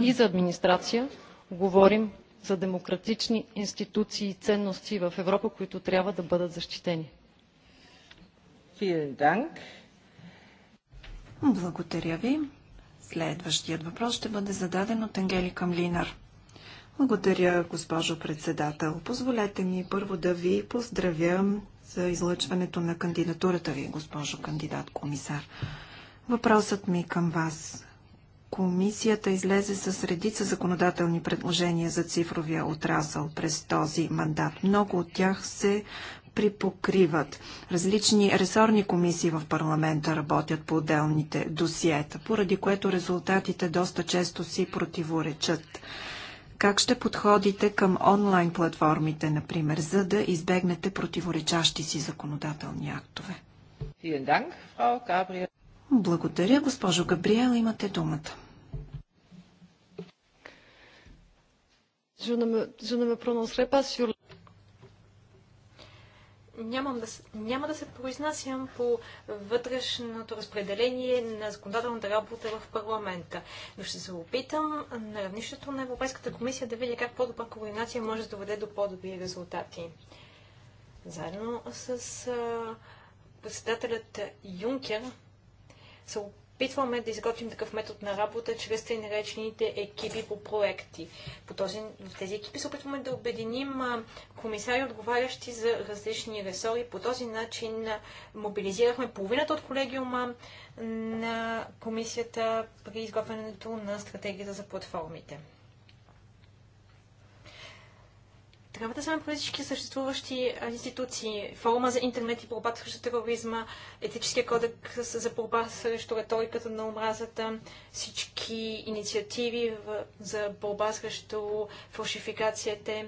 Speaker 1: и за администрация говорим за демократични институции и ценности в Европа, които трябва да бъдат защитени. Благодаря ви.
Speaker 4: Следващият въпрос ще бъде зададен от Ангелика Млинар. Благодаря, госпожо председател. Позволете ми първо да ви поздравя за излъчването на кандидатурата ви, госпожо кандидат-комисар. Въпросът ми е към вас. Комисията излезе с редица законодателни предложения за цифровия отрасъл през този мандат. Много от тях се припокриват. Различни ресорни комисии в парламента работят по отделните досиета, поради което резултатите доста често си противоречат. Как ще подходите към онлайн платформите, например, за да избегнете противоречащи си законодателни актове? Благодаря, госпожо Габриел. Имате думата.
Speaker 1: Je ne me, je ne me prononcerai pas sur
Speaker 3: Нямам да, няма да се произнасям по вътрешното разпределение на законодателната работа в парламента, но ще се опитам на равнището на Европейската комисия да видя как по-добра координация може да доведе до по-добри резултати. Заедно с председателят Юнкер се опитваме да изготвим такъв метод на работа чрез тъй наречените екипи по проекти. По този, в тези екипи се опитваме да обединим комисари, отговарящи за различни ресори. По този начин мобилизирахме половината от колегиума на комисията при изготвянето на стратегията за платформите. Трябва да се преди всички съществуващи институции, форума за интернет и борба срещу тероризма, етическия кодекс за борба срещу риториката на омразата, всички инициативи за борба срещу фалшификацията,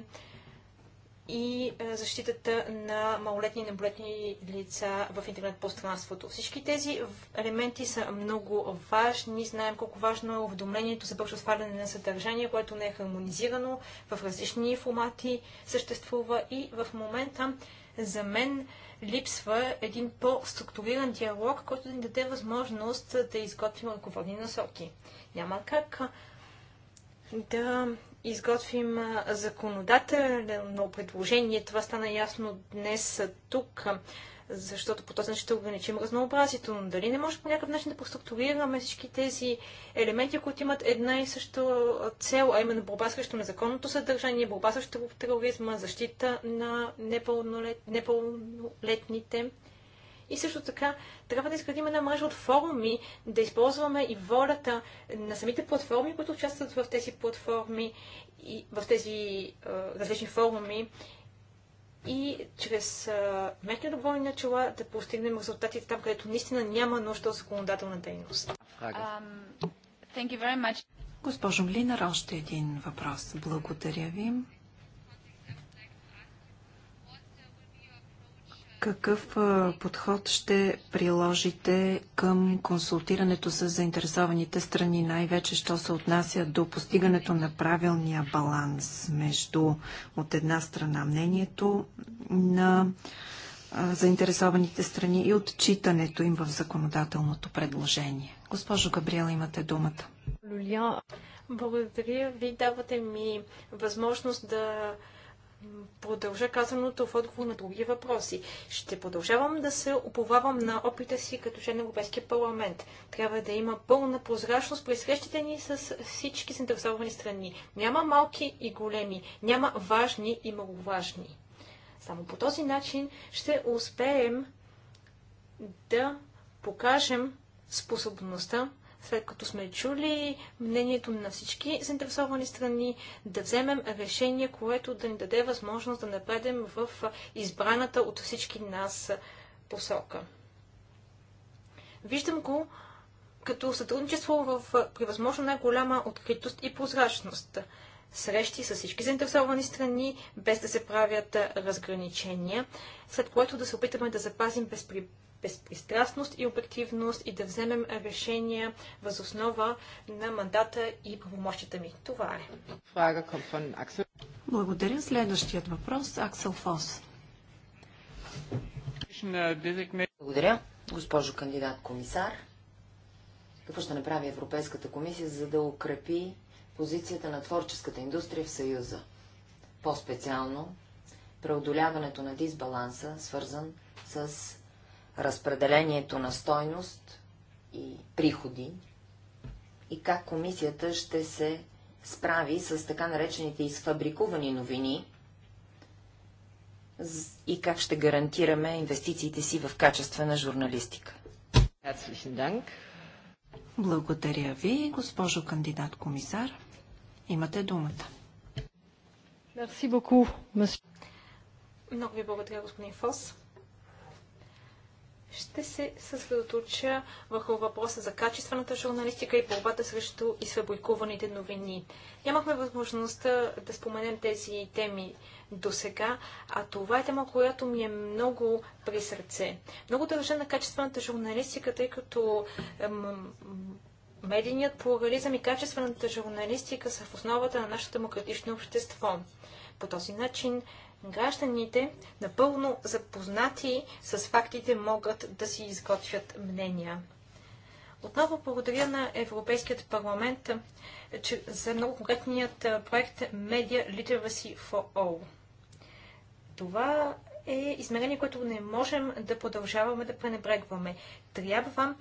Speaker 3: и е, защитата на малолетни и неболетни лица в интернет пространството. Всички тези елементи са много важни. Знаем колко важно е уведомлението за бързо сваляне на съдържание, което не е хармонизирано в различни формати, съществува и в момента за мен липсва един по-структуриран диалог, който ни даде възможност да изготвим ръководни насоки. Няма как да изготвим законодателно предложение. Това стана ясно днес тук, защото по този начин ще ограничим разнообразието. Но дали не може по някакъв начин да проструктурираме всички тези елементи, които имат една и съща цел, а именно борба срещу незаконното съдържание, борба срещу тероризма, защита на непълнолет... непълнолетните и също така трябва да изградим една мрежа от форуми, да използваме и волята на самите платформи, които участват в тези платформи и в тези е, различни форуми и чрез мерки доброволни начала да постигнем резултатите
Speaker 4: там, където наистина няма нужда от законодателна дейност.
Speaker 2: Um,
Speaker 4: Госпожо Млинар, още един въпрос. Благодаря ви. Какъв подход ще приложите към консултирането с заинтересованите страни, най-вече, що се отнася до постигането на правилния баланс между, от една страна, мнението на заинтересованите страни и отчитането им в законодателното предложение. Госпожо Габриела, имате думата.
Speaker 3: Благодаря ви. Давате ми възможност да продължа казаното в отговор на други въпроси. Ще продължавам да се оповавам на опита си като член на Европейския парламент. Трябва да има пълна прозрачност при срещите ни с всички заинтересовани страни. Няма малки и големи, няма важни и маловажни. Само по този начин ще успеем да покажем способността след като сме чули мнението на всички заинтересовани страни, да вземем решение, което да ни даде възможност да напредем в избраната от всички нас посока. Виждам го като сътрудничество в превъзможно най-голяма откритост и прозрачност. Срещи с всички заинтересовани страни, без да се правят разграничения, след което да се опитаме да запазим безпри безпристрастност и обективност и да вземем решения въз основа на мандата и правомощите ми. Това е.
Speaker 1: Благодаря. Следващият въпрос Аксел Фос.
Speaker 3: Благодаря.
Speaker 5: Госпожо кандидат комисар, какво ще направи Европейската комисия, за да укрепи позицията на творческата индустрия в Съюза? По-специално преодоляването на дисбаланса, свързан с разпределението на стойност и приходи и как комисията ще се справи с така наречените изфабрикувани новини и как ще гарантираме инвестициите си в качествена журналистика.
Speaker 4: Благодаря ви, госпожо кандидат комисар. Имате думата.
Speaker 3: Много ви благодаря, господин Фос ще се съсредоточа върху въпроса за качествената журналистика и борбата срещу изфабрикуваните новини. Нямахме възможността да споменем тези теми до сега, а това е тема, която ми е много при сърце. Много държа на качествената журналистика, тъй като медийният плурализъм и качествената журналистика са в основата на нашето демократично общество. По този начин Гражданите, напълно запознати с фактите, могат да си изготвят мнения. Отново благодаря на Европейският парламент че, за много конкретният проект Media Literacy for All. Това е измерение, което не можем да продължаваме да пренебрегваме. Трябва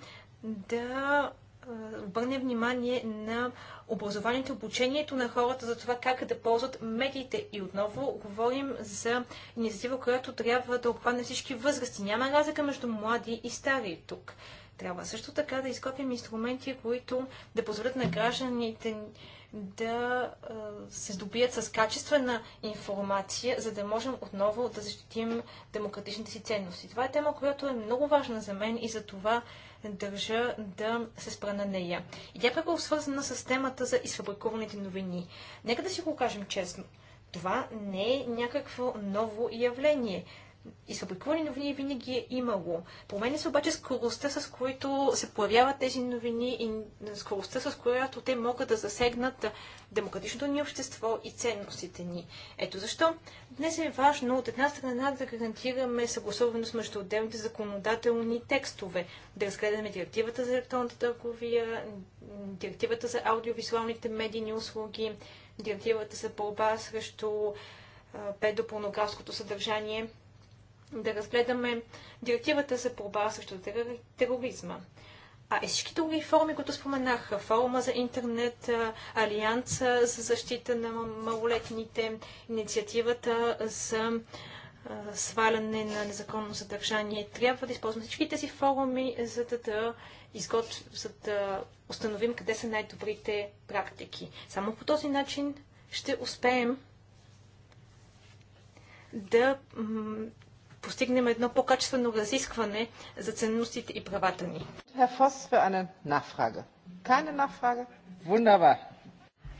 Speaker 3: да е, обърне внимание на образованието, обучението на хората за това как да ползват медиите. И отново говорим за инициатива, която трябва да обхване всички възрасти. Няма разлика между млади и стари тук. Трябва също така да изкопим инструменти, които да позволят на гражданите да е, се здобият с качествена информация, за да можем отново да защитим демократичните си ценности. Това е тема, която е много важна за мен и за това държа да се спра на нея. И тя е пряко свързана с темата за изфабрикуваните новини. Нека да си го кажем честно. Това не е някакво ново явление и новини винаги е имало. Променя се обаче скоростта, с които се появяват тези новини и скоростта, с която те могат да засегнат демократичното ни общество и ценностите ни. Ето защо днес е важно от една страна да гарантираме съгласованост между отделните законодателни текстове, да разгледаме директивата за електронната търговия, директивата за аудиовизуалните медийни услуги, директивата за борба срещу педопорнографското съдържание – да разгледаме директивата за борба срещу тероризма. А и всички други форуми, които споменах, форума за интернет, Алианса за защита на малолетните, инициативата за сваляне на незаконно съдържание. Трябва да използваме всички тези форуми, за да, да, изгод... за да установим къде са най-добрите практики. Само по този начин ще успеем да постигнем едно по-качествено разискване за ценностите и правата ни.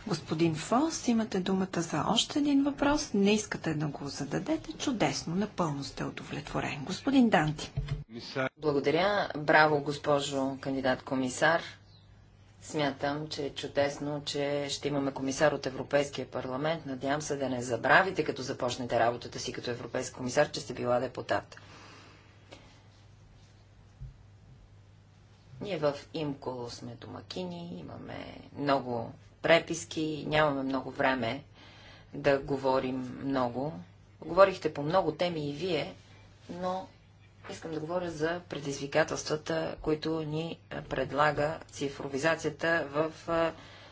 Speaker 4: Господин Фос, имате думата за още един въпрос. Не искате да го зададете. Чудесно, напълно сте удовлетворен. Господин Данти.
Speaker 5: Благодаря. Браво, госпожо кандидат комисар. Смятам, че е чудесно, че ще имаме комисар от Европейския парламент. Надявам се да не забравите, като започнете работата си като европейски комисар, че сте била депутат. Ние в ИМКО сме домакини, имаме много преписки, нямаме много време да говорим много. Говорихте по много теми и вие, но Искам да говоря за предизвикателствата, които ни предлага цифровизацията в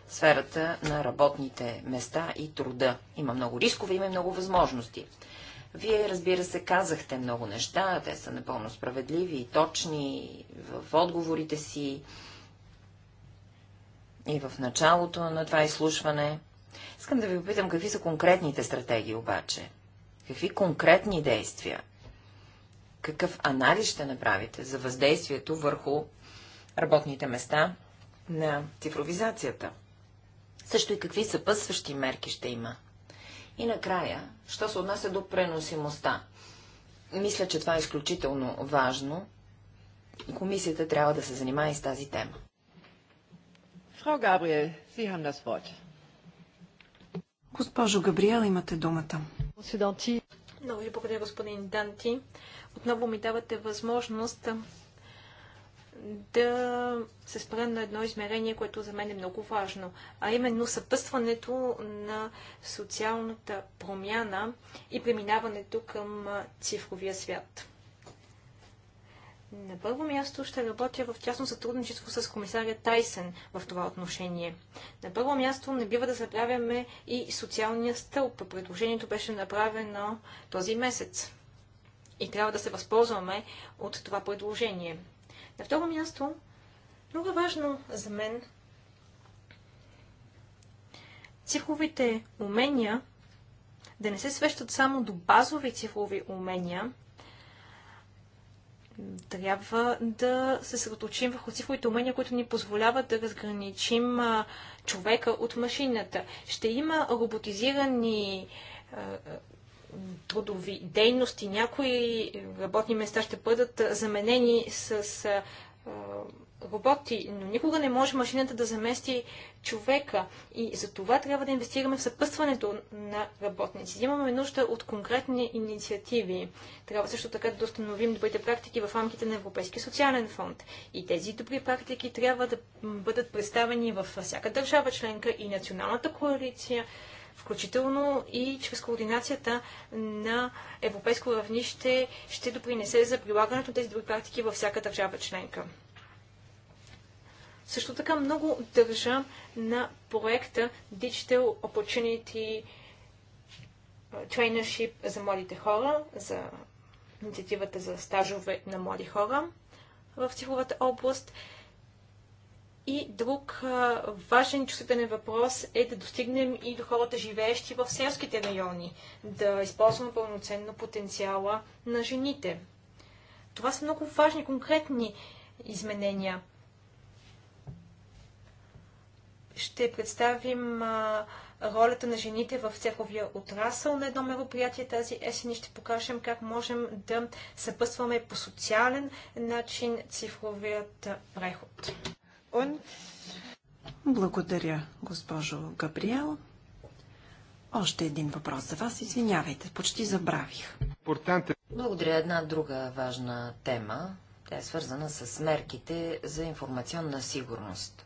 Speaker 5: сферата на работните места и труда. Има много рискове, има много възможности. Вие, разбира се, казахте много неща, те са напълно справедливи и точни в отговорите си и в началото на това изслушване. Искам да ви попитам какви са конкретните стратегии обаче. Какви конкретни действия какъв анализ ще направите за въздействието върху работните места на цифровизацията? Също и какви съпъсващи мерки ще има? И накрая, що се отнася до преносимостта? Мисля, че това е изключително важно.
Speaker 4: Комисията трябва да се занимае с тази тема.
Speaker 1: Фрау Габриел, Sie haben das Wort.
Speaker 4: Госпожо Габриел, имате думата.
Speaker 3: Много ви благодаря, господин Данти отново ми давате възможност да се спра на едно измерение, което за мен е много важно, а именно съпъстването на социалната промяна и преминаването към цифровия свят. На първо място ще работя в тясно сътрудничество с комисаря Тайсен в това отношение. На първо място не бива да забравяме и социалния стълб. Предложението беше направено този месец и трябва да се възползваме от това предложение. На второ място, много е важно за мен цифровите умения да не се свещат само до базови цифрови умения, трябва да се съсредоточим върху цифровите умения, които ни позволяват да разграничим човека от машината. Ще има роботизирани трудови дейности. Някои работни места ще бъдат заменени с а, роботи, но никога не може машината да замести човека. И за това трябва да инвестираме в съпътстването на работници. Имаме нужда от конкретни инициативи. Трябва също така да установим добрите практики в рамките на Европейския социален фонд. И тези добри практики трябва да бъдат представени във всяка държава членка и националната коалиция включително и чрез координацията на европейско равнище ще допринесе за прилагането на тези добри практики във всяка държава членка. Също така много държа на проекта Digital Opportunity Trainership за младите хора, за инициативата за стажове на млади хора в цифровата област. И друг важен чувствителен въпрос е да достигнем и до хората, живеещи в селските райони, да използваме пълноценно потенциала на жените. Това са много важни, конкретни изменения. Ще представим а, ролята на жените в цеховия отрасъл на едно мероприятие тази есен и ще покажем как можем да съпъстваме по социален начин цифровият
Speaker 4: преход. Благодаря, госпожо Габриел. Още един въпрос за вас. Извинявайте, почти забравих. Благодаря. Една
Speaker 5: друга важна тема. Тя е свързана с мерките за информационна сигурност.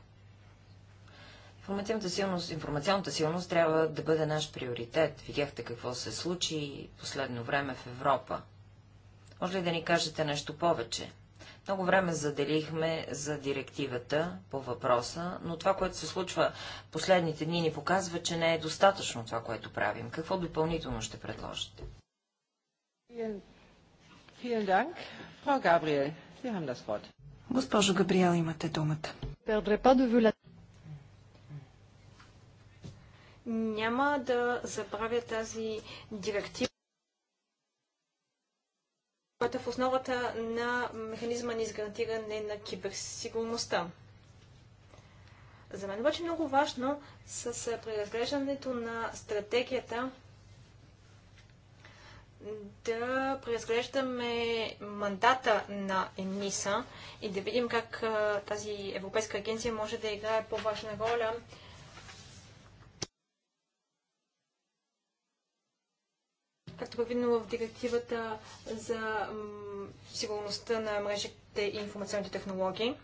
Speaker 5: Информационната сигурност, информационната сигурност трябва да бъде наш приоритет. Видяхте какво се случи последно време в Европа. Може ли да ни кажете нещо повече? Много време заделихме за директивата по въпроса, но това, което се случва последните дни, ни показва, че не е достатъчно това, което правим. Какво допълнително ще предложите?
Speaker 4: Госпожо Габриел, имате думата.
Speaker 3: Няма да забравя тази директива което е в основата на механизма ни за гарантиране на киберсигурността. За мен обаче е много важно с преразглеждането на стратегията да преразглеждаме мандата на ЕНИСА и да видим как тази Европейска агенция може да играе по-важна роля както предвидено в директивата за сигурността на мрежите и информационните технологии.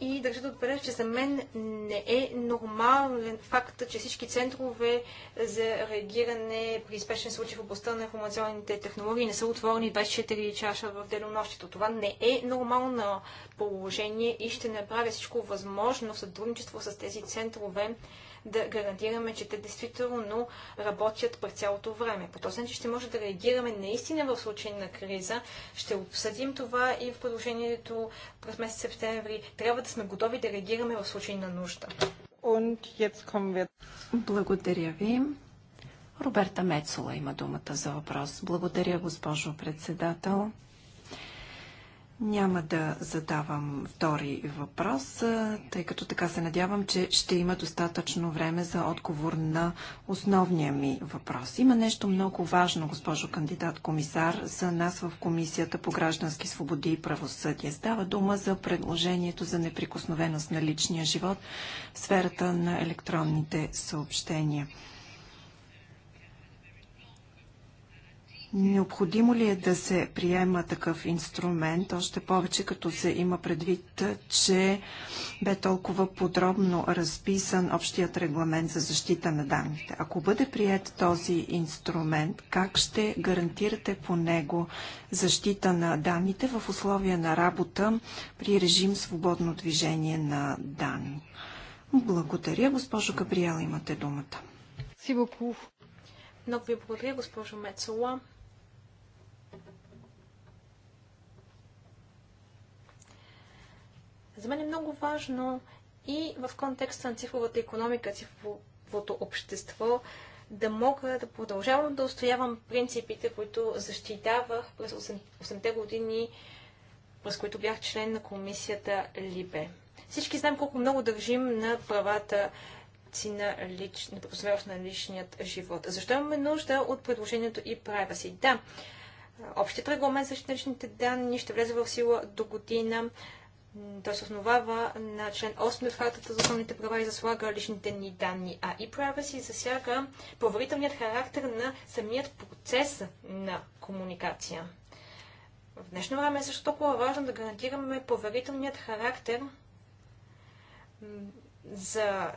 Speaker 3: И държа да отбележа, че за мен не е нормален факт, че всички центрове за реагиране при спешен случай в областта на информационните технологии не са отворени 24 часа в денонощието. Това не е нормално положение и ще направя всичко възможно в сътрудничество с тези центрове да гарантираме, че те действително работят през цялото време. По този начин ще може да реагираме наистина в случай на криза. Ще обсъдим това и в продължението през месец септември. Трябва да сме готови да реагираме в случай на нужда.
Speaker 4: Благодаря ви. Роберта Мецола има думата за въпрос. Благодаря, госпожо председател. Няма да задавам втори въпрос, тъй като така се надявам, че ще има достатъчно време за отговор на основния ми въпрос. Има нещо много важно, госпожо кандидат комисар, за нас в Комисията по граждански свободи и правосъдие. Става дума за предложението за неприкосновеност на личния живот в сферата на електронните съобщения. Необходимо ли е да се приема такъв инструмент, още повече като се има предвид, че бе толкова подробно разписан общият регламент за защита на данните? Ако бъде прият този инструмент, как ще гарантирате по него защита на данните в условия на работа при режим свободно движение на данни? Благодаря. Госпожо Габриела, имате думата.
Speaker 3: Много ви благодаря, госпожо Мецола. За мен е много важно и в контекста на цифровата економика, цифровото общество, да мога да продължавам да устоявам принципите, които защитавах през 8-те години, през които бях член на комисията Либе. Всички знаем колко много държим на правата си на, лич... на на личният живот. Защо имаме нужда от предложението и права си? Да, общият регламент за личните данни ще влезе в сила до година. Той се основава на член 8 от Хартата за основните права и заслага личните ни данни. А и права си засяга поверителният характер на самият процес на комуникация. В днешно време е също толкова важно да гарантираме поверителният характер за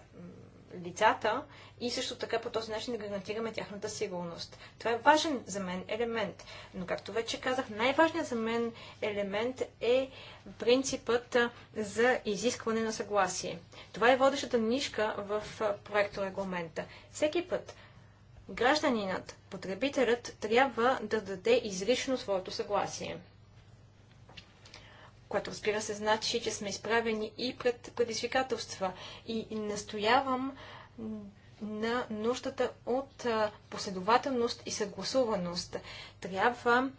Speaker 3: лицата и също така по този начин да гарантираме тяхната сигурност. Това е важен за мен елемент. Но както вече казах, най-важният за мен елемент е принципът за изискване на съгласие. Това е водещата нишка в проекто регламента. Всеки път гражданинът, потребителят трябва да даде изрично своето съгласие което разбира се значи, че сме изправени и пред предизвикателства. И настоявам на нуждата от последователност и съгласуваност. Трябва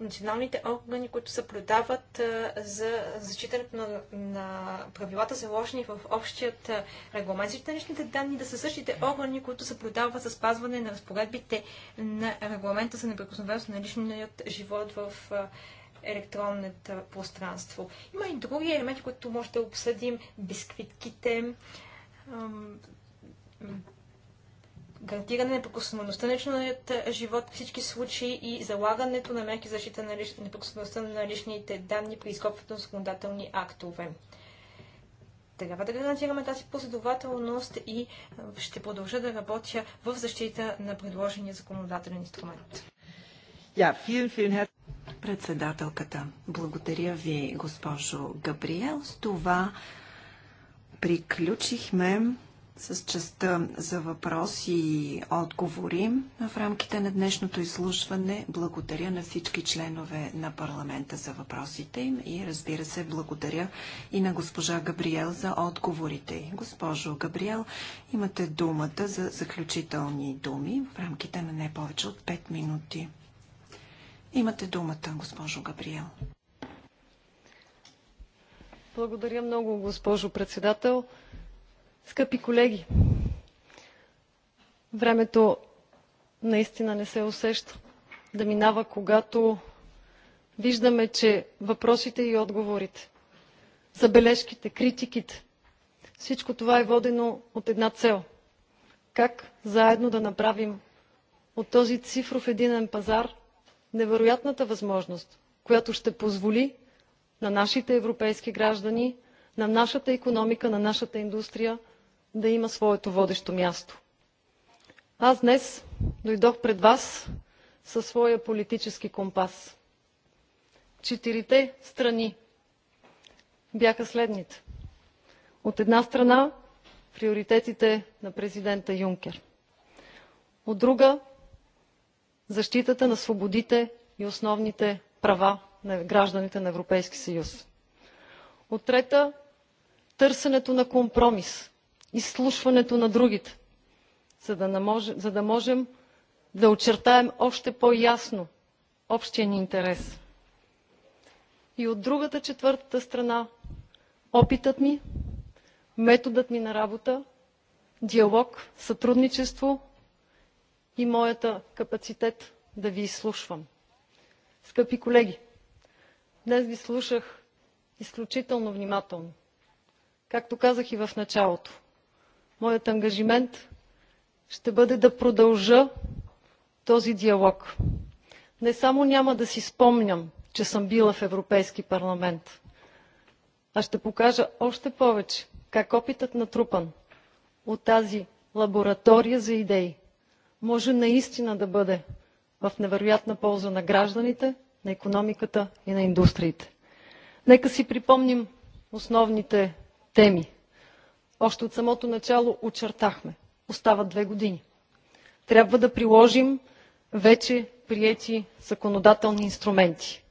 Speaker 3: националните органи, които съблюдават за зачитането на, на правилата, заложени в общият регламент. за личните данни да са същите органи, които съблюдават за спазване на разпоредбите на регламента за неприкосновеност на личният живот в електронното пространство. Има и други елементи, които може да обсъдим. Бисквитките, гарантиране на неприкосновеността на личният живот в всички случаи и залагането на мерки за защита на лич... на личните данни при изкопването на законодателни актове. Трябва да гарантираме тази последователност и ще продължа да работя в защита на предложения законодателен инструмент.
Speaker 4: Yeah, Председателката, благодаря ви, госпожо Габриел. С това приключихме с частта за въпроси и отговори. В рамките на днешното изслушване благодаря на всички членове на парламента за въпросите им и разбира се благодаря и на госпожа Габриел за отговорите. Госпожо Габриел, имате думата за заключителни думи в рамките на не повече от 5 минути. Имате думата, госпожо Габриел.
Speaker 1: Благодаря много, госпожо председател. Скъпи колеги, времето наистина не се усеща да минава, когато виждаме, че въпросите и отговорите, забележките, критиките, всичко това е водено от една цел. Как заедно да направим от този цифров единен пазар невероятната възможност, която ще позволи на нашите европейски граждани, на нашата економика, на нашата индустрия да има своето водещо място. Аз днес дойдох пред вас със своя политически компас. Четирите страни бяха следните. От една страна приоритетите на президента Юнкер. От друга защитата на свободите и основните права на гражданите на Европейски съюз. От трета търсенето на компромис изслушването на другите, за да, намож... за да можем да очертаем още по-ясно общия ни интерес. И от другата четвъртата страна, опитът ми, методът ми на работа, диалог, сътрудничество и моята капацитет да ви изслушвам. Скъпи колеги, днес ви слушах изключително внимателно. Както казах и в началото, моят ангажимент ще бъде да продължа този диалог. Не само няма да си спомням, че съм била в Европейски парламент, а ще покажа още повече как опитът натрупан от тази лаборатория за идеи може наистина да бъде в невероятна полза на гражданите, на економиката и на индустриите. Нека си припомним основните теми още от самото начало очертахме. Остават две години. Трябва да приложим вече приети законодателни инструменти.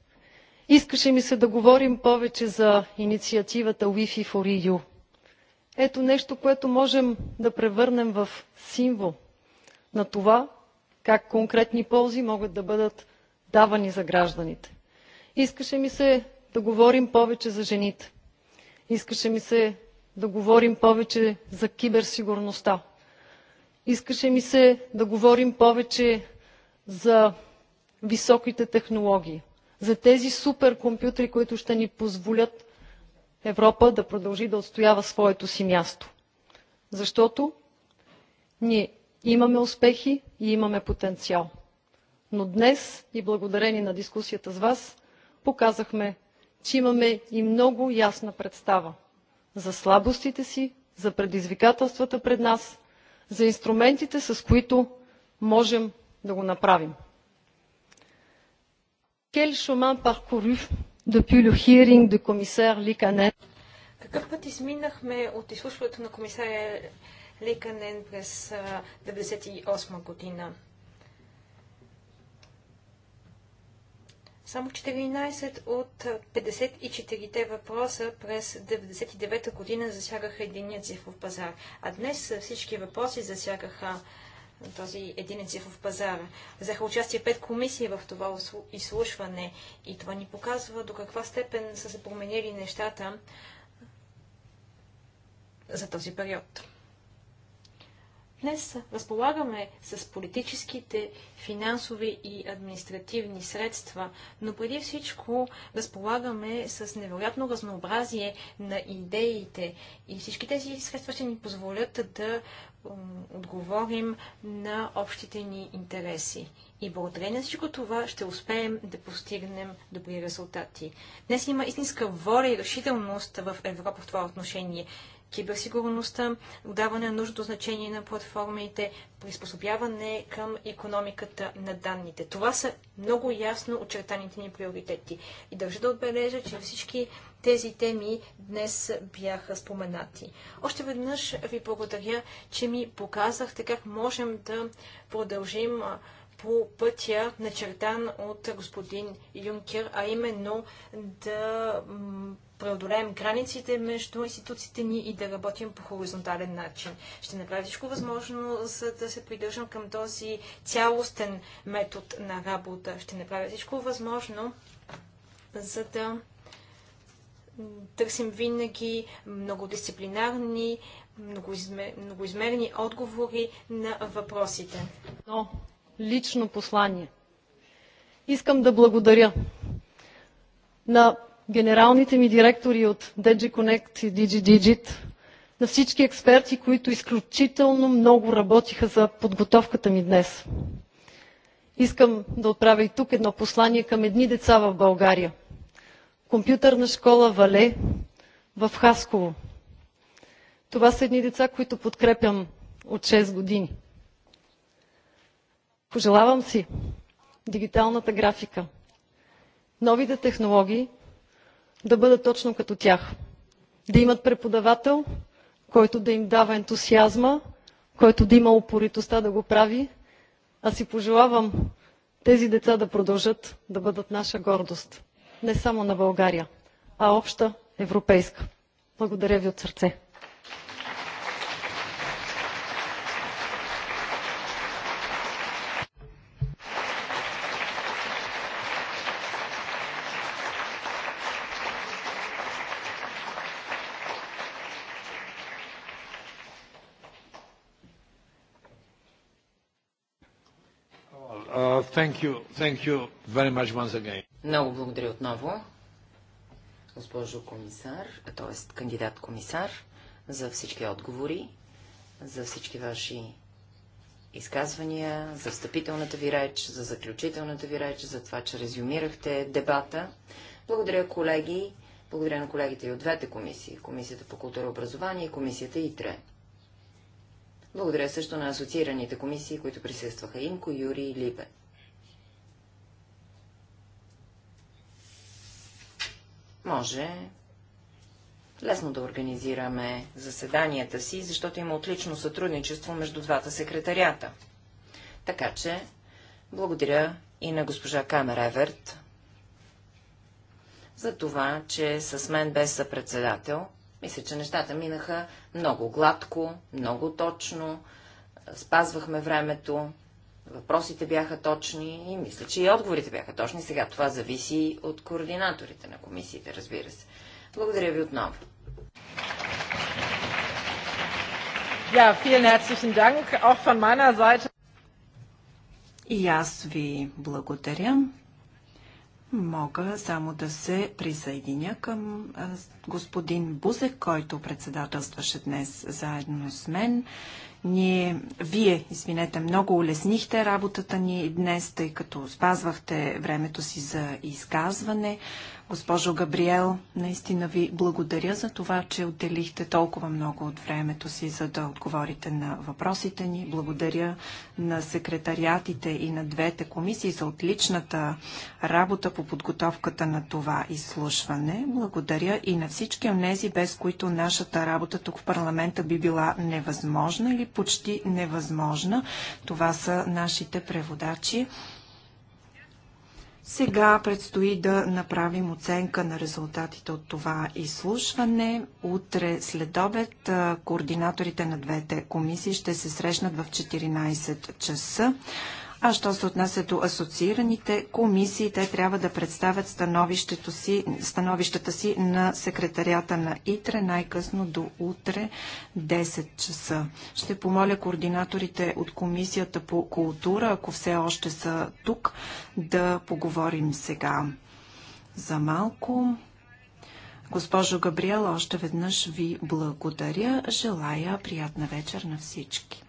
Speaker 1: Искаше ми се да говорим повече за инициативата Wi-Fi for EU. Ето нещо, което можем да превърнем в символ на това, как конкретни ползи могат да бъдат давани за гражданите. Искаше ми се да говорим повече за жените. Искаше ми се да говорим повече за киберсигурността. Искаше ми се да говорим повече за високите технологии, за тези суперкомпютри, които ще ни позволят Европа да продължи да отстоява своето си място. Защото ние имаме успехи и имаме потенциал. Но днес и благодарение на дискусията с вас показахме, че имаме и много ясна представа за слабостите си, за предизвикателствата пред нас, за инструментите, с които можем да го направим. Quel chemin parcouru depuis le hearing commissaire Likanen?
Speaker 3: Какъв път изминахме от изслушването на комисаря Ликанен през 1998 година? Само 14 от 54-те въпроса през 99-та година засягаха единият цифров пазар, а днес всички въпроси засягаха този един цифров пазар. Взеха участие пет комисии в това изслушване и това ни показва до каква степен са се променили нещата за този период. Днес разполагаме с политическите, финансови и административни средства, но преди всичко разполагаме с невероятно разнообразие на идеите и всички тези средства ще ни позволят да отговорим на общите ни интереси. И благодарение на всичко това ще успеем да постигнем добри резултати. Днес има истинска воля и решителност в Европа в това отношение киберсигурността, отдаване на нужното значение на платформите, приспособяване към економиката на данните. Това са много ясно очертаните ни приоритети. И държа да отбележа, че всички тези теми днес бяха споменати. Още веднъж ви благодаря, че ми показахте как можем да продължим по пътя, начертан от господин Юнкер, а именно да преодолеем границите между институциите ни и да работим по хоризонтален начин. Ще направя всичко възможно, за да се придържам към този цялостен метод на работа. Ще направя всичко възможно, за да търсим винаги многодисциплинарни, многоизмерни отговори на въпросите.
Speaker 1: Но лично послание. Искам да благодаря на генералните ми директори от DigiConnect и DigiDigit, на всички експерти, които изключително много работиха за подготовката ми днес. Искам да отправя и тук едно послание към едни деца в България. Компютърна школа Вале в Хасково. Това са едни деца, които подкрепям от 6 години. Пожелавам си дигиталната графика, новите технологии да бъдат точно като тях. Да имат преподавател, който да им дава ентусиазма, който да има упоритостта да го прави. Аз си пожелавам тези деца да продължат да бъдат наша гордост. Не само на България, а обща европейска. Благодаря ви от сърце.
Speaker 4: Thank you.
Speaker 2: Thank you very much once again.
Speaker 5: Много благодаря отново, госпожо комисар, т.е. кандидат комисар, за всички отговори, за всички ваши изказвания, за встъпителната ви реч, за заключителната ви реч, за това, че резюмирахте дебата. Благодаря, колеги. Благодаря на колегите и от двете комисии. Комисията по култура и образование и комисията ИТРЕ. Благодаря също на асоциираните комисии, които присъстваха Инко, Юри и Либе. може лесно да организираме заседанията си, защото има отлично сътрудничество между двата секретарията. Така че, благодаря и на госпожа Камер Еверт за това, че е с мен без съпредседател, мисля, че нещата минаха много гладко, много точно, спазвахме времето, Въпросите бяха точни и мисля, че и отговорите бяха точни. Сега това зависи от координаторите на комисиите, разбира се. Благодаря ви отново.
Speaker 4: Ja, vielen herzlichen Dank auch von meiner Seite. И аз ви благодаря. Мога само да се присъединя към господин Бузек, който председателстваше днес заедно с мен ние, вие, извинете, много улеснихте работата ни днес, тъй като спазвахте времето си за изказване. Госпожо Габриел, наистина ви благодаря за това, че отделихте толкова много от времето си, за да отговорите на въпросите ни. Благодаря на секретариатите и на двете комисии за отличната работа по подготовката на това изслушване. Благодаря и на всички онези, без които нашата работа тук в парламента би била невъзможна или почти невъзможна. Това са нашите преводачи. Сега предстои да направим оценка на резултатите от това изслушване. Утре след обед координаторите на двете комисии ще се срещнат в 14 часа. А що се отнася до асоциираните комисии, те трябва да представят становището си, становищата си на секретарията на ИТРЕ най-късно до утре 10 часа. Ще помоля координаторите от Комисията по култура, ако все още са тук, да поговорим сега за малко. Госпожо Габриела, още веднъж ви благодаря. Желая приятна вечер на всички.